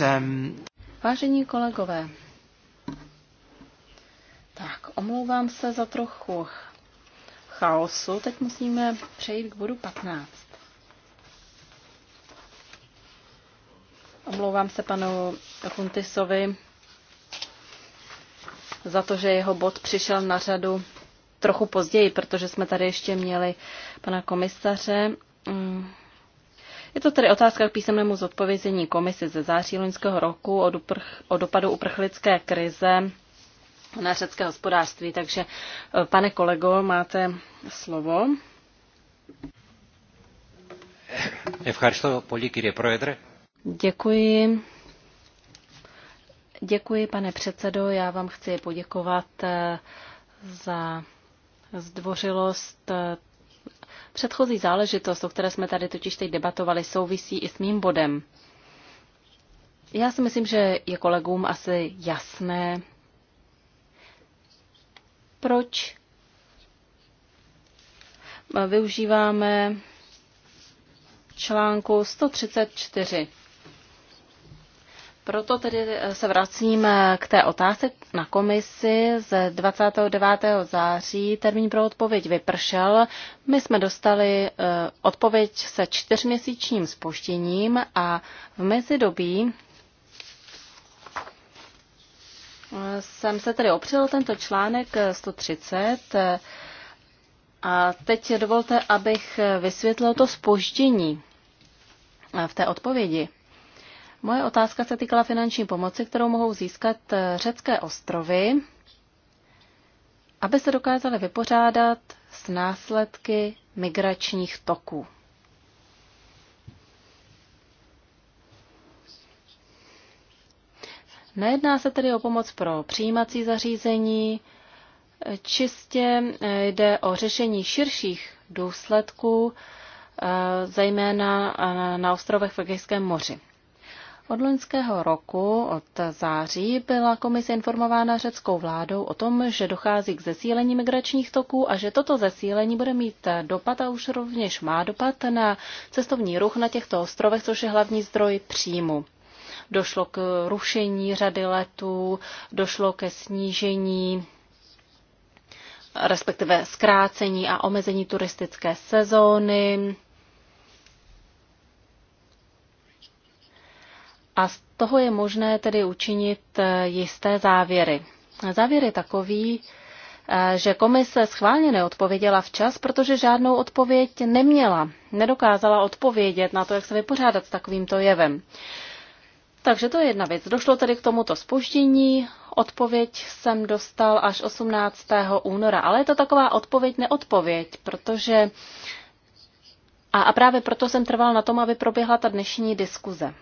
A: Um, Vážení kolegové, tak omlouvám se za trochu chaosu. Teď musíme přejít k bodu 15. Omlouvám se panu Kuntisovi za to, že jeho bod přišel na řadu trochu později, protože jsme tady ještě měli pana komisaře. Mm. Je to tedy otázka k písemnému zodpovězení komise ze září loňského roku o, doprch, o dopadu uprchlické krize na řecké hospodářství. Takže, eh, pane kolego, máte slovo. Děkuji. Děkuji, pane předsedo. Já vám chci poděkovat eh, za zdvořilost eh, Předchozí záležitost, o které jsme tady totiž teď debatovali, souvisí i s mým bodem. Já si myslím, že je kolegům asi jasné, proč využíváme článku 134 proto tedy eh, se vracím k té otázce na komisi z 29. září. Termín pro odpověď vypršel. My jsme dostali eh, odpověď se čtyřměsíčním spožděním a v mezidobí eh, jsem se tedy opřel tento článek 130 a teď dovolte, abych vysvětlil to spoždění v té odpovědi. Moje otázka se týkala finanční pomoci, kterou mohou získat eh, řecké ostrovy, aby se dokázaly vypořádat s následky migračních toků. Nejedná se tedy o pomoc pro přijímací zařízení, eh, čistě eh, jde o řešení širších důsledků, zejména na ostrovech v Egejském moři. Od loňského roku, od září, byla komise informována řeckou vládou o tom, že dochází k zesílení migračních toků a že toto zesílení bude mít dopad a už rovněž má dopad na cestovní ruch na těchto ostrovech, což je hlavní zdroj příjmu. Došlo k rušení řady letů, došlo ke snížení respektive zkrácení a omezení turistické sezóny, a z toho je možné tedy učinit eh, jisté závěry. Závěr je takový, eh, že komise schválně neodpověděla včas, protože žádnou odpověď neměla. Nedokázala odpovědět na to, jak se vypořádat s takovýmto jevem. Takže to je jedna věc. Došlo tedy k tomuto spoždění. Odpověď jsem dostal až 18. února, ale je to taková odpověď neodpověď, protože a, a právě proto jsem trval na tom, aby proběhla ta dnešní diskuze.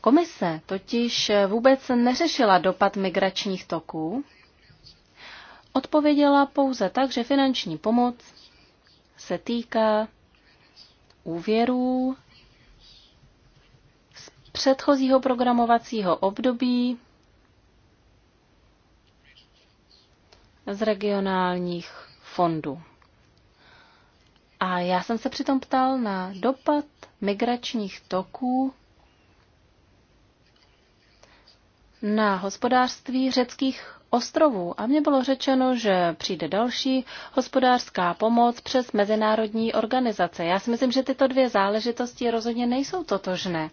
A: Komise totiž vůbec neřešila dopad migračních toků, odpověděla pouze tak, že finanční pomoc se týká úvěrů z předchozího programovacího období z regionálních fondů. A já jsem se přitom ptal na dopad migračních toků na hospodářství řeckých ostrovů a mně bylo řečeno, že přijde další hospodářská pomoc přes mezinárodní organizace. Já si myslím, že tyto dvě záležitosti rozhodně nejsou totožné.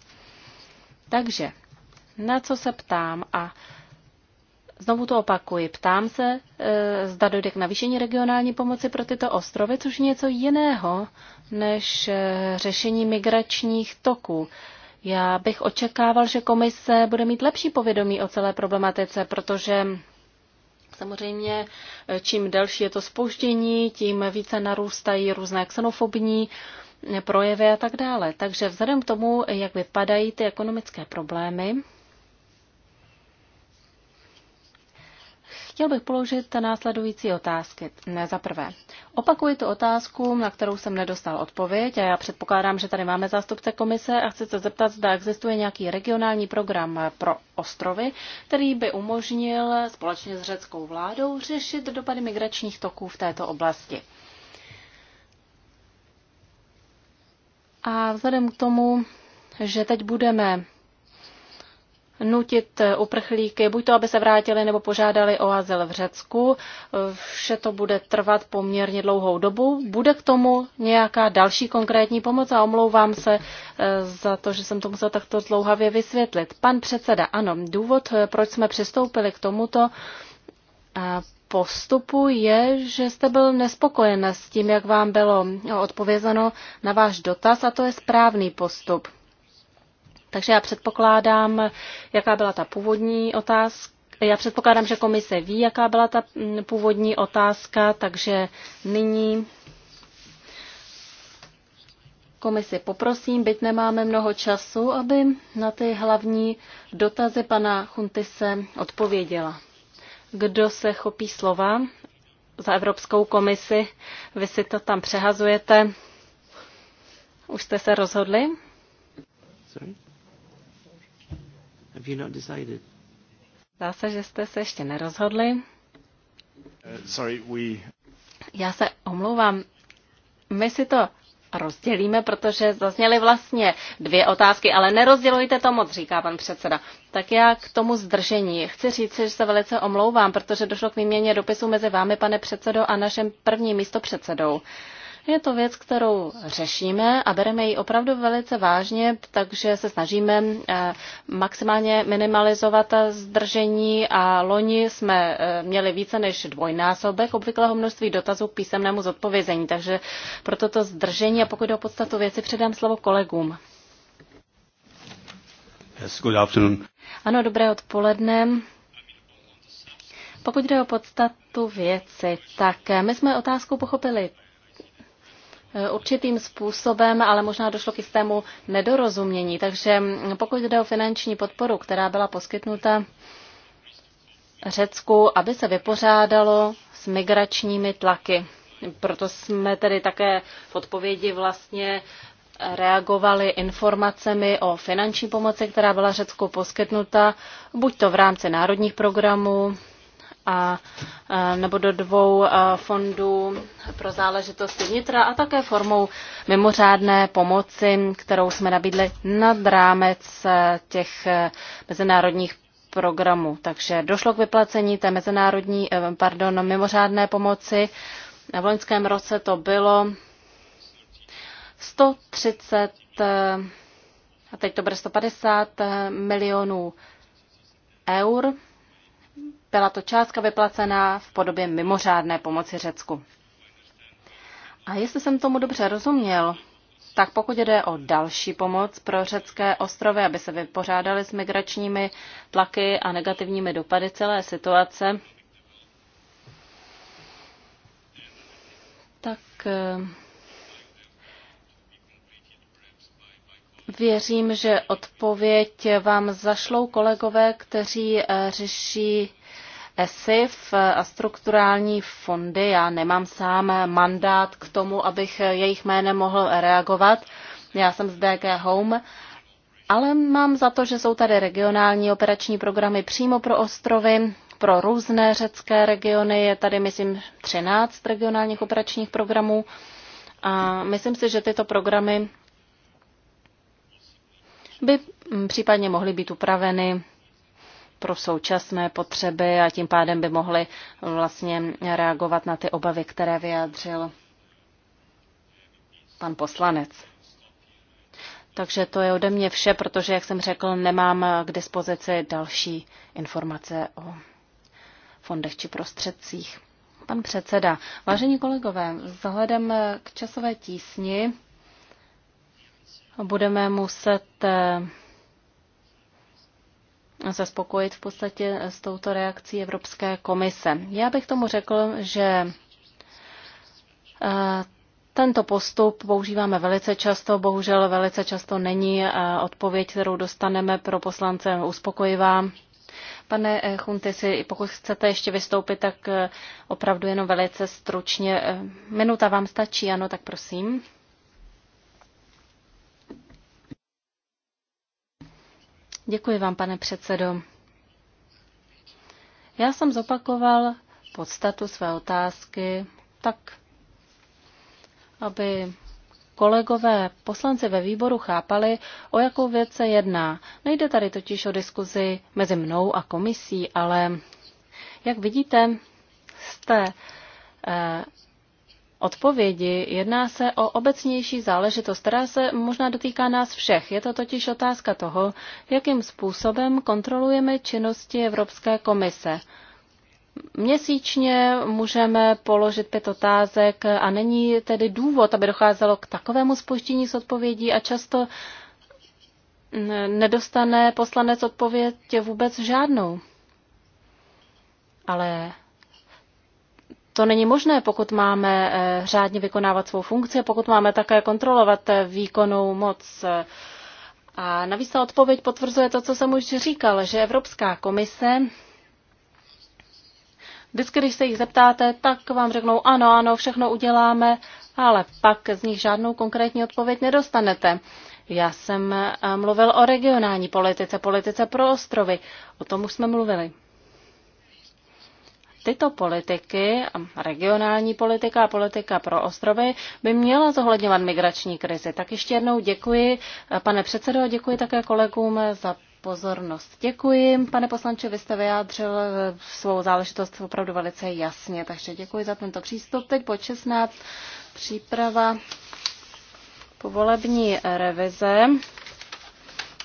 A: Takže, na co se ptám a Znovu to opakuji, ptám se, e, zda dojde k navýšení regionální pomoci pro tyto ostrovy, což je něco jiného než e, řešení migračních toků. Já bych očekával, že komise bude mít lepší povědomí o celé problematice, protože samozřejmě eh, čím delší je to spouštění, tím více narůstají různé xenofobní eh, projevy a tak dále. Takže vzhledem k tomu, jak vypadají ty ekonomické problémy, Chtěl bych položit následující otázky. Ne, za prvé, opakuji tu otázku, na kterou jsem nedostal odpověď a já předpokládám, že tady máme zástupce komise a chci se zeptat, zda existuje nějaký regionální program pro ostrovy, který by umožnil společně s řeckou vládou řešit dopady migračních toků v této oblasti. A vzhledem k tomu, že teď budeme nutit uprchlíky, buď to, aby se vrátili nebo požádali o azyl v Řecku. Vše to bude trvat poměrně dlouhou dobu. Bude k tomu nějaká další konkrétní pomoc a omlouvám se eh, za to, že jsem to musel takto dlouhavě vysvětlit. Pan předseda, ano, důvod, eh, proč jsme přistoupili k tomuto eh, postupu je, že jste byl nespokojen s tím, jak vám bylo odpovězeno na váš dotaz a to je správný postup. Takže já předpokládám, jaká byla ta původní otázka. Já předpokládám, že komise ví, jaká byla ta mm, původní otázka, takže nyní komisi poprosím, byť nemáme mnoho času, aby na ty hlavní dotazy pana Chuntise odpověděla. Kdo se chopí slova za Evropskou komisi? Vy si to tam přehazujete. Už jste se rozhodli?
B: Sorry. Have you not decided?
A: Zdá se, že jste se ještě nerozhodli.
B: Uh, sorry, we...
A: Já se omlouvám. My si to rozdělíme, protože zazněly vlastně dvě otázky, ale nerozdělujte to moc, říká pan předseda. Tak já k tomu zdržení. Chci říct, že se velice omlouvám, protože došlo k výměně dopisu mezi vámi, pane předsedo, a našem prvním místopředsedou. předsedou je to věc, kterou řešíme a bereme ji opravdu velice vážně, takže se snažíme eh, maximálně minimalizovat zdržení a loni jsme eh, měli více než dvojnásobek obvyklého množství dotazů k písemnému zodpovězení, takže proto to zdržení a pokud o podstatu věci, předám slovo kolegům.
B: Yes, good afternoon.
A: Ano, dobré odpoledne. Pokud jde o podstatu věci, tak eh, my jsme otázku pochopili určitým způsobem, ale možná došlo k jistému nedorozumění. Takže pokud jde o finanční podporu, která byla poskytnuta Řecku, aby se vypořádalo s migračními tlaky. Proto jsme tedy také v odpovědi vlastně reagovali informacemi o finanční pomoci, která byla Řecku poskytnuta, buď to v rámci národních programů, a, nebo do dvou fondů pro záležitosti vnitra a také formou mimořádné pomoci, kterou jsme nabídli nad rámec těch mezinárodních programů. Takže došlo k vyplacení té mezinárodní, pardon, mimořádné pomoci. V loňském roce to bylo 130, a teď to bude 150 milionů eur byla to částka vyplacená v podobě mimořádné pomoci Řecku. A jestli jsem tomu dobře rozuměl, tak pokud jde o další pomoc pro řecké ostrovy, aby se vypořádali s migračními tlaky a negativními dopady celé situace, tak eh, věřím, že odpověď vám zašlou kolegové, kteří eh, řeší ESIF a strukturální fondy. Já nemám sám mandát k tomu, abych jejich jménem mohl reagovat. Já jsem z DG Home, ale mám za to, že jsou tady regionální operační programy přímo pro ostrovy, pro různé řecké regiony. Je tady, myslím, 13 regionálních operačních programů. A myslím si, že tyto programy by mm, případně mohly být upraveny pro současné potřeby a tím pádem by mohli vlastně reagovat na ty obavy, které vyjádřil pan poslanec. Takže to je ode mě vše, protože, jak jsem řekl, nemám k dispozici další informace o fondech či prostředcích. Pan předseda, vážení kolegové, vzhledem k časové tísni budeme muset eh, se v podstatě s touto reakcí Evropské komise. Já bych tomu řekl, že eh, tento postup používáme velice často, bohužel velice často není eh, odpověď, kterou dostaneme pro poslance uspokojivá. Pane eh, si, pokud chcete ještě vystoupit, tak opravdu jenom velice stručně. Minuta vám stačí, ano, tak prosím. Děkuji vám, pane předsedo. Já jsem zopakoval podstatu své otázky tak, aby kolegové poslanci ve výboru chápali, o jakou věc se jedná. Nejde tady totiž o diskuzi mezi mnou a komisí, ale jak vidíte, jste eh, odpovědi. Jedná se o obecnější záležitost, která se možná dotýká nás všech. Je to totiž otázka toho, jakým způsobem kontrolujeme činnosti Evropské komise. Měsíčně můžeme položit pět otázek a není tedy důvod, aby docházelo k takovému spoštění s odpovědí a často nedostane poslanec odpověď vůbec žádnou. Ale to není možné, pokud máme eh, řádně vykonávat svou funkci a pokud máme také kontrolovat eh, výkonnou moc. A navíc ta odpověď potvrzuje to, co jsem už říkal, že Evropská komise Vždycky, když se jich zeptáte, tak vám řeknou ano, ano, všechno uděláme, ale pak z nich žádnou konkrétní odpověď nedostanete. Já jsem eh, mluvil o regionální politice, politice pro ostrovy. O tom už jsme mluvili tyto politiky, regionální politika a politika pro ostrovy, by měla zohledňovat migrační krizi. Tak ještě jednou děkuji, pane předsedo, děkuji také kolegům za pozornost. Děkuji, pane poslanče, vy jste vyjádřil eh, svou záležitost opravdu velice jasně, takže děkuji za tento přístup. Teď po 16 příprava povolební revize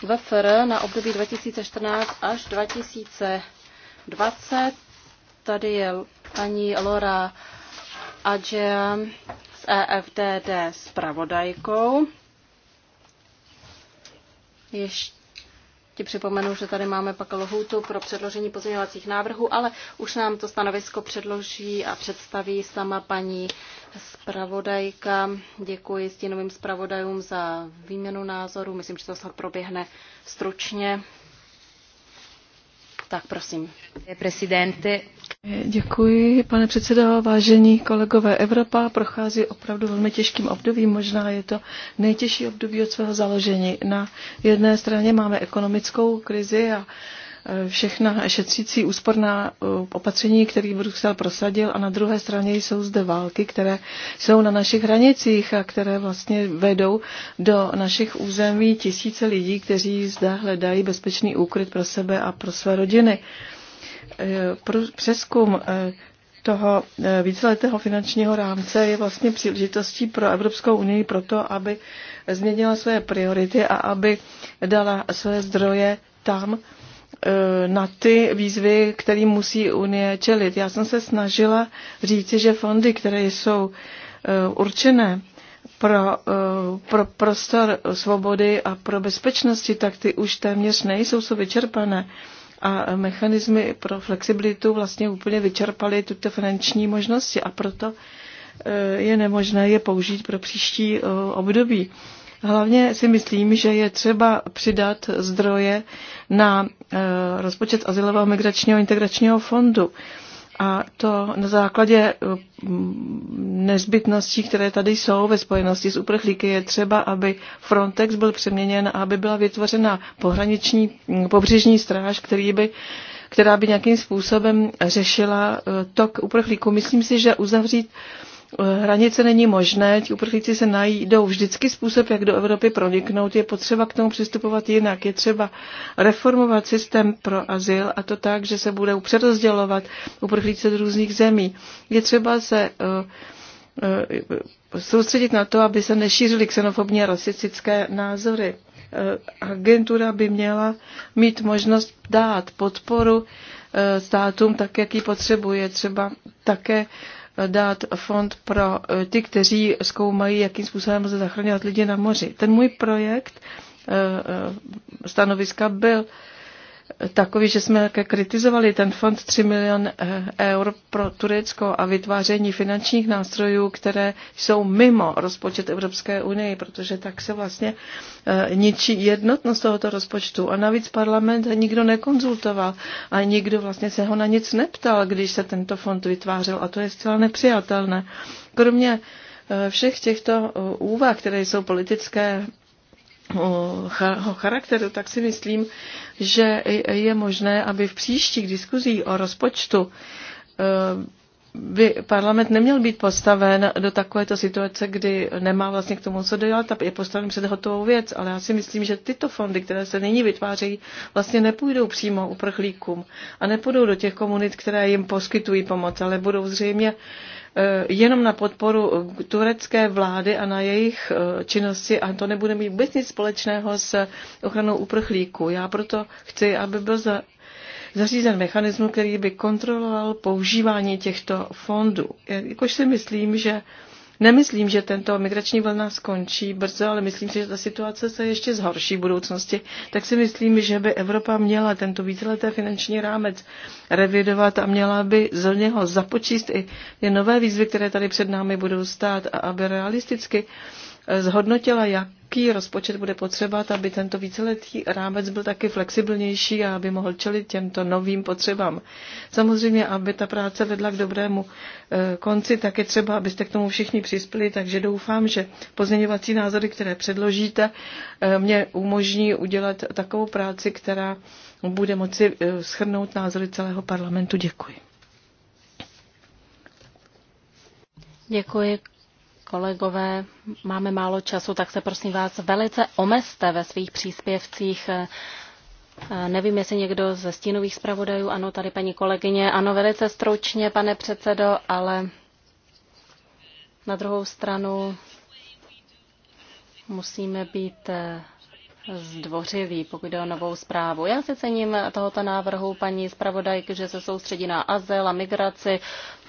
A: VFR na období 2014 až 2020. Tady je paní Lora Adžea z EFDD s pravodajkou. Ještě ti připomenu, že tady máme pak lohutu pro předložení pozměňovacích návrhů, ale už nám to stanovisko předloží a představí sama paní zpravodajka. Děkuji stínovým zpravodajům za výměnu názorů. Myslím, že to snad proběhne stručně tak prosím. Presidente.
C: Děkuji, pane předsedo, vážení kolegové. Evropa prochází opravdu velmi těžkým obdobím, možná je to nejtěžší období od svého založení. Na jedné straně máme ekonomickou krizi a Eh, všechna šetřící úsporná eh, opatření, které Brusel prosadil a na druhé straně jsou zde války, které jsou na našich hranicích a které vlastně vedou do našich území tisíce lidí, kteří zde hledají bezpečný úkryt pro sebe a pro své rodiny. Eh, přeskum toho víceletého finančního rámce je vlastně příležitostí pro Evropskou unii pro to, aby změnila své priority a aby dala své zdroje tam, E, na ty výzvy, kterým musí Unie čelit. Já jsem se snažila říci, že fondy, které jsou e, určené pro, e, pro prostor svobody a pro bezpečnosti, tak ty už téměř nejsou, jsou vyčerpané. A mechanismy pro flexibilitu vlastně úplně vyčerpaly tyto finanční možnosti a proto je nemožné je použít pro příští období. Hlavně si myslím, že je třeba přidat zdroje na e, rozpočet Azylového migračního integračního fondu. A to na základě e, nezbytností, které tady jsou ve spojenosti s uprchlíky, je třeba, aby Frontex byl přeměněn a aby byla vytvořena pohraniční pobřežní stráž, který by, která by nějakým způsobem řešila e, tok uprchlíků. Myslím si, že uzavřít hranice není možné, ti uprchlíci se najdou vždycky způsob, jak do Evropy proniknout, je potřeba k tomu přistupovat jinak, je třeba reformovat systém pro azyl a to tak, že se budou přerozdělovat uprchlíci z různých zemí. Je třeba se eh, eh, soustředit na to, aby se nešířily xenofobní a rasistické názory. Eh, agentura by měla mít možnost dát podporu státům tak, jak ji potřebuje, třeba také dát fond pro eh, ty, kteří zkoumají, jakým způsobem lze zachraňovat lidi na moři. Ten můj projekt eh, eh, stanoviska byl takový, že jsme také kritizovali ten fond 3 milion eh, eur pro Turecko a vytváření finančních nástrojů, které jsou mimo rozpočet Evropské unie, protože tak se vlastně eh, ničí jednotnost tohoto rozpočtu. A navíc parlament nikdo nekonzultoval a nikdo vlastně se ho na nic neptal, když se tento fond vytvářel a to je zcela nepřijatelné. Kromě eh, všech těchto úvah, které jsou politické charakteru, tak si myslím, že je možné, aby v příštích diskuzích o rozpočtu eh, by parlament neměl být postaven do takovéto situace, kdy nemá vlastně k tomu co dělat a je postaven před hotovou věc. Ale já si myslím, že tyto fondy, které se nyní vytvářejí, vlastně nepůjdou přímo uprchlíkům a nepůjdou do těch komunit, které jim poskytují pomoc, ale budou zřejmě uh, Eh, jenom na podporu turecké vlády a na jejich eh, činnosti a to nebude mít vůbec nic společného s ochranou uprchlíků. Já proto chci, aby byl za zařízen mechanismus, který by kontroloval používání těchto fondů. Eh, jakož si myslím, že Nemyslím, že tento migrační vlna skončí brzo, ale myslím si, že ta situace se ještě zhorší v budoucnosti. Tak si myslím, že by Evropa měla tento víceletý finanční rámec revidovat a měla by z něho započíst i nové výzvy, které tady před námi budou stát a aby realisticky uh, zhodnotila, jaký rozpočet bude potřeba, aby tento víceletý rámec byl taky flexibilnější a aby mohl čelit těmto novým potřebám. Samozřejmě, aby ta práce vedla k dobrému eh, konci, tak je třeba, abyste k tomu všichni přispěli, takže doufám, že pozměňovací názory, které předložíte, eh, mě umožní udělat takovou práci, která bude moci eh, schrnout názory celého parlamentu. Děkuji.
A: Děkuji kolegové, máme málo času, tak se prosím vás velice omezte ve svých příspěvcích. Eh, nevím, jestli někdo ze stínových zpravodajů, ano, tady paní kolegyně, ano, velice stručně, pane předsedo, ale na druhou stranu musíme být eh, zdvořivý, pokud jde o novou zprávu. Já si cením tohoto návrhu paní zpravodajky, že se soustředí na azyl a migraci.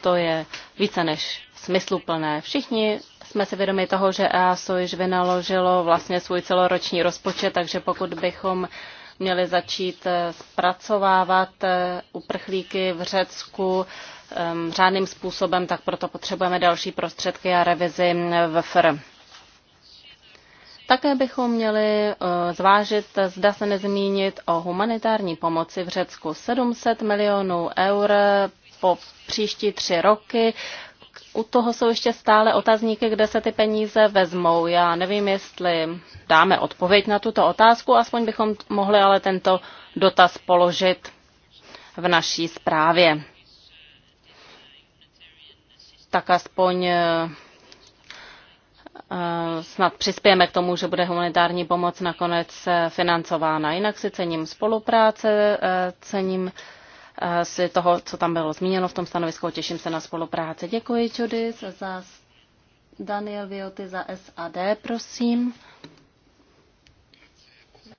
A: To je více než smysluplné. Všichni jsme si vědomi toho, že EASO již vynaložilo vlastně svůj celoroční rozpočet, takže pokud bychom měli začít eh, zpracovávat eh, uprchlíky v Řecku um, řádným způsobem, tak proto potřebujeme další prostředky a revizi FR. Také bychom měli eh, zvážit, zda se nezmínit o humanitární pomoci v Řecku. 700 milionů eur po příští tři roky u toho jsou ještě stále otazníky, kde se ty peníze vezmou. Já nevím, jestli dáme odpověď na tuto otázku, aspoň bychom mohli ale tento dotaz položit v naší zprávě. Tak aspoň eh, eh, snad přispějeme k tomu, že bude humanitární pomoc nakonec eh, financována. Jinak si cením spolupráce, cením z eh, toho, co tam bylo zmíněno v tom stanovisku. Těším se na spolupráci. Děkuji, Judith, za Daniel Vioty za SAD, prosím.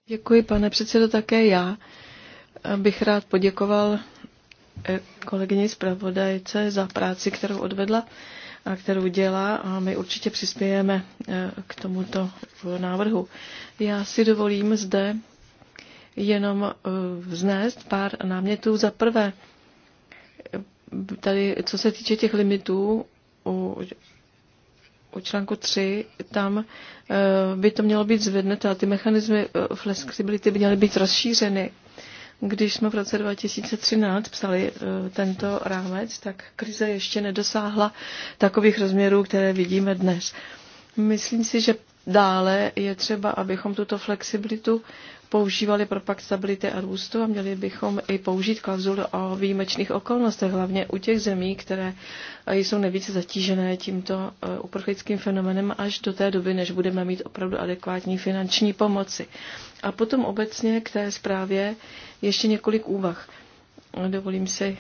A: Děkuji, pane předsedo, také
C: já bych rád poděkoval eh, kolegyni zpravodajce za práci, kterou odvedla a kterou dělá a my určitě přispějeme eh, k tomuto návrhu. Já si dovolím zde jenom eh, vznést pár námětů. Za prvé, tady, co se týče těch limitů u, u článku 3, tam eh, by to mělo být zvednuto a ty mechanismy eh, flexibility by měly být rozšířeny. Když jsme v roce 2013 psali tento rámec, tak krize ještě nedosáhla takových rozměrů, které vidíme dnes. Myslím si, že dále je třeba, abychom tuto flexibilitu používali pro pak stability a růstu a měli bychom i použít klauzul o výjimečných okolnostech, hlavně u těch zemí, které eh, jsou nejvíce zatížené tímto eh, uprchlickým fenomenem až do té doby, než budeme mít opravdu adekvátní finanční pomoci. A potom obecně k té zprávě ještě několik úvah. Dovolím si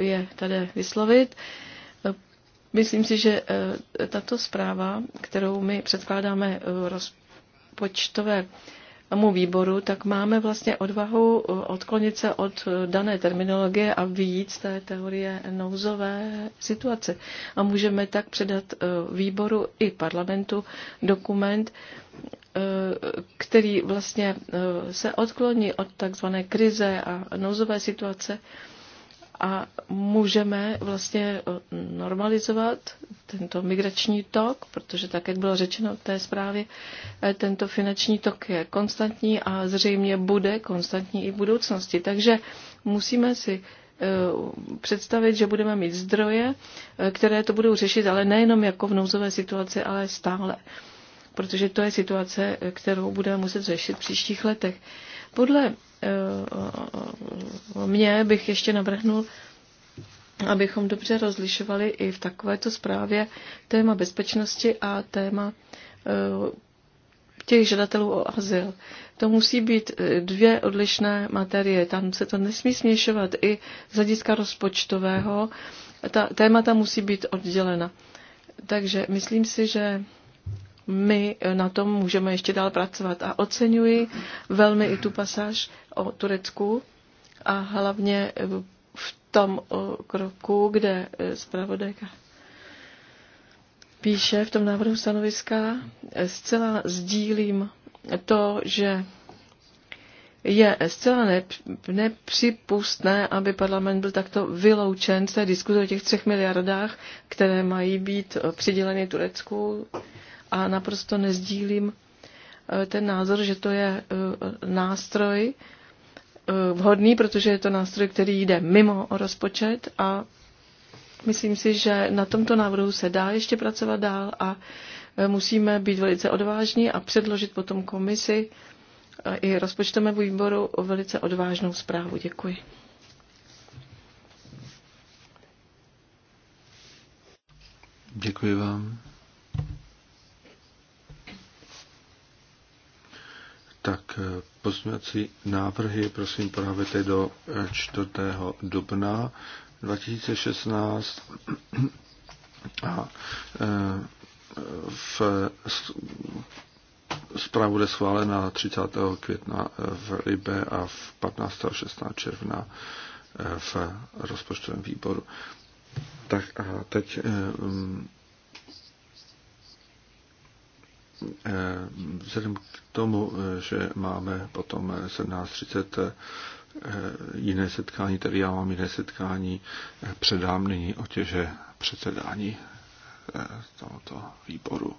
C: eh, je tady vyslovit. Myslím si, že tato zpráva, kterou my předkládáme rozpočtové tomu výboru, tak máme vlastně odvahu eh, odklonit se od eh, dané terminologie a vyjít z té teorie nouzové situace. A můžeme tak předat eh, výboru i parlamentu dokument, který vlastně se odkloní od takzvané krize a nouzové situace a můžeme vlastně eh, normalizovat tento migrační tok, protože tak, jak bylo řečeno v té zprávě, eh, tento finanční tok je konstantní a zřejmě bude konstantní i v budoucnosti. Takže musíme si eh, představit, že budeme mít zdroje, které to budou řešit, ale nejenom jako v nouzové situaci, ale stále. Protože to je situace, kterou budeme muset řešit v příštích letech. Podle Eh, mě bych ještě navrhnul, abychom dobře rozlišovali i v takovéto zprávě téma bezpečnosti a téma eh, těch žadatelů o azyl. To musí být eh, dvě odlišné materie, tam se to nesmí směšovat i z hlediska rozpočtového. Ta témata musí být oddělena. Takže myslím si, že my na tom můžeme ještě dál pracovat. A oceňuji velmi i tu pasáž o Turecku a hlavně v tom kroku, kde zpravodajka píše v tom návrhu stanoviska, zcela sdílím to, že je zcela nepřipustné, aby parlament byl takto vyloučen z té diskuze o těch třech miliardách, které mají být přiděleny Turecku a naprosto nezdílím eh, ten názor, že to je eh, nástroj eh, vhodný, protože je to nástroj, který jde mimo rozpočet a myslím si, že na tomto návrhu se dá ještě pracovat dál a musíme být velice odvážní a předložit potom komisi i rozpočtovému výboru velice odvážnou zprávu. Děkuji.
B: Děkuji vám. Tak eh, pozměňovací návrhy prosím podávejte do 4. Eh, dubna 2016 a eh, v zprávu bude schválena 30. května v Libe a v 15. a 16. června v rozpočtovém výboru. Tak a teď Eh, vzhledem k tomu, eh, že máme potom 17.30 eh, jiné setkání, tedy já mám jiné setkání, předám nyní otěže předsedání tohoto výboru.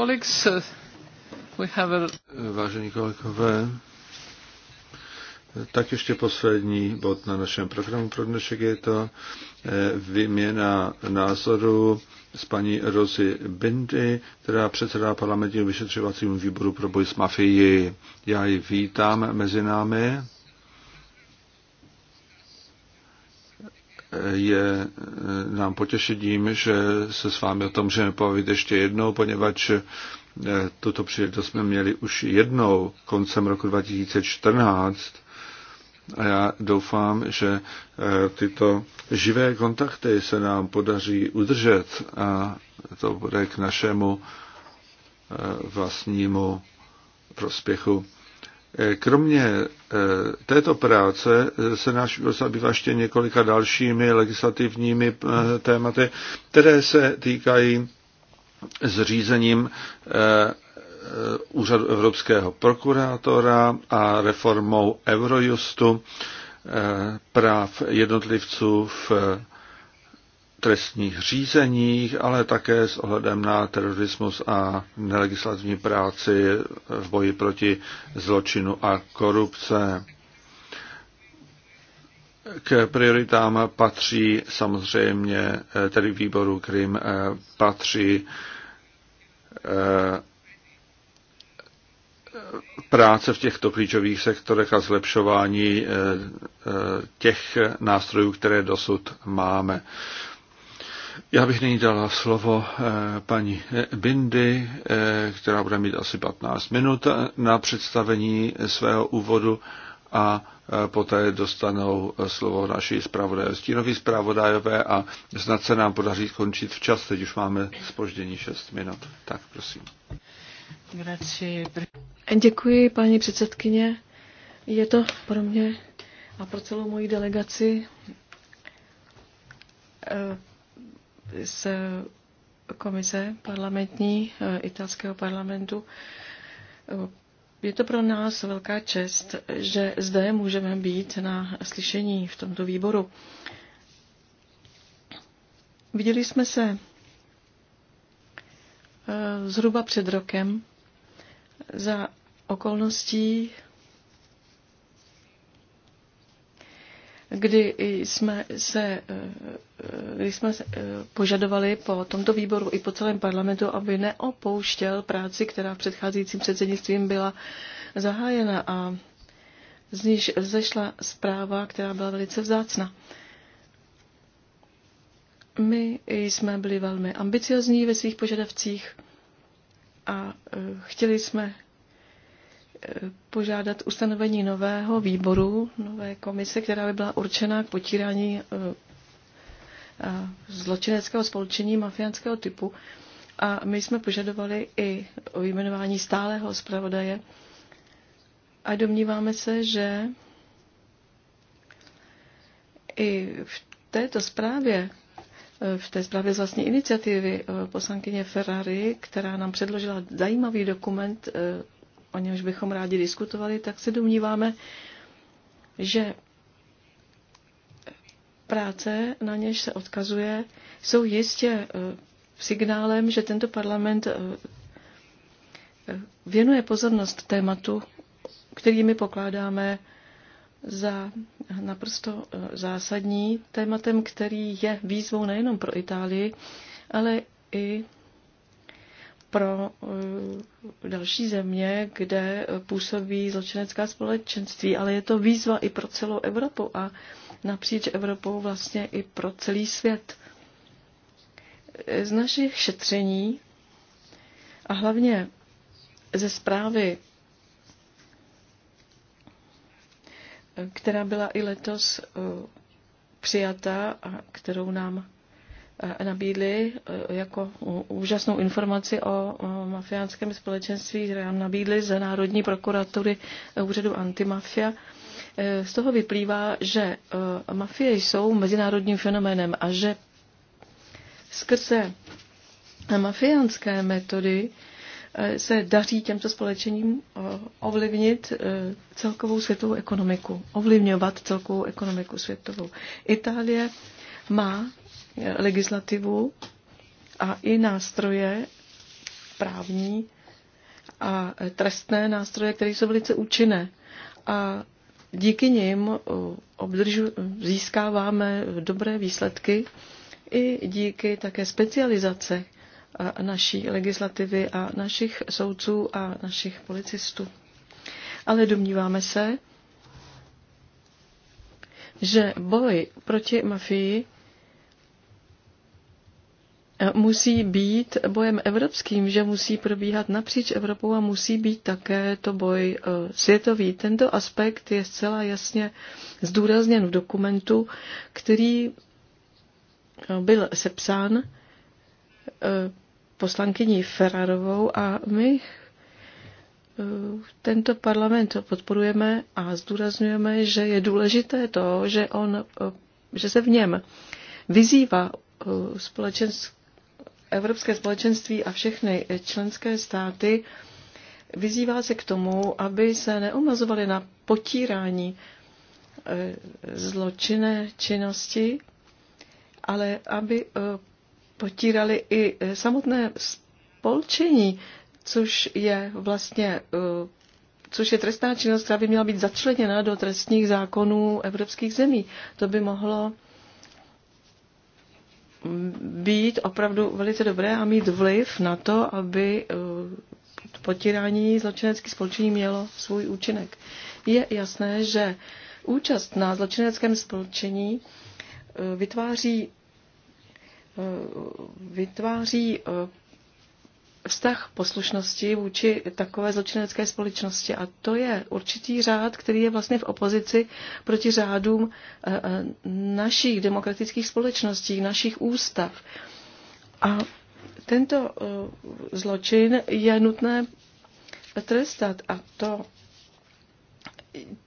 A: colleagues, uh, we have a...
B: Vážení kolegové, tak ještě poslední bod na našem programu pro dnešek je to eh, výměna názoru s paní Rozy Bindy, která předsedá parlamentním vyšetřovacímu výboru pro boj s mafií. Já ji vítám mezi námi. Eh, je eh, nám potěšením, že se s vámi o tom můžeme povědět ještě jednou, poněvadž eh, tuto příležitost jsme měli už jednou koncem roku 2014 a já doufám, že eh, tyto živé kontakty se nám podaří udržet a to bude k našemu eh, vlastnímu prospěchu. Eh, kromě eh, této práce eh, se náš výbor zabývá ještě několika dalšími legislativními tématy, které se týkají zřízením úřadu evropského prokurátora a reformou Eurojustu práv jednotlivců v trestních řízeních, ale také s ohledem na terorismus a nelegislativní práci v boji proti zločinu a korupce. K prioritám patří samozřejmě, tedy výboru Krim patří eh, práce v těchto klíčových sektorech a zlepšování eh, eh, těch nástrojů, které dosud máme. Já bych nyní dala slovo eh, paní eh, Bindy, eh, která bude mít asi 15 minut na představení svého úvodu a poté dostanou slovo naši zpravodajové, stínoví zpravodajové a snad se nám podaří skončit včas, teď už máme spoždění 6 minut. Tak prosím.
C: Děkuji, paní předsedkyně. Je to pro mě a pro celou moji delegaci z komise parlamentní eh, italského parlamentu. Eh, je to pro nás velká čest, že zde můžeme být na slyšení v tomto výboru. Viděli jsme se eh, zhruba před rokem za okolností, kdy jsme se, eh, kdy jsme se eh, požadovali po tomto výboru i po celém parlamentu, aby neopouštěl práci, která v předcházejícím předsednictvím byla zahájena a z níž zešla zpráva, která byla velice vzácna. My jsme byli velmi ambiciozní ve svých požadavcích a eh, chtěli jsme požádat ustanovení nového výboru, nové komise, která by byla určena k potírání e, zločineckého spolčení mafiánského typu. A my jsme požadovali i o jmenování stálého zpravodaje. A domníváme se, že i v této zprávě, e, v té zprávě z vlastní iniciativy e, poslankyně Ferrari, která nám předložila zajímavý dokument o němž bychom rádi diskutovali, tak se domníváme, že práce, na něž se odkazuje, jsou jistě eh, signálem, že tento parlament eh, eh, věnuje pozornost tématu, který my pokládáme za naprosto zásadní tématem, který je výzvou nejenom pro Itálii, ale i pro eh, další země, kde působí zločinecká společenství, ale je to výzva i pro celou Evropu a napříč Evropou vlastně i pro celý svět. Z našich šetření a hlavně ze zprávy, která byla i letos eh, přijata a kterou nám Eh, nabídli eh, jako úžasnou informaci o mafiánském společenství, které nám nabídli z Národní prokuratury eh, úřadu Antimafia. Z toho vyplývá, že mafie jsou mezinárodním fenoménem a že skrze mafiánské metody se daří těmto společením ovlivnit celkovou světovou ekonomiku, ovlivňovat celkovou ekonomiku světovou. Itálie má legislativu a i nástroje právní a trestné nástroje, které jsou velice účinné. A díky nim eh, obdržu, získáváme dobré výsledky i díky také specializace eh, naší legislativy a našich soudců a našich policistů. Ale domníváme se, že boj proti mafii musí být bojem evropským, že musí probíhat napříč Evropou a musí být také to boj eh, světový. Tento aspekt je zcela jasně zdůrazněn v dokumentu, který eh, byl sepsán eh, poslankyní Ferrarovou a my tento parlament podporujeme a zdůrazňujeme, že je důležité to, že, on, že se v něm vyzývá společenské Evropské společenství a všechny členské státy vyzývá se k tomu, aby se neomazovali na potírání eh, zločinné činnosti, ale aby eh, potírali i eh, samotné spolčení, což je vlastně což je trestná činnost, která by měla být začleněna do trestních zákonů evropských zemí. To by mohlo být opravdu velice dobré a mít vliv na to, aby eh, potírání zločineckých spolčení mělo svůj účinek. Je jasné, že účast na zločineckém spolčení eh, vytváří eh, vytváří vztah poslušnosti vůči takové zločinecké společnosti. A to je určitý řád, který je vlastně v opozici proti řádům eh, eh, našich demokratických společností, našich ústav. A tento eh, zločin je nutné trestat a to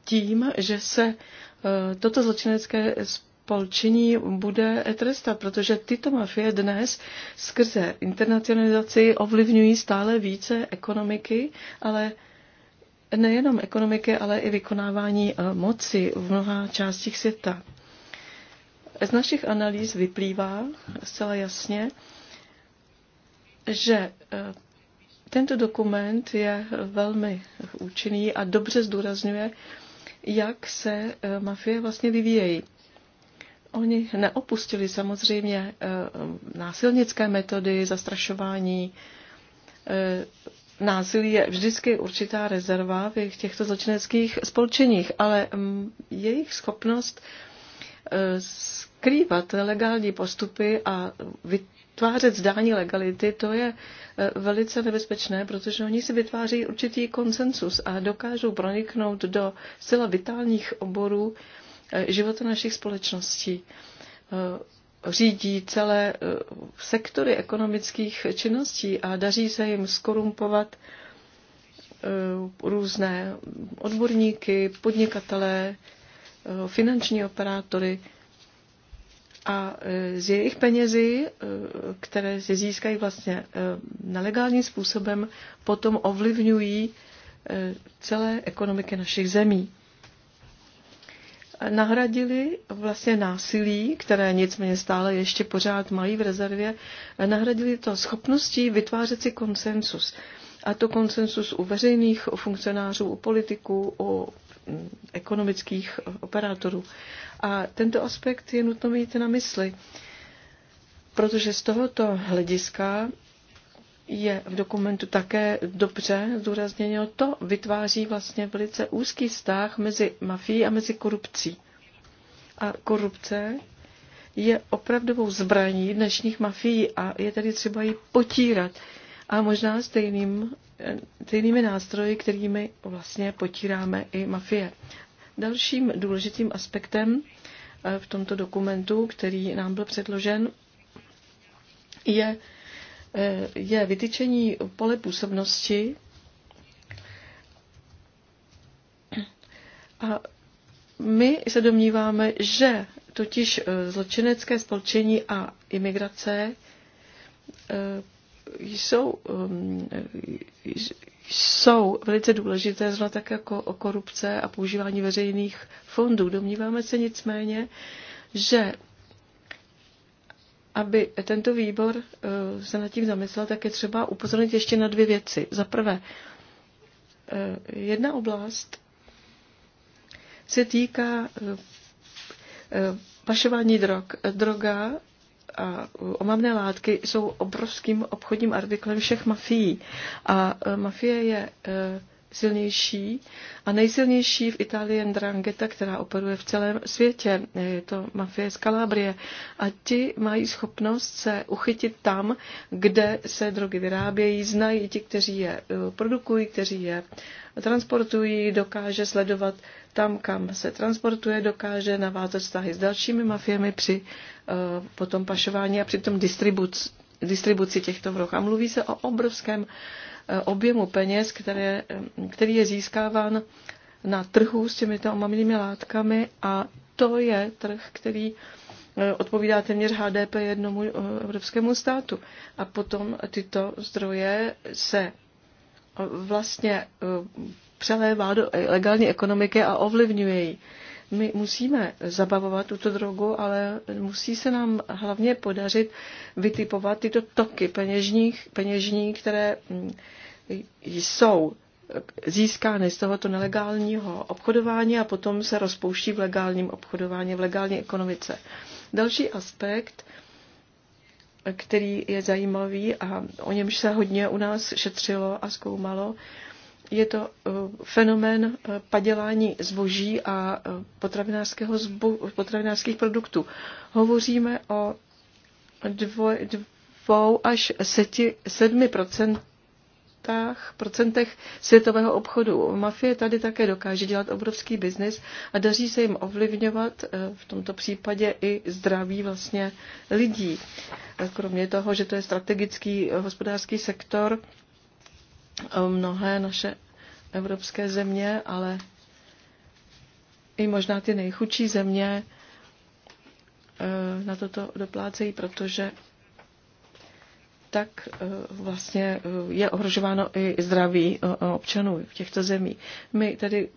C: tím, že se toto zločinecké společnosti Europol činí, bude trestat, protože tyto mafie dnes skrze internacionalizaci ovlivňují stále více ekonomiky, ale nejenom ekonomiky, ale i vykonávání eh, moci v mnoha částích světa. Z našich analýz vyplývá zcela jasně, že eh, tento dokument je velmi účinný a dobře zdůrazňuje, jak se eh, mafie vlastně vyvíjejí. Oni neopustili samozřejmě eh, násilnické metody, zastrašování. Eh, násilí je vždycky určitá rezerva v těchto zločineckých spolčeních, ale mm, jejich schopnost eh, skrývat legální postupy a vytvářet zdání legality, to je velice nebezpečné, protože oni si vytváří určitý konsensus a dokážou proniknout do zcela vitálních oborů, Eh, života našich společností. Eh, řídí celé eh, sektory ekonomických činností a daří se jim skorumpovat různé odborníky, podnikatelé, finanční operátory a z jejich penězi, které si získají vlastně nelegálním způsobem, potom ovlivňují celé ekonomiky našich zemí nahradili vlastně násilí, které nicméně stále ještě pořád mají v rezervě, nahradili to schopností vytvářet si konsensus. A to konsensus u veřejných, u funkcionářů, u politiků, u mm, ekonomických operátorů. A tento aspekt je nutno mít na mysli, protože z tohoto hlediska je v dokumentu také dobře zdůrazněno, to vytváří vlastně velice úzký vztah mezi mafií a mezi korupcí. A korupce je opravdovou zbraní dnešních mafií a je tedy třeba ji potírat. A možná stejným, stejnými nástroji, kterými vlastně potíráme i mafie. Dalším důležitým aspektem eh, v tomto dokumentu, který nám byl předložen, je je vytyčení pole působnosti a my se domníváme, že totiž eh, zločinecké spolčení a imigrace eh, jsou, ehm, jsou velice důležité, zrovna tak jako o korupce a používání veřejných fondů. Domníváme se nicméně, že aby tento výbor eh, se nad tím zamyslel, tak je třeba upozornit ještě na dvě věci. Za prvé, eh, jedna oblast se týká eh, pašování drog. Droga a omamné látky jsou obrovským obchodním artiklem všech mafií. A mafie je silnější a nejsilnější v Itálii je Drangheta, která operuje v celém světě. Je to mafie z Kalábrie. A ti mají schopnost se uchytit tam, kde se drogy vyrábějí, znají ti, kteří je eh, produkují, kteří je transportují, dokáže sledovat tam, kam se transportuje, dokáže navázat vztahy s dalšími mafiemi při eh, potom pašování a při distribuci distribuci těchto vroch. A mluví se o obrovském Eh, objemu peněz, které, eh, který je získáván na trhu s těmito omamnými látkami a to je trh, který eh, odpovídá téměř HDP jednomu evropskému státu. A potom tyto zdroje se vlastně přelévá do legální ekonomiky a ovlivňuje ji. My musíme zabavovat tuto drogu, ale musí se nám hlavně podařit vytipovat tyto toky peněžních, peněžní, které mm, jsou získány z tohoto nelegálního obchodování a potom se rozpouští v legálním obchodování, v legální ekonomice. Další aspekt, který je zajímavý a o němž se hodně u nás šetřilo a zkoumalo, je to eh, fenomén eh, padělání zboží a eh, potravinářského zbo, potravinářských produktů. Hovoříme o dvoj, dvou až seti, sedmi procent procentech světového obchodu. Mafie tady také dokáže dělat obrovský biznis a daří se jim ovlivňovat v tomto případě i zdraví vlastně lidí. Kromě toho, že to je strategický hospodářský sektor, mnohé naše evropské země, ale i možná ty nejchudší země eh, na toto doplácejí, protože tak eh, vlastně eh, je ohrožováno i zdraví občanů v těchto zemí. My tedy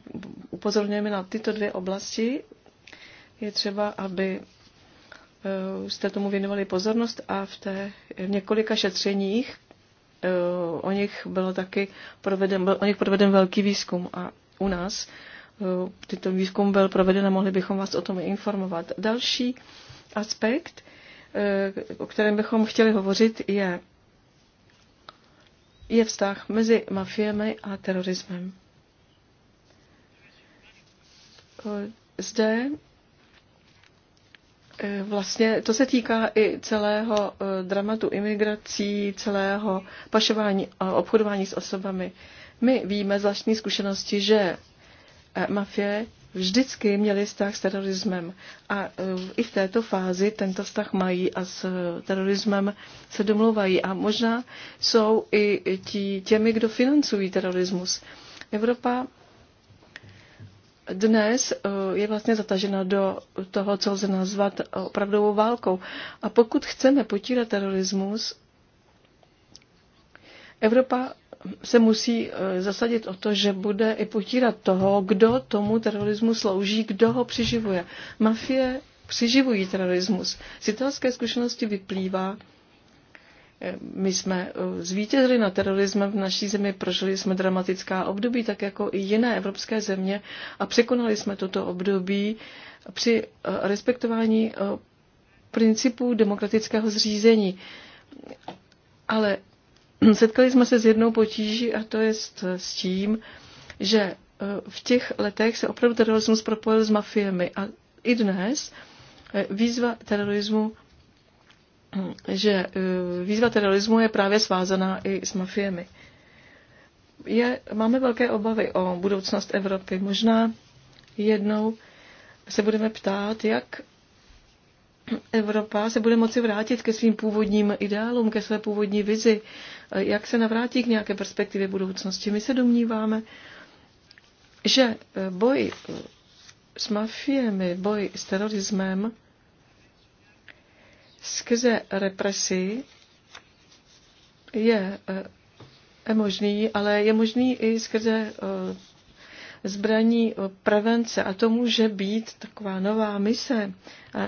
C: upozorňujeme na tyto dvě oblasti. Je třeba, aby jste tomu věnovali pozornost a v, té, v několika šetřeních, Eh, o nich byl taky proveden, byl o nich proveden velký výzkum a u nás eh, tyto výzkum byl proveden a mohli bychom vás o tom informovat. Další aspekt, eh, o kterém bychom chtěli hovořit, je, je vztah mezi mafiemi a terorismem. Zde E, vlastně to se týká i celého e, dramatu imigrací, celého pašování a obchodování s osobami. My víme z vlastní zkušenosti, že e, mafie vždycky měly vztah s terorismem a i v této fázi tento vztah mají a s terorismem se domluvají a možná jsou i tí, těmi, kdo financují terorismus. Evropa dnes eh, je vlastně zatažena do toho, co lze nazvat eh, opravdovou válkou. A pokud chceme potírat terorismus, Evropa se musí eh, zasadit o to, že bude i potírat toho, kdo tomu terorismu slouží, kdo ho přiživuje. Mafie přiživují terorismus. Z italské zkušenosti vyplývá, my jsme eh, zvítězili na terorismem v naší zemi, prožili jsme dramatická období, tak jako i jiné evropské země a překonali jsme toto období při eh, respektování eh, principů demokratického zřízení. Ale [clears throat] setkali jsme se s jednou potíží a to je s tím, že v těch letech se opravdu terorismus propojil s mafiemi a i dnes výzva terorismu že e, výzva terorismu je právě svázaná i s mafiemi. Je, máme velké obavy o budoucnost Evropy. Možná jednou se budeme ptát, jak Evropa se bude moci vrátit ke svým původním ideálům, ke své původní vizi, e, jak se navrátí k nějaké perspektivě budoucnosti. My se domníváme, že e, boj s mafiemi, boj s terorismem skrze represi je, eh, je možný, ale je možný i skrze eh, zbraní eh, prevence. A to může být taková nová mise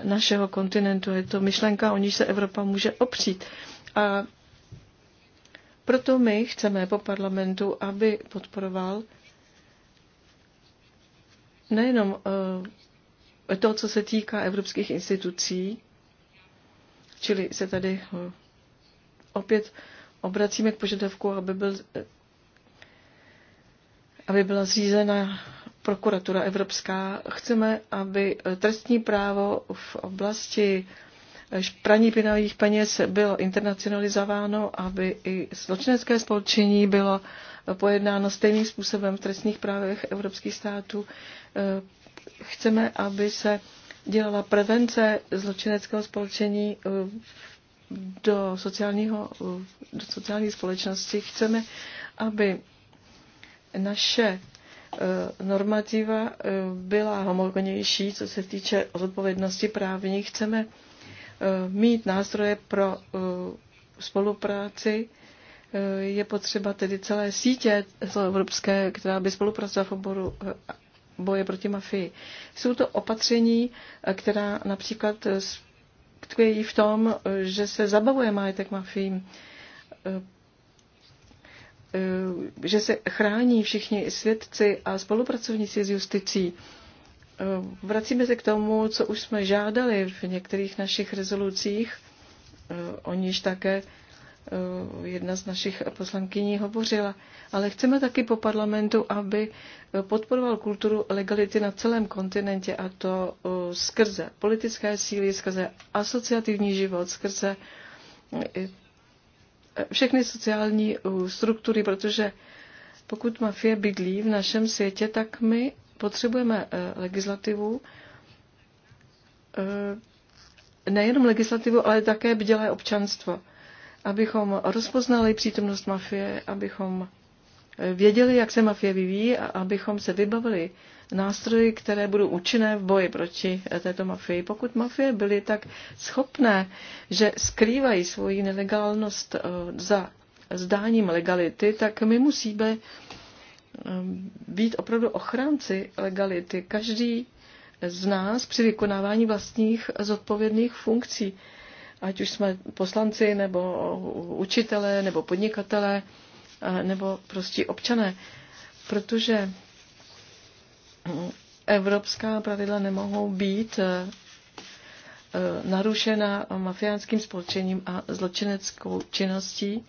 C: našeho kontinentu. Je to myšlenka, o níž se Evropa může opřít. A proto my chceme po parlamentu, aby podporoval nejenom to, co se týká evropských institucí, Čili se tady hm, opět obracíme k požadavku, aby, byl, eh, aby byla zřízena prokuratura evropská. Chceme, aby eh, trestní právo v oblasti eh, praní pinavých peněz bylo internacionalizováno, aby i zločinecké spolčení bylo pojednáno stejným způsobem v trestních právech evropských států. Chceme, aby se dělala prevence zločineckého spolčení eh, do, sociálního, eh, do sociální společnosti. Chceme, aby naše eh, normativa byla homogenější, co se týče odpovědnosti právní. Chceme mít nástroje pro spolupráci. Je potřeba tedy celé sítě Evropské, která by spolupracovala v oboru boje proti mafii. Jsou to opatření, eh, která například eh, tkvějí v tom, eh, že se zabavuje majetek mafii, že se chrání všichni svědci a spolupracovníci s justicí. Vracíme se k tomu, co už jsme žádali v některých našich rezolucích, o níž také Eh, jedna z našich poslankyní hovořila. Ale chceme taky po parlamentu, aby eh, podporoval kulturu legality na celém kontinentě a to eh, skrze politické síly, skrze asociativní život, skrze všechny sociální struktury, protože pokud mafie bydlí v našem světě, tak my potřebujeme legislativu, nejenom legislativu, ale také bdělé občanstvo abychom rozpoznali přítomnost mafie, abychom eh, věděli, jak se mafie vyvíjí a abychom se vybavili nástroji, které budou účinné v boji proti eh, této mafii. Pokud mafie byly tak schopné, že skrývají svoji nelegálnost eh, za zdáním legality, tak my musíme být opravdu ochránci legality. Každý z nás při vykonávání vlastních zodpovědných funkcí ať už jsme poslanci, nebo učitelé, nebo podnikatelé, nebo prostě občané, protože evropská pravidla nemohou být e, e, narušena mafiánským spolčením a zločineckou činností.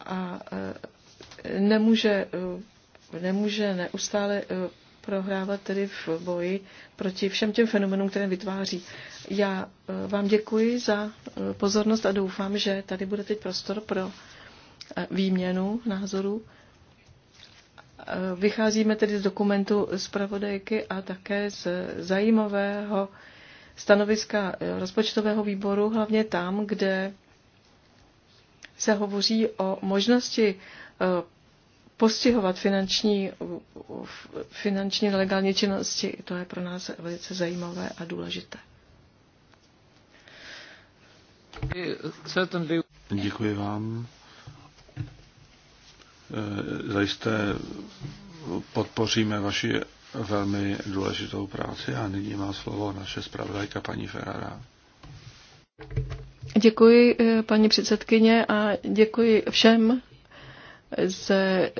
C: A e, nemůže, nemůže neustále prohrávat tedy v boji proti všem těm fenomenům, které vytváří. Já eh, vám děkuji za eh, pozornost a doufám, že tady bude teď prostor pro eh, výměnu názorů. Vycházíme tedy z dokumentu zpravodajky a také z zajímavého stanoviska rozpočtového výboru, hlavně tam, kde se hovoří o možnosti postihovat finanční, finanční nelegální činnosti. To je pro nás velice zajímavé a důležité.
B: Děkuji vám. Eh, zajisté podpoříme vaši velmi důležitou práci a nyní má slovo naše zpravodajka paní Ferrara.
C: Děkuji eh, paní předsedkyně a děkuji všem z e,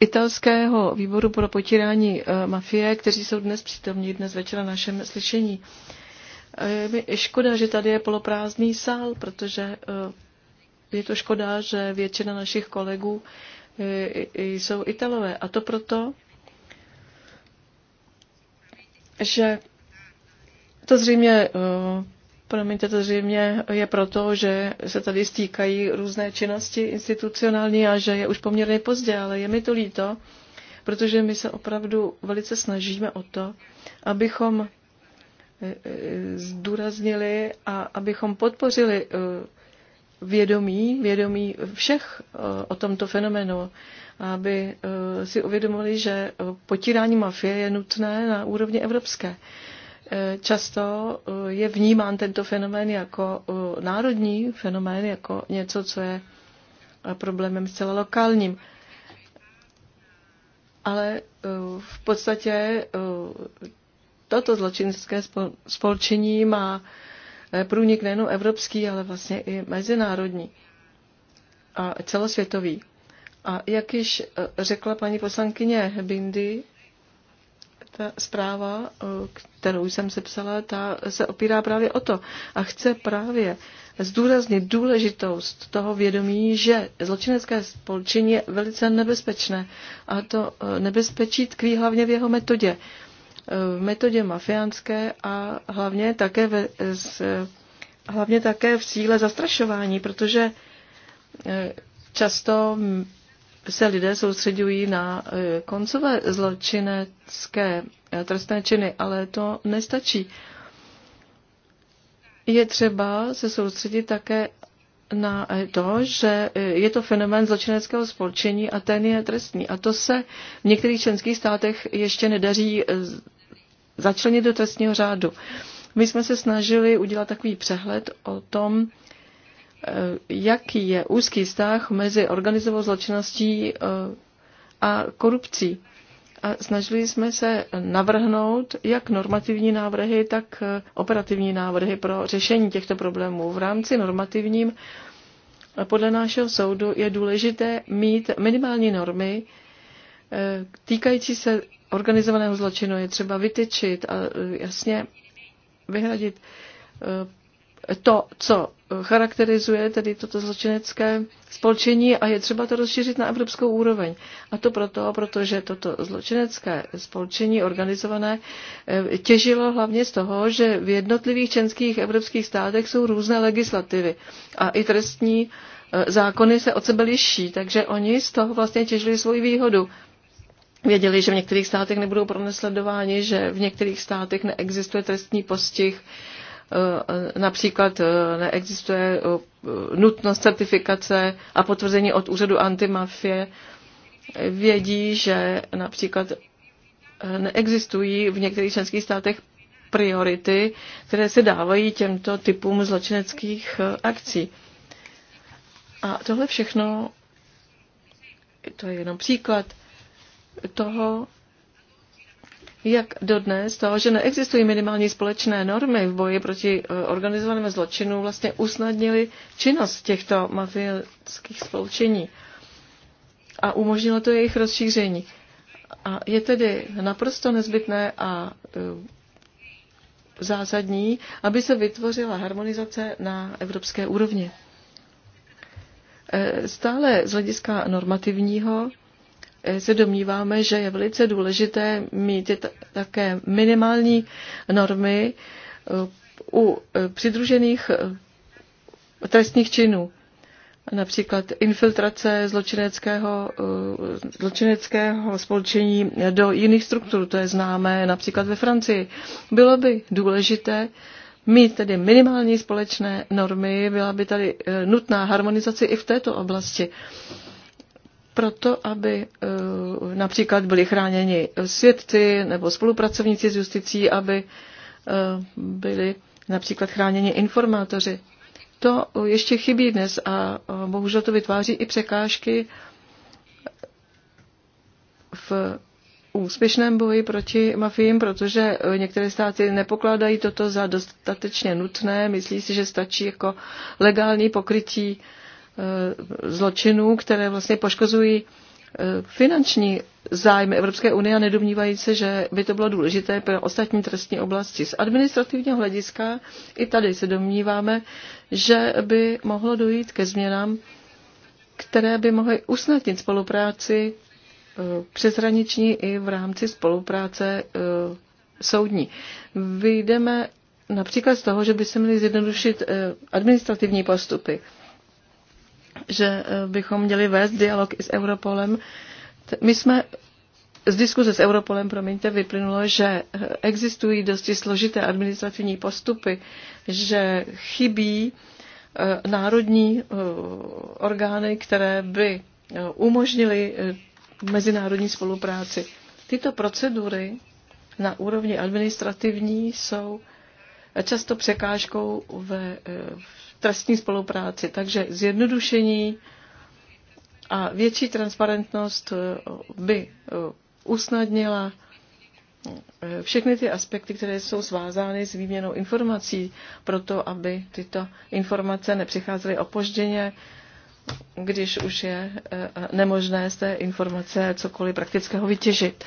C: italského výboru pro potírání e, mafie, kteří jsou dnes přítomní dnes večer na našem slyšení. Je škoda, že tady je poloprázdný sál, protože e, je to škoda, že většina našich kolegů jsou Italové. A to proto, že to zřejmě Promiňte, to zřejmě je proto, že se tady stýkají různé činnosti institucionální a že je už poměrně pozdě, ale je mi to líto, protože my se opravdu velice snažíme o to, abychom eh, eh, zdůraznili a abychom podpořili eh, vědomí, vědomí všech o tomto fenoménu, aby si uvědomili, že potírání mafie je nutné na úrovni evropské často eh, je vnímán tento fenomén jako eh, národní fenomén, jako něco, co je eh, problémem zcela lokálním. Ale v podstatě toto zločinské spolčení má průnik nejen evropský, ale vlastně i mezinárodní a celosvětový. A jak již řekla paní poslankyně Bindy, ta zpráva, eh, kterou jsem sepsala, ta se opírá právě o to a chce právě zdůraznit důležitost toho vědomí, že zločinecké spolčení je velice nebezpečné a to eh, nebezpečí tkví hlavně v jeho metodě. Eh, v metodě mafiánské a hlavně také, ve, z, hlavně také v síle zastrašování, protože často se lidé soustředují na eh, koncové zločinecké eh, trestné činy, ale to nestačí. Je třeba se soustředit také na eh, to, že je to fenomén zločineckého spolčení a ten je trestný. A to se v některých členských státech ještě nedaří začlenit do trestního řádu. My jsme se snažili udělat takový přehled o tom, Eh, jaký je úzký vztah mezi organizovanou zločinností eh, a korupcí. A snažili jsme se navrhnout jak normativní návrhy, tak eh, operativní návrhy pro řešení těchto problémů. V rámci normativním podle našeho soudu je důležité mít minimální normy týkající se organizovaného zločinu. Je třeba vytyčit a jasně vyhradit to, co charakterizuje tedy toto zločinecké spolčení a je třeba to rozšířit na evropskou úroveň. A to proto, protože toto zločinecké spolčení organizované eh, těžilo hlavně z toho, že v jednotlivých členských evropských státech jsou různé legislativy a i trestní eh, zákony se od sebe liší, takže oni z toho vlastně těžili svoji výhodu. Věděli, že v některých státech nebudou pronesledováni, že v některých státech neexistuje trestní postih Eh, například eh, neexistuje eh, nutnost certifikace a potvrzení od úřadu antimafie. Vědí, že například neexistují v některých členských státech priority, které se dávají těmto typům zločineckých akcí. A tohle všechno, to je jenom příklad toho, jak dodnes toho, že neexistují minimální společné normy v boji proti e, organizovanému zločinu, vlastně usnadnili činnost těchto mafiánských spolčení a umožnilo to jejich rozšíření. A je tedy naprosto nezbytné a e, zásadní, aby se vytvořila harmonizace na evropské úrovni. E, stále z hlediska normativního Eh, se domníváme, že je velice důležité mít také minimální normy eh, u eh, přidružených trestných činů. Například infiltrace zločineckého, zločineckého spolčení do jiných struktur, to je známé například ve Francii. Bylo by důležité mít tedy minimální společné normy, byla by tady nutná harmonizace i v této oblasti proto, aby eh, například byli chráněni svědci nebo spolupracovníci s justicí, aby eh, byli například chráněni informátoři. To ještě chybí dnes a bohužel to vytváří i překážky v úspěšném boji proti mafiím, protože některé státy nepokládají toto za dostatečně nutné, myslí si, že stačí jako legální pokrytí Eh, zločinů, které vlastně poškozují eh, finanční zájmy Evropské unie a nedomnívají se, že by to bylo důležité pro ostatní trestní oblasti. Z administrativního hlediska i tady se domníváme, že by mohlo dojít ke změnám, které by mohly usnadnit spolupráci eh, přeshraniční i v rámci spolupráce soudní. Vyjdeme například z toho, že by se měly zjednodušit administrativní postupy že eh, bychom měli vést dialog i s Europolem. My jsme z diskuze s Europolem, promiňte, vyplynulo, že eh, existují dosti složité administrativní postupy, že chybí eh, národní orgány, které by umožnily mezinárodní spolupráci. Tyto procedury na úrovni administrativní jsou často překážkou ve, v trestní spolupráci. Takže zjednodušení a větší transparentnost eh, by eh, usnadnila eh, všechny ty aspekty, které jsou svázány s výměnou informací, proto aby tyto informace nepřicházely opožděně, když už je nemožné z té informace cokoliv praktického vytěžit.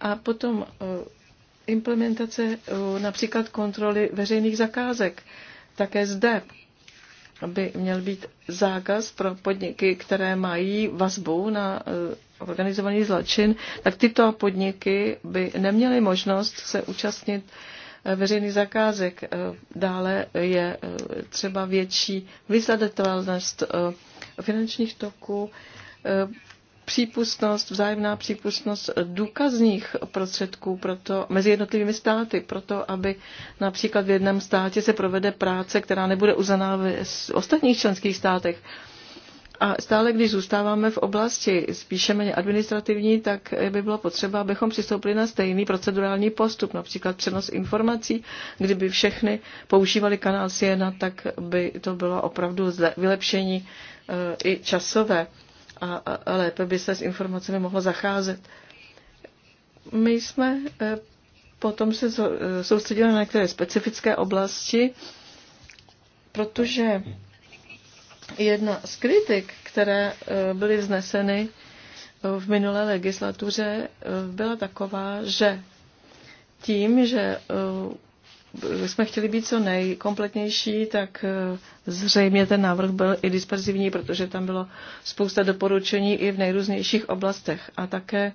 C: A potom implementace například kontroly veřejných zakázek. Také zde by měl být zákaz pro podniky, které mají vazbu na eh, organizovaný zločin, tak tyto podniky by neměly možnost se účastnit eh, veřejný zakázek. Eh, dále je třeba větší vyzadatelnost finančních toků, přípustnost, vzájemná přípustnost důkazních prostředků pro to mezi jednotlivými státy, proto aby například v jednom státě se provede práce, která nebude uznaná v ostatních členských státech. A stále, když zůstáváme v oblasti spíše méně administrativní, tak by bylo potřeba, abychom přistoupili na stejný procedurální postup, například přenos informací. Kdyby všechny používali kanál Siena, tak by to bylo opravdu vylepšení eh, i časové a, a, lépe by se s informacemi mohlo zacházet. My jsme e, potom se e, soustředili na některé specifické oblasti, protože jedna z kritik, které e, byly vzneseny v minulé legislatuře, byla taková, že tím, že jsme chtěli být co nejkompletnější, tak eh, zřejmě ten návrh byl i disperzivní, protože tam bylo spousta doporučení i v nejrůznějších oblastech. A také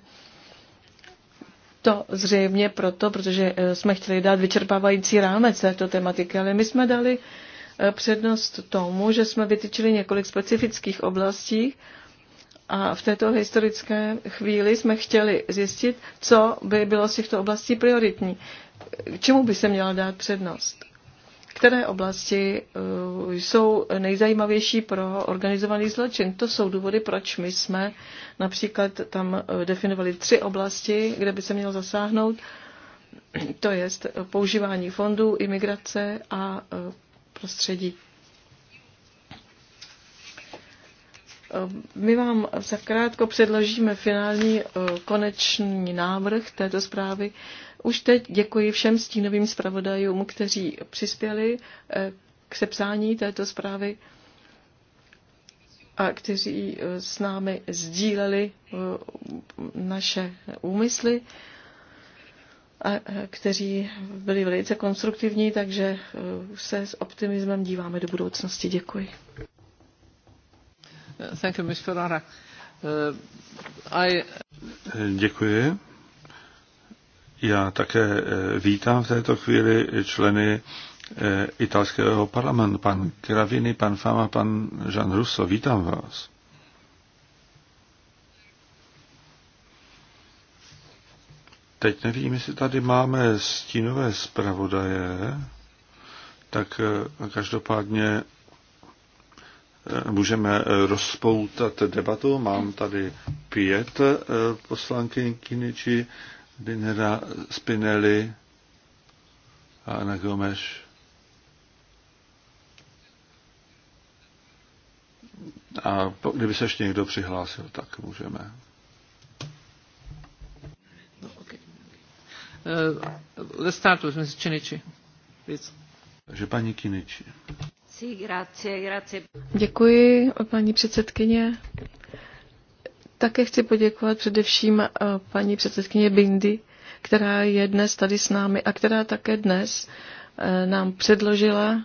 C: to zřejmě proto, protože eh, jsme chtěli dát vyčerpávající rámec této tematiky, ale my jsme dali eh, přednost tomu, že jsme vytyčili několik specifických oblastí a v této historické chvíli jsme chtěli zjistit, co by bylo si v těchto oblasti prioritní čemu by se měla dát přednost? Které oblasti uh, jsou nejzajímavější pro organizovaný zločin? To jsou důvody, proč my jsme například tam uh, definovali tři oblasti, kde by se mělo zasáhnout. To je používání fondů, imigrace a uh, prostředí Eh, my vám zakrátko předložíme finální eh, konečný návrh této zprávy. Už teď děkuji všem stínovým zpravodajům, kteří přispěli eh, k sepsání této zprávy a kteří s námi sdíleli naše úmysly a kteří byli velice konstruktivní, takže se s optimismem díváme do budoucnosti. Děkuji. Thank you, Ms. Ferrara. Uh, I...
B: Děkuji. Já také eh, vítám v této chvíli členy eh, italského parlamentu, pan Kravini, pan Fama, pan Jean Russo. Vítám vás. Teď nevím, jestli tady máme stínové zpravodaje, tak eh, každopádně můžeme rozpoutat debatu. Mám tady pět eh, poslankyň Kiniči, Dinera Spinelli a Ana Gomeš. A kdyby se ještě někdo přihlásil, tak můžeme.
C: No, eh, let's start with Mrs. Chinichi,
A: please.
B: Takže paní Kiniči.
A: Děkuji,
C: paní předsedkyně. Také chci poděkovat především eh, paní předsedkyně Bindy, která je dnes tady s námi a která také dnes eh, nám předložila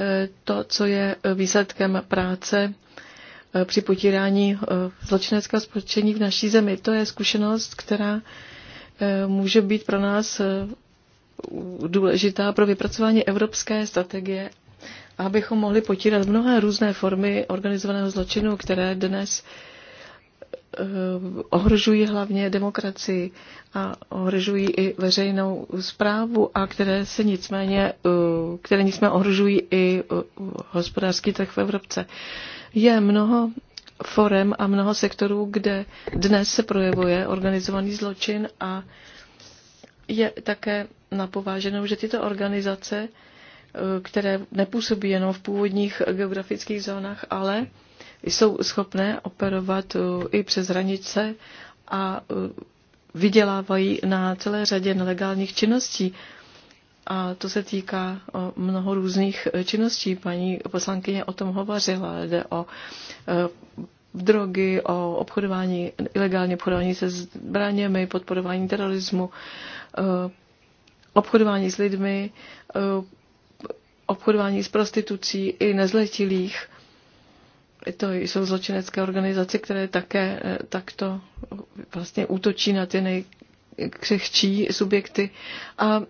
C: eh, to, co je výsledkem práce při potírání zločineckého spolčení v naší zemi. To je zkušenost, která může být pro nás důležitá pro vypracování evropské strategie abychom mohli potírat mnohé různé formy organizovaného zločinu, které dnes eh, ohrožují hlavně demokracii a ohrožují i veřejnou zprávu a které se nicméně, eh, které nicméně ohrožují i eh, hospodářský trh v Evropce. Je mnoho forem a mnoho sektorů, kde dnes se projevuje organizovaný zločin a je také napováženou, že tyto organizace Eh, které nepůsobí jenom v původních geografických zónách, ale jsou schopné operovat eh, i přes hranice a eh, vydělávají na celé řadě nelegálních činností. A to se týká mnoho různých činností. Paní poslankyně o tom hovořila. Jde o drogy, o obchodování, ilegálně obchodování se zbraněmi, podporování terorismu, obchodování s lidmi, obchodování s prostitucí i nezletilých. To jsou zločinecké organizace, které také eh, takto vlastně útočí na ty nejkřehčí subjekty. A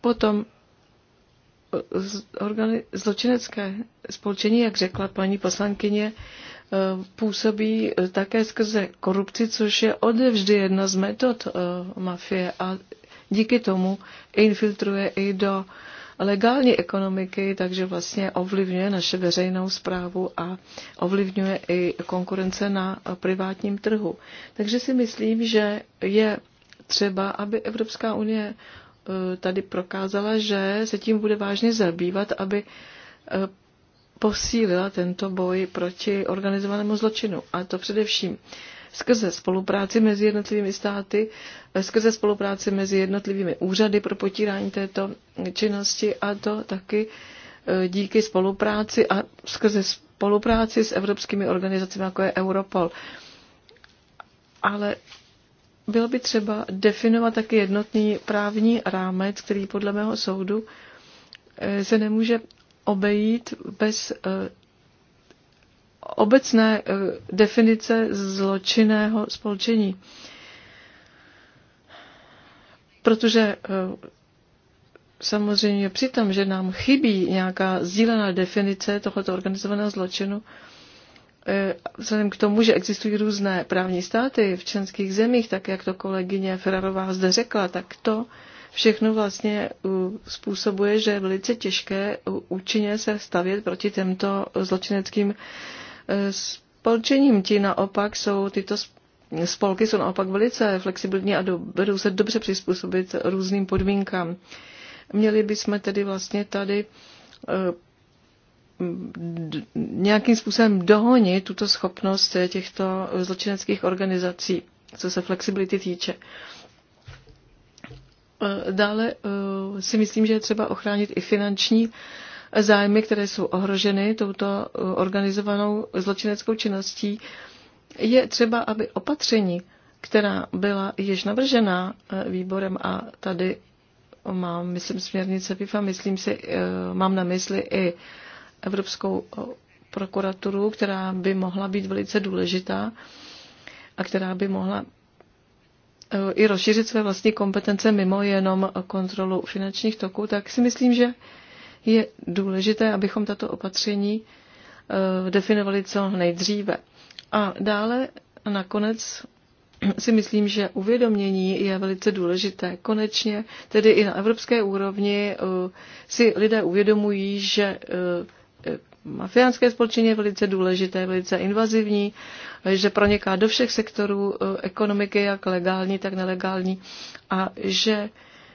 C: potom eh, zločinecké spolčení, jak řekla paní poslankyně, eh, působí také skrze korupci, což je odevždy jedna z metod mafie a díky tomu infiltruje i do legální ekonomiky, takže vlastně ovlivňuje naše veřejnou zprávu a ovlivňuje i konkurence na privátním trhu. Takže si myslím, že je třeba, aby Evropská unie eh, tady prokázala, že se tím bude vážně zabývat, aby eh, posílila tento boj proti organizovanému zločinu. A to především skrze spolupráci mezi jednotlivými státy, eh, skrze spolupráci mezi jednotlivými úřady pro potírání této činnosti a to taky eh, díky spolupráci a skrze spolupráci s evropskými organizacemi, jako je Europol. Ale bylo by třeba definovat taky jednotný právní rámec, který podle mého soudu eh, se nemůže obejít bez obecné eh, definice zločinného spolčení. Protože eh, samozřejmě přitom, že nám chybí nějaká sdílená definice tohoto organizovaného zločinu, eh, vzhledem k tomu, že existují různé právní státy v členských zemích, tak jak to kolegyně Ferrarová zde řekla, tak to všechno vlastně způsobuje, že je velice těžké účinně se stavět proti těmto zločineckým spolčením. ti naopak jsou tyto spolky jsou naopak velice flexibilní a budou se dobře přizpůsobit různým podmínkám. Měli bychom tedy vlastně tady eh, nějakým způsobem dohonit tuto schopnost těchto zločineckých organizací, co se flexibility týče. Eh, dále eh, si myslím, že je třeba ochránit i finanční zájmy, které jsou ohroženy touto eh, organizovanou zločineckou činností, je třeba, aby opatření, která byla již navržená eh, výborem a tady mám, myslím, směrnice FIFA, myslím si, eh, mám na mysli i Evropskou prokuraturu, která by mohla být velice důležitá a která by mohla i rozšířit své vlastní kompetence mimo jenom kontrolu finančních toků, tak si myslím, že je důležité, abychom tato opatření eh, definovali co nejdříve. A dále nakonec si myslím, že uvědomění je velice důležité. Konečně, tedy i na evropské úrovni, eh, si lidé uvědomují, že eh, mafiánské společení je velice důležité, velice invazivní, že proniká do všech sektorů ekonomiky, jak legální, tak nelegální, a že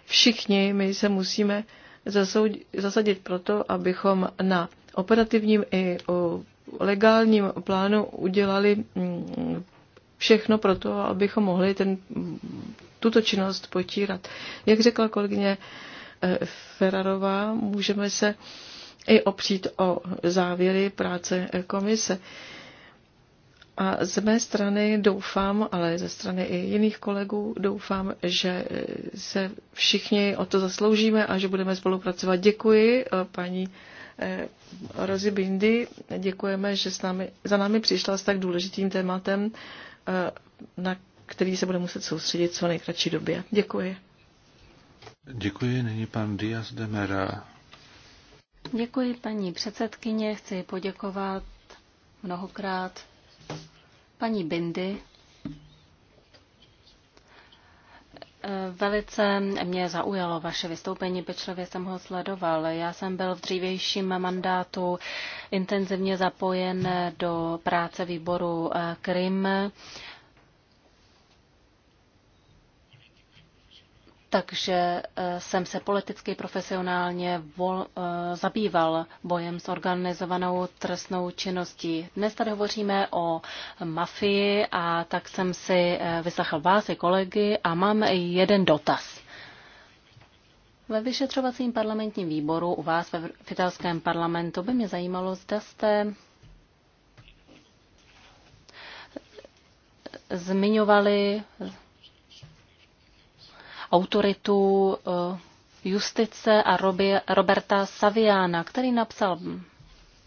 C: všichni my se musíme zasadit proto, abychom na operativním i legálním plánu udělali mm, všechno pro to, abychom mohli ten, tuto činnost potírat. Jak řekla kolegyně eh, Ferrarová, můžeme se i opřít o závěry práce eh, komise. A z mé strany doufám, ale ze strany i jiných kolegů doufám, že se všichni o to zasloužíme a že budeme spolupracovat. Děkuji eh, paní eh, Rozi Bindy, děkujeme, že s námi, za námi přišla s tak důležitým tématem, eh, na který se bude muset soustředit co nejkratší době. Děkuji.
B: Děkuji, nyní pan Díaz de Mera.
A: Děkuji, paní předsedkyně, chci poděkovat mnohokrát paní Bindy. Velice mě zaujalo vaše vystoupení, pečlivě jsem ho sledoval. Já jsem byl v dřívějším mandátu intenzivně zapojen do práce výboru eh, Krim. takže eh, jsem se politicky profesionálně vol, eh, zabýval bojem s organizovanou trestnou činností. Dnes tady hovoříme o mafii a tak jsem si eh, vyslechl vás i kolegy a mám jeden dotaz. Ve vyšetřovacím parlamentním výboru u vás ve v italském parlamentu by mě zajímalo, zda jste zmiňovali autoritu eh, justice a Roberta Saviana, který napsal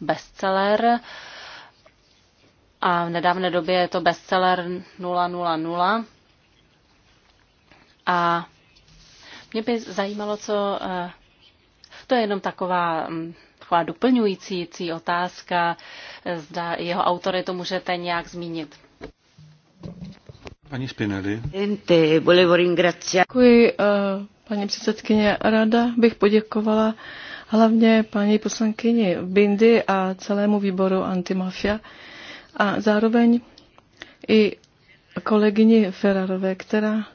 A: bestseller a v nedávné době je to bestseller 000. A mě by zajímalo, co eh, to je jenom taková hm, taková doplňující otázka, zda jeho to můžete nějak zmínit.
B: Paní Spinelli. Děkuji,
C: eh, paní předsedkyně. Ráda bych poděkovala hlavně paní poslankyni Bindy a celému výboru Antimafia a zároveň i kolegyni Ferrarové, která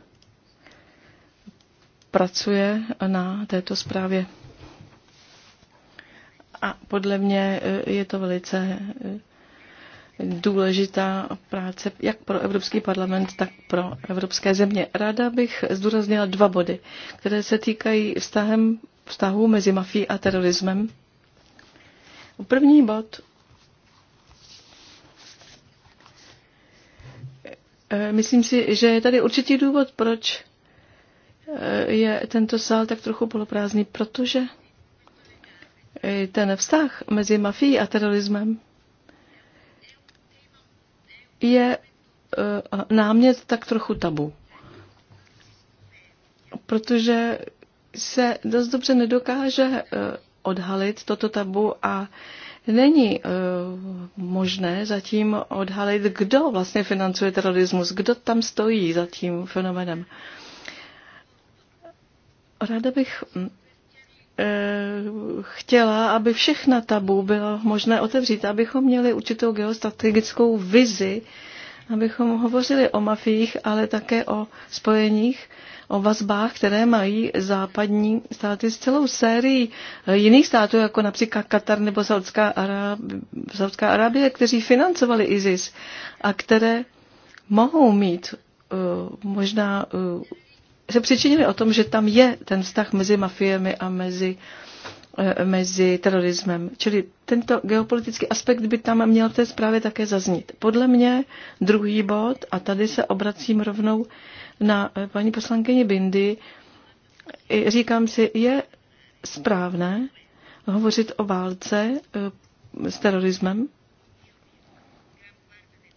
C: pracuje na této zprávě. A podle mě eh, je to velice eh, důležitá práce jak pro Evropský parlament, tak pro evropské země. Ráda bych zdůraznila dva body, které se týkají vztahem, vztahu mezi mafií a terorismem. První bod e, Myslím si, že je tady určitý důvod, proč e, je tento sál tak trochu poloprázdný, protože ten vztah mezi mafií a terorismem je eh, námět tak trochu tabu. Protože se dost dobře nedokáže eh, odhalit toto tabu a není eh, možné zatím odhalit, kdo vlastně financuje terorismus, kdo tam stojí za tím fenomenem. Ráda bych hm, Eh, chtěla, aby všechna tabu bylo možné otevřít, abychom měli určitou geostrategickou vizi, abychom hovořili o mafiích, ale také o spojeních, o vazbách, které mají západní státy s celou sérií eh, jiných států, jako například Katar nebo Saudská, Arab, Saudská Arábie, kteří financovali ISIS a které mohou mít eh, možná se přičinili o tom, že tam je ten vztah mezi mafiemi a mezi, eh, mezi terorismem. Čili tento geopolitický aspekt by tam měl v té zprávě také zaznít. Podle mě druhý bod, a tady se obracím rovnou na eh, paní poslankyni Bindy, říkám si, je správné hovořit o válce eh, s terorismem.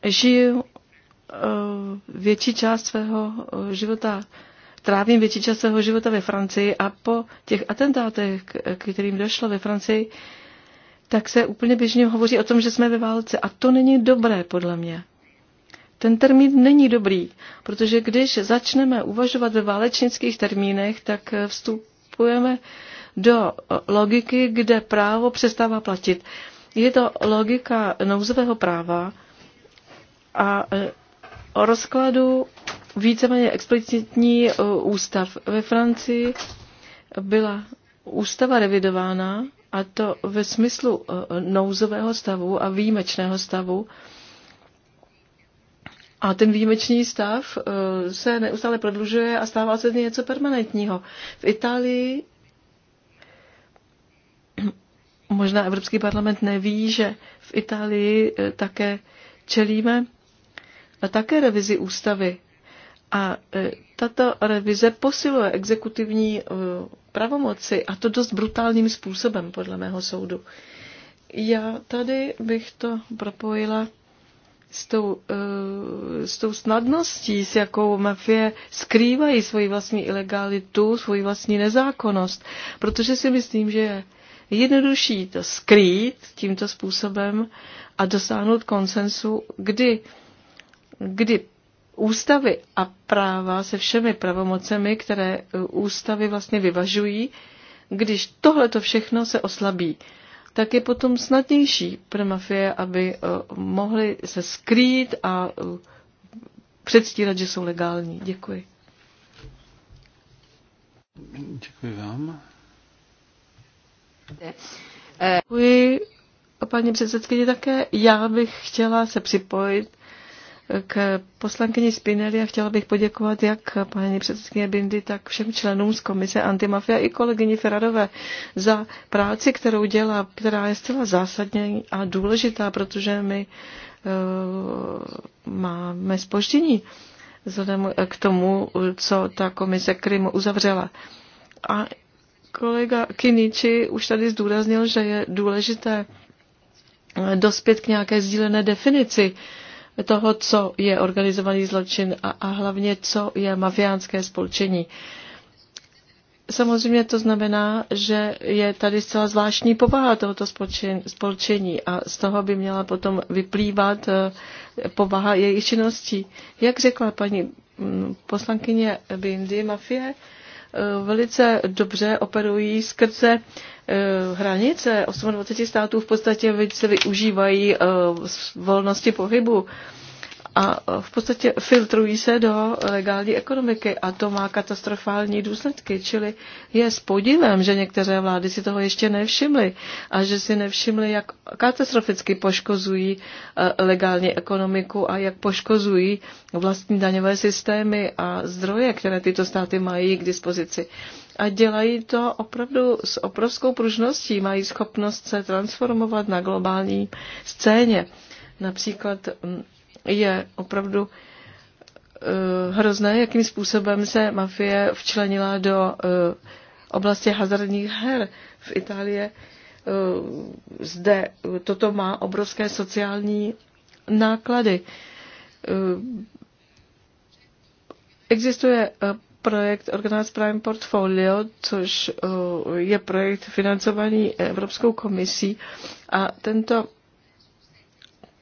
C: Žiju větší část svého života trávím větší část svého života ve Francii a po těch atentátech, k kterým došlo ve Francii, tak se úplně běžně hovoří o tom, že jsme ve válce. A to není dobré, podle mě. Ten termín není dobrý, protože když začneme uvažovat ve válečnických termínech, tak vstupujeme do logiky, kde právo přestává platit. Je to logika nouzového práva a e, o rozkladu víceméně explicitní eh, ústav. Ve Francii byla ústava revidována a to ve smyslu eh, nouzového stavu a výjimečného stavu. A ten výjimečný stav eh, se neustále prodlužuje a stává se něco permanentního. V Itálii [clears throat] možná Evropský parlament neví, že v Itálii také čelíme také revizi ústavy a e, tato revize posiluje exekutivní e, pravomoci a to dost brutálním způsobem, podle mého soudu. Já tady bych to propojila s tou, e, s tou snadností, s jakou mafie skrývají svoji vlastní ilegalitu, svoji vlastní nezákonnost. Protože si myslím, že je jednodušší to skrýt tímto způsobem a dosáhnout konsensu, kdy, kdy ústavy a práva se všemi pravomocemi, které e, ústavy vlastně vyvažují, když tohle to všechno se oslabí, tak je potom snadnější pro mafie, aby e, mohli se skrýt a e, předstírat, že jsou legální. Děkuji.
B: Děkuji vám.
C: Eh, Děkuji, paní předsedkyně, také. Já bych chtěla se připojit k poslankyni Spinelli a chtěla bych poděkovat jak paní předsedkyně Bindy, tak všem členům z Komise Antimafia i kolegyni Feradové za práci, kterou dělá, která je zcela zásadně a důležitá, protože my uh, máme spoždění vzhledem k tomu, co ta komise Krym uzavřela. A kolega Kiniči už tady zdůraznil, že je důležité dospět k nějaké sdílené definici uh, toho, co je organizovaný zločin a, a hlavně, co je mafiánské spolčení. Samozřejmě to znamená, že je tady zcela zvláštní povaha tohoto spolčení a z toho by měla potom vyplývat eh, povaha jejich činností. Jak řekla paní mm, poslankyně Bindy, mafie velice dobře operují skrze eh, hranice 28 států v podstatě se využívají eh, volnosti pohybu a v podstatě filtrují se do legální ekonomiky a to má katastrofální důsledky, čili je s podívem, že některé vlády si toho ještě nevšimly a že si nevšimly, jak katastroficky poškozují eh, legální ekonomiku a jak poškozují vlastní daňové systémy a zdroje, které tyto státy mají k dispozici. A dělají to opravdu s obrovskou pružností, mají schopnost se transformovat na globální scéně. Například mm, je opravdu eh, hrozné, jakým způsobem se mafie včlenila do eh, oblasti hazardních her v Itálii. Eh, zde toto má obrovské sociální náklady. Existuje projekt Organized Prime Portfolio, což je projekt financovaný Evropskou komisí a tento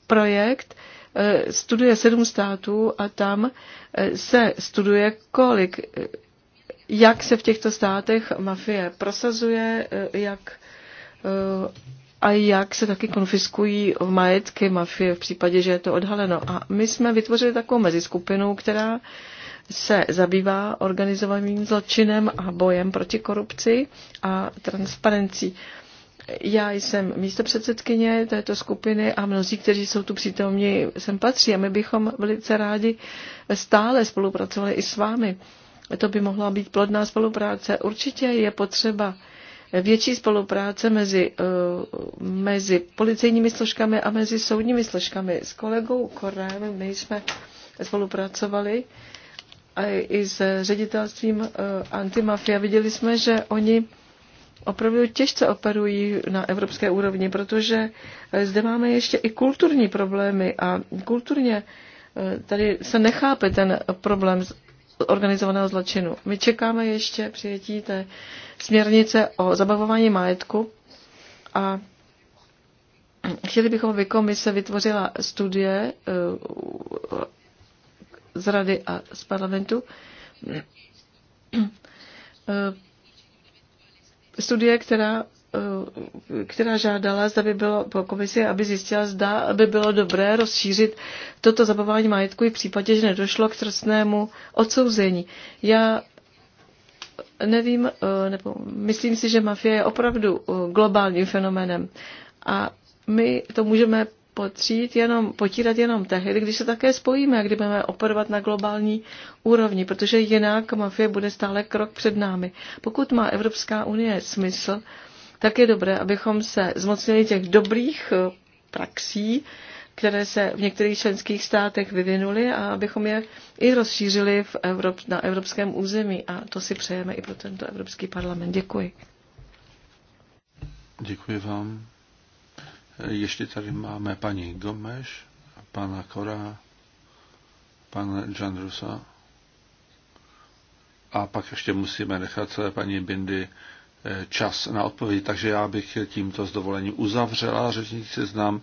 C: projekt Eh, studuje sedm států a tam eh, se studuje, kolik, eh, jak se v těchto státech mafie prosazuje, jak a jak se taky konfiskují majetky mafie v případě, že je to odhaleno. A my jsme vytvořili takovou meziskupinu, která se zabývá organizovaným zločinem a bojem proti korupci a transparencí. Já jsem místo předsedkyně této skupiny a mnozí, kteří jsou tu přítomní, sem patří a my bychom velice rádi stále spolupracovali i s vámi. To by mohla být plodná spolupráce. Určitě je potřeba větší spolupráce mezi, eh, mezi policejními složkami a mezi soudními složkami. S kolegou Korem my jsme spolupracovali a i s ředitelstvím eh, antimafia. Viděli jsme, že oni opravdu těžce operují na evropské úrovni, protože eh, zde máme ještě i kulturní problémy a kulturně eh, tady se nechápe ten problém organizovaného zločinu. My čekáme ještě přijetí té směrnice o zabavování majetku a chtěli bychom, aby komise vytvořila studie eh, z rady a z parlamentu studie, která eh, která žádala, zda by bylo po komisi, aby zjistila, zda by bylo dobré rozšířit toto zabavování majetku i v případě, že nedošlo k trestnému odsouzení. Já nevím, eh, nebo myslím si, že mafie je opravdu eh, globálním fenoménem a my to můžeme potřít jenom, potírat jenom tehdy, když se také spojíme a kdy budeme operovat na globální úrovni, protože jinak mafie bude stále krok před námi. Pokud má Evropská unie smysl, tak je dobré, abychom se zmocnili těch dobrých eh, praxí, které se v některých členských státech vyvinuly a abychom je i rozšířili v Evrop, na evropském území. A to si přejeme i pro tento Evropský parlament. Děkuji.
B: Děkuji vám. Ještě tady máme paní Gomeš, pana Kora, pana Jandrusa. A pak ještě musíme nechat paní Bindy eh, čas na odpověď, takže já bych tímto s dovolením uzavřela řečník znám.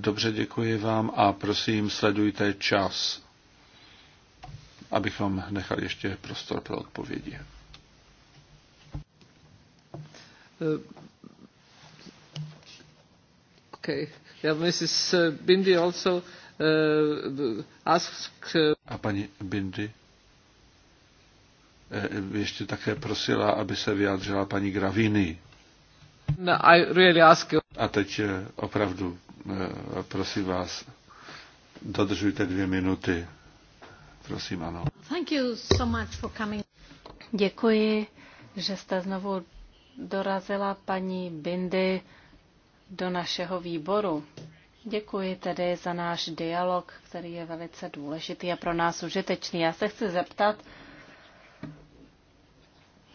B: Dobře, děkuji vám a prosím, sledujte čas, abych vám nechal ještě prostor pro odpovědi.
A: Eh, Äh,
B: Bindi äh, äh, A paní Bindy eh, eh, ještě také prosila, aby se vyjádřila paní Gravini. No, I A teď eh, opravdu prosím vás, dodržujte dvě minuty. Prosím, ano.
A: Děkuji, že jste znovu dorazila paní Bindy do našeho výboru. Děkuji tedy za náš dialog, který je velice důležitý a pro nás užitečný. Já se chci zeptat,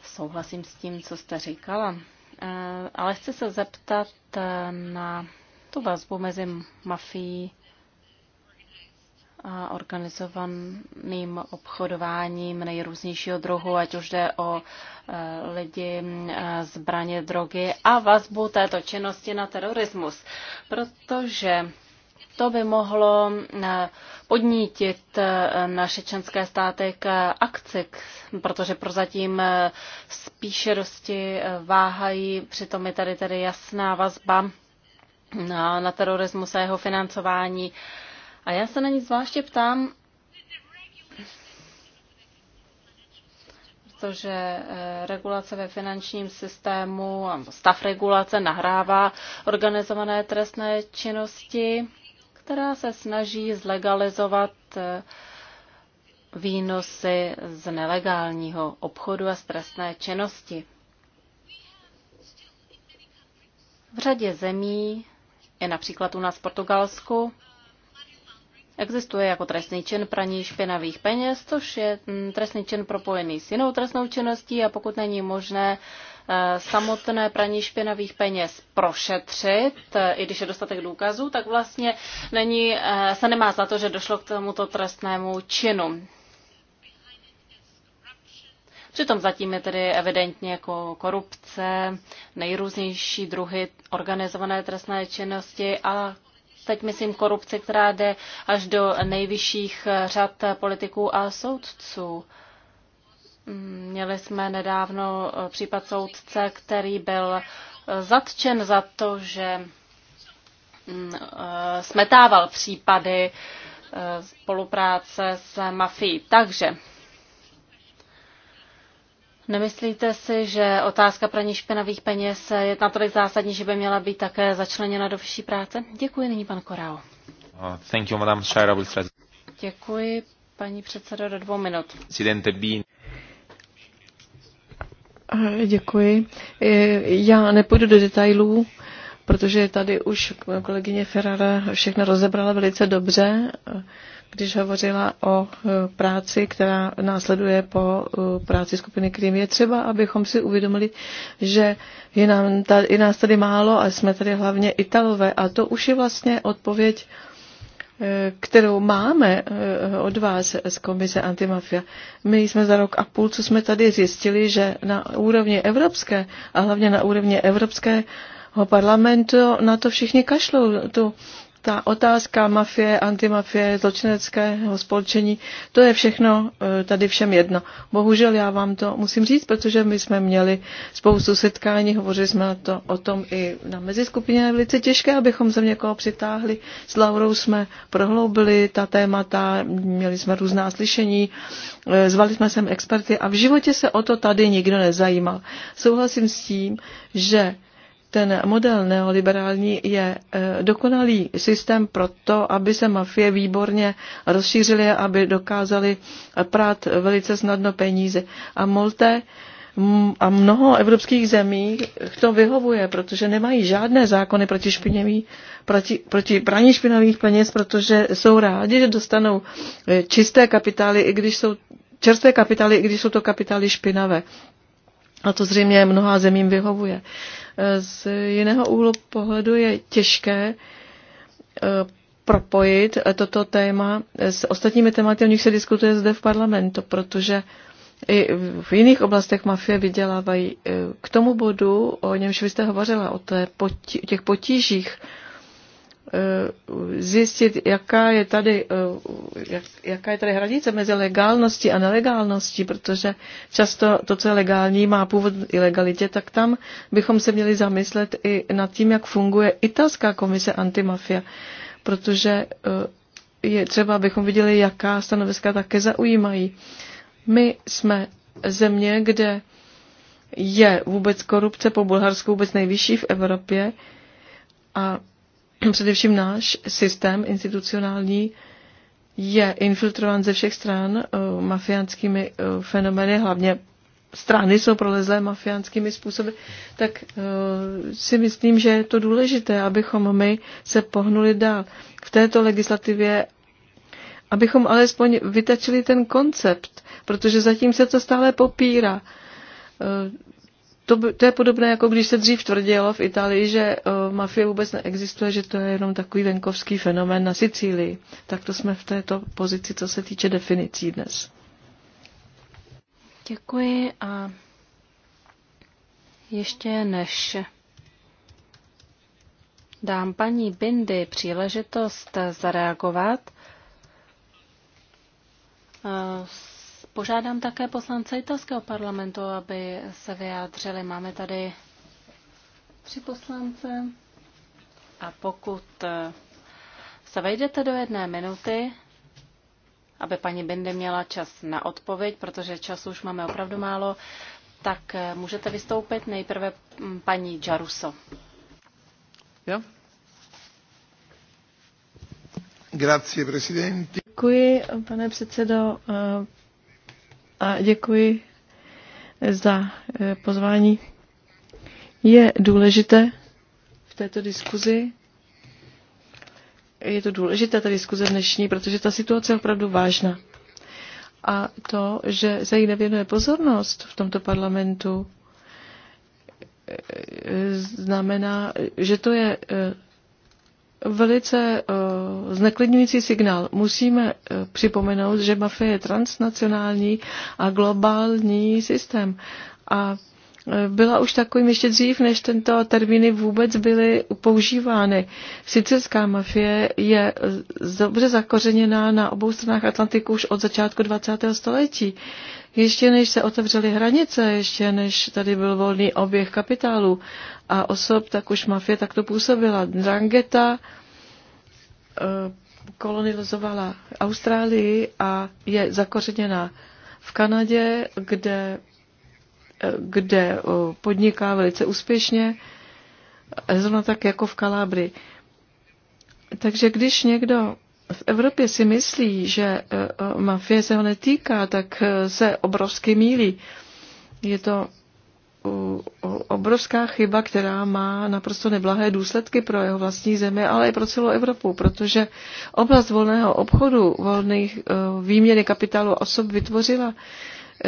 A: souhlasím s tím, co jste říkala, eh, ale chci se zeptat eh, na tu vazbu mezi mafií organizovaným obchodováním nejrůznějšího druhu, ať už jde o eh, lidi, eh, zbraně, drogy a vazbu této činnosti na terorismus. Protože to by mohlo eh, podnítit naše členské státy k akci, protože prozatím spíše dosti váhají, přitom je tady tady jasná vazba na, na terorismus a jeho financování. Uh, a já se na ní zvláště ptám, protože eh, regulace ve finančním systému, stav regulace nahrává organizované trestné činnosti, která se snaží zlegalizovat eh, výnosy z nelegálního obchodu a z trestné činnosti. V řadě zemí, je například u nás v Portugalsku, existuje jako trestný čin praní špinavých peněz, což je mm, trestný čin propojený s jinou trestnou činností a pokud není možné eh, samotné praní špinavých peněz prošetřit, eh, i když je dostatek důkazů, tak vlastně není, eh, se nemá za to, že došlo k tomuto trestnému činu. Přitom zatím je tedy evidentně jako korupce, nejrůznější druhy organizované trestné činnosti a teď myslím korupce, která jde až do nejvyšších řad politiků a soudců. Měli jsme nedávno případ soudce, který byl zatčen za to, že mm, eh, smetával případy eh, spolupráce s mafií. Takže Nemyslíte si, že otázka praní špinavých peněz je natolik zásadní, že by měla být také začleněna do vyšší práce? Děkuji, nyní pan Korao. Uh,
B: thank you, madam Chair.
A: Děkuji, paní předsedo, do dvou minut.
C: Eh, děkuji. Eh, já nepůjdu do detailů, protože tady už kolegyně Ferrara všechno rozebrala velice dobře když hovořila o e, práci, která následuje po e, práci skupiny Krim. Je třeba, abychom si uvědomili, že je, nám tady, je nás tady málo a jsme tady hlavně Italové. A to už je vlastně odpověď, e, kterou máme od vás z Komise Antimafia. My jsme za rok a půl, co jsme tady zjistili, že na úrovni evropské a hlavně na úrovni evropské parlamentu na to všichni kašlou. Tu ta otázka mafie, antimafie, zločineckého spolčení, to je všechno eh, tady všem jedno. Bohužel já vám to musím říct, protože my jsme měli spoustu setkání, hovořili jsme to, o tom i na meziskupině, je velice těžké, abychom se někoho přitáhli. S Laurou jsme prohloubili ta témata, měli jsme různá slyšení, eh, zvali jsme sem experty a v životě se o to tady nikdo nezajímal. Souhlasím s tím, že ten model neoliberální je eh, dokonalý systém pro to, aby se mafie výborně rozšířily, aby dokázali prát velice snadno peníze. A Molte a mnoho evropských zemí to vyhovuje, protože nemají žádné zákony proti, špinavý, proti, proti praní špinavých peněz, protože jsou rádi, že dostanou eh, čisté kapitály, i když jsou čerstvé kapitály, i když jsou to kapitály špinavé. A to zřejmě mnoha zemím vyhovuje. Z jiného úhlu pohledu je těžké eh, propojit eh, toto téma s ostatními tématy, o nich se diskutuje zde v parlamentu, protože i v jiných oblastech mafie vydělávají. Eh, k tomu bodu, o němž vy jste hovořila, o té poti- těch potížích Eh, zjistit, jaká je tady, eh, jaká je tady hranice mezi legálností a nelegálností, protože často to, co je legální, má původ ilegalitě, tak tam bychom se měli zamyslet i nad tím, jak funguje italská komise antimafia, protože eh, je třeba, abychom viděli, jaká stanoviska také zaujímají. My jsme země, kde je vůbec korupce po Bulharsku vůbec nejvyšší v Evropě a [clears throat] Především náš systém institucionální je infiltrován ze všech stran eh, mafiánskými eh, fenomény, hlavně strany jsou prolezlé mafiánskými způsoby, tak eh, si myslím, že je to důležité, abychom my se pohnuli dál. V této legislativě, abychom alespoň vytačili ten koncept, protože zatím se to stále popírá. To, to je podobné, jako když se dřív tvrdilo v Itálii, že uh, mafie vůbec neexistuje, že to je jenom takový venkovský fenomén na Sicílii. Tak to jsme v této pozici, co se týče definicí dnes.
A: Děkuji a ještě než dám paní Bindy příležitost zareagovat, uh, Požádám také poslance italského parlamentu, aby se vyjádřili. Máme tady tři poslance a pokud eh, se vejdete do jedné minuty, aby paní Bindy měla čas na odpověď, protože času už máme opravdu málo, tak eh, můžete vystoupit nejprve mm, paní Jaruso. Jo?
B: Grazie, presidenti.
C: Děkuji, pane předsedo. Eh, a děkuji za e, pozvání. Je důležité v této diskuzi, je to důležité ta diskuze dnešní, protože ta situace je opravdu vážná. A to, že se jí nevěnuje pozornost v tomto parlamentu, e, e, znamená, že to je velice uh, zneklidňující signál. Musíme uh, připomenout, že mafie je transnacionální a globální systém. A eh, byla už takovým ještě dřív, než tento termíny vůbec byly používány. Sicilská mafie je dobře zakořeněná na obou stranách Atlantiku už od začátku 20. století. Uh, ještě než se otevřely hranice, ještě než tady byl volný oběh kapitálu a osob, tak už mafie takto působila. Drangeta eh, kolonizovala Austrálii a je zakořeněna v Kanadě, kde, eh, kde eh, podniká velice úspěšně, zrovna tak jako v Kalábri. Takže když někdo v Evropě si myslí, že eh, eh, mafie se ho netýká, tak eh, se obrovsky mílí. Je to obrovská chyba, která má naprosto neblahé důsledky pro jeho vlastní zemi, ale i pro celou Evropu, protože oblast volného obchodu, volných výměny kapitálu osob vytvořila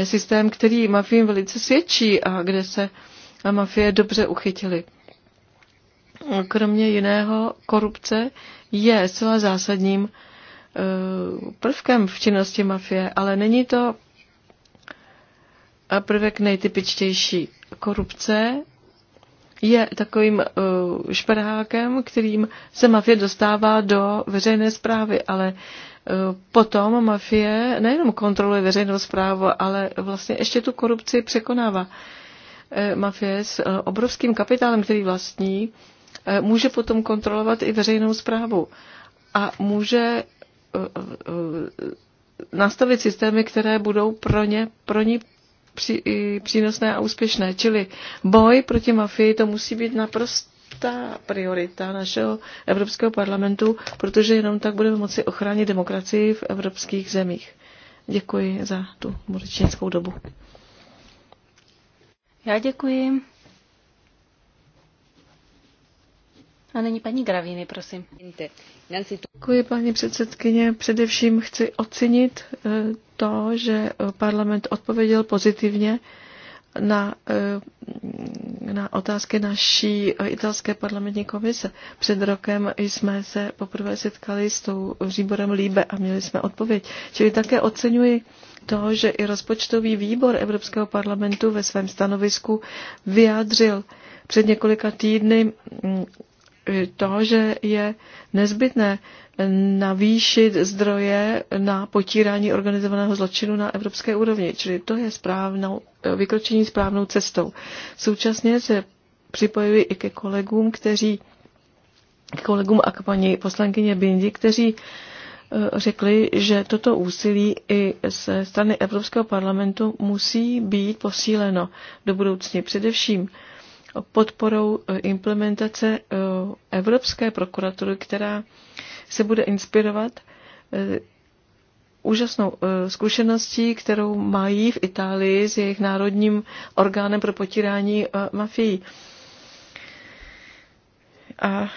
C: systém, který mafím velice svědčí a kde se mafie dobře uchytily kromě jiného korupce je zcela zásadním eh, prvkem v činnosti mafie, ale není to eh, prvek nejtypičtější. Korupce je takovým eh, šperhákem, kterým se mafie dostává do veřejné zprávy, ale potom mafie nejenom kontroluje veřejnou zprávu, ale vlastně ještě tu korupci překonává. Mafie s obrovským kapitálem, který vlastní, Eh, může potom kontrolovat i veřejnou zprávu a může eh, eh, nastavit systémy, které budou pro ně, pro ní při, přínosné a úspěšné. Čili boj proti mafii to musí být naprostá priorita našeho Evropského parlamentu, protože jenom tak budeme moci ochránit demokracii v evropských zemích. Děkuji za tu řečnickou dobu.
A: Já děkuji. A paní Gravíny, prosím.
C: Děkuji, paní předsedkyně. Především chci ocenit eh, to, že eh, parlament odpověděl pozitivně na, eh, mm, na otázky naší italské parlamentní komise. Před rokem jsme se poprvé setkali s tou výborem Líbe a měli jsme odpověď. Čili také oceňuji to, že i rozpočtový výbor Evropského parlamentu ve svém stanovisku vyjádřil před několika týdny mm, to, že je nezbytné navýšit zdroje na potírání organizovaného zločinu na evropské úrovni. Čili to je správnou, vykročení správnou cestou. Současně se připojuji i ke kolegům, kteří k kolegům a k paní poslankyně Bindi, kteří eh, řekli, že toto úsilí i ze strany Evropského parlamentu musí být posíleno do budoucna. Především podporou e, implementace e, Evropské prokuratury, která se bude inspirovat e, úžasnou zkušeností, kterou mají v Itálii s jejich národním orgánem pro potírání mafií. A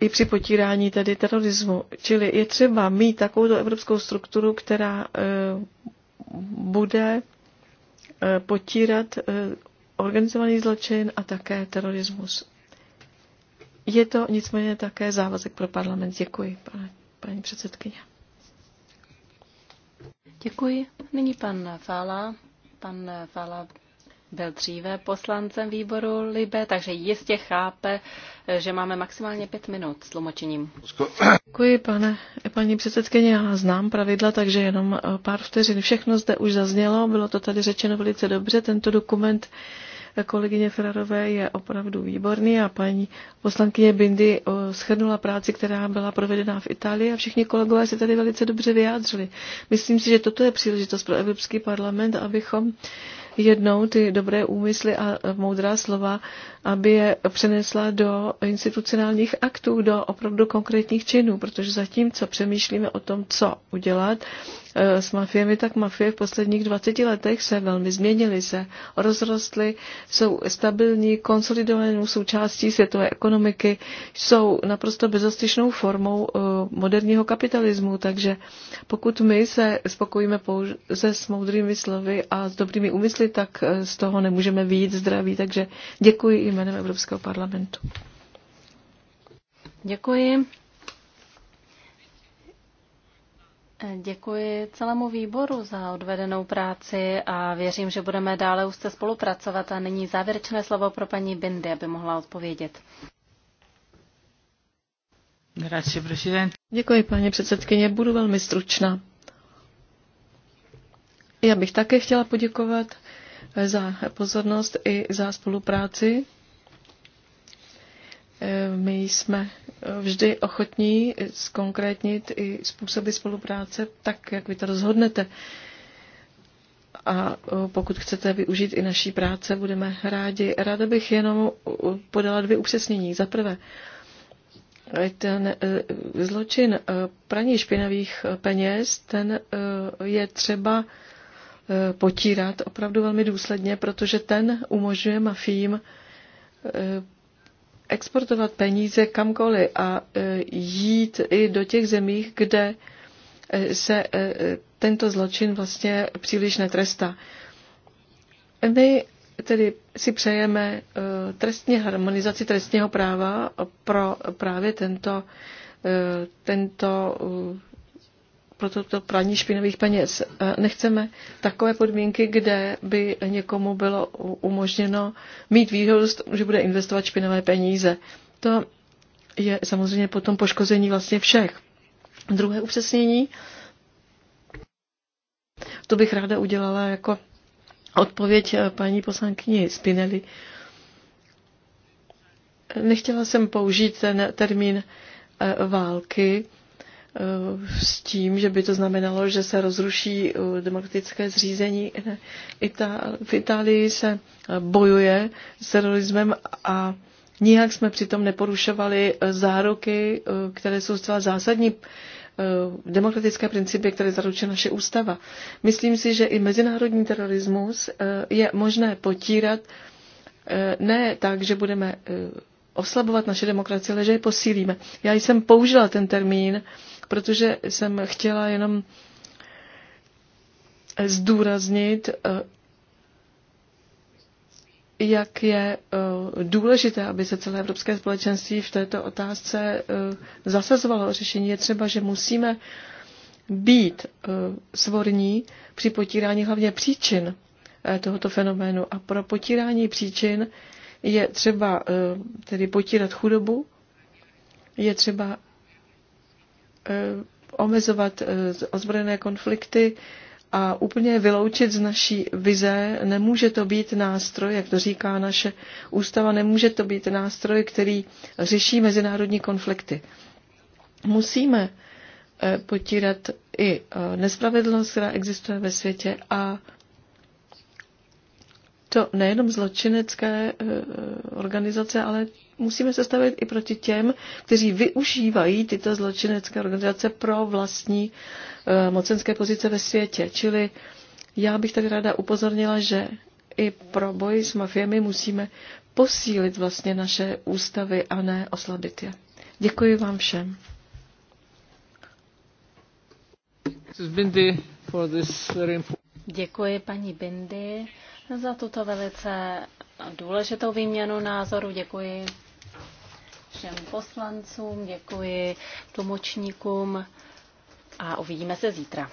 C: i při potírání tedy terorismu. Čili je třeba mít takovou evropskou strukturu, která bude potírat organizovaný zločin a také terorismus. Je to nicméně také závazek pro parlament. Děkuji, pane, paní předsedkyně.
A: Děkuji. Nyní pan Fála. Pan Fála byl dříve poslancem výboru Libe, takže jistě chápe, že máme maximálně pět minut s tlumočením.
C: Děkuji, pane, paní předsedkyně, já znám pravidla, takže jenom eh, pár vteřin. Všechno zde už zaznělo, bylo to tady řečeno velice dobře. Tento dokument eh, kolegyně Ferrarové je opravdu výborný a paní poslankyně Bindy eh, schrnula práci, která byla provedena v Itálii a všichni kolegové se tady velice dobře vyjádřili. Myslím si, že toto je příležitost pro Evropský parlament, abychom jednou ty dobré úmysly a moudrá slova, aby je přenesla do institucionálních aktů, do opravdu konkrétních činů, protože zatímco přemýšlíme o tom, co udělat, Eh, s mafiemi, tak mafie v posledních 20 letech se velmi změnily, se rozrostly, jsou stabilní, konsolidovanou součástí světové ekonomiky, jsou naprosto bezostyšnou formou eh, moderního kapitalismu, takže pokud my se spokojíme pouze s moudrými slovy a s dobrými úmysly, tak eh, z toho nemůžeme výjít zdraví, takže děkuji jménem Evropského parlamentu.
A: Děkuji. Děkuji celému výboru za odvedenou práci a věřím, že budeme dále úzce spolupracovat. A nyní závěrečné slovo pro paní Bindy, aby mohla odpovědět.
C: Děkuji, paní předsedkyně. Budu velmi stručná. Já bych také chtěla poděkovat za pozornost i za spolupráci my jsme vždy ochotní zkonkrétnit i způsoby spolupráce tak, jak vy to rozhodnete. A pokud chcete využít i naší práce, budeme rádi. Ráda bych jenom podala dvě upřesnění. Za prvé, ten eh, zločin eh, praní špinavých eh, peněz, ten je třeba potírat opravdu velmi důsledně, protože ten umožňuje mafím exportovat peníze kamkoliv a e, jít i do těch zemí, kde e, se e, tento zločin vlastně příliš netrestá. My tedy si přejeme trestně harmonizaci trestního práva pro právě tento, tento pro toto praní špinavých peněz. E, nechceme takové podmínky, kde by někomu bylo umožněno mít výhodu, že bude investovat špinavé peníze. To je samozřejmě potom poškození vlastně všech. Druhé upřesnění, to bych ráda udělala jako odpověď e, paní poslankyni Spinelli. Nechtěla jsem použít ten termín e, války, Eh, s tím, že by to znamenalo, že se rozruší eh, demokratické zřízení. V Itálii se eh, bojuje s terorismem a nijak jsme přitom neporušovali záruky, které jsou zcela zásadní demokratické principy, které zaručuje naše ústava. Myslím si, že i mezinárodní terorismus je možné potírat ne tak, že budeme oslabovat naše demokracie, ale že je posílíme. Já jsem použila ten termín protože jsem chtěla jenom eh, zdůraznit, eh, jak je eh, důležité, aby se celé evropské společenství v této otázce zasazovalo řešení. Je třeba, že musíme být svorní při potírání hlavně příčin tohoto fenoménu. A pro potírání příčin je třeba tedy potírat chudobu, je třeba Eh, omezovat eh, ozbrojené konflikty a úplně vyloučit z naší vize. Nemůže to být nástroj, jak to říká naše ústava, nemůže to být nástroj, který řeší mezinárodní konflikty. Musíme eh, potírat i nespravedlnost, která existuje ve světě a to nejenom zločinecké organizace, ale musíme se stavit i proti těm, kteří využívají tyto zločinecké organizace pro vlastní eh, mocenské pozice ve světě. Čili já bych tak ráda upozornila, že i pro boj s mafiemi musíme posílit vlastně naše ústavy a ne oslabit je. Děkuji vám všem.
A: Děkuji paní Bindy za tuto velice důležitou výměnu názoru. Děkuji všem poslancům, děkuji tlumočníkům a uvidíme se zítra.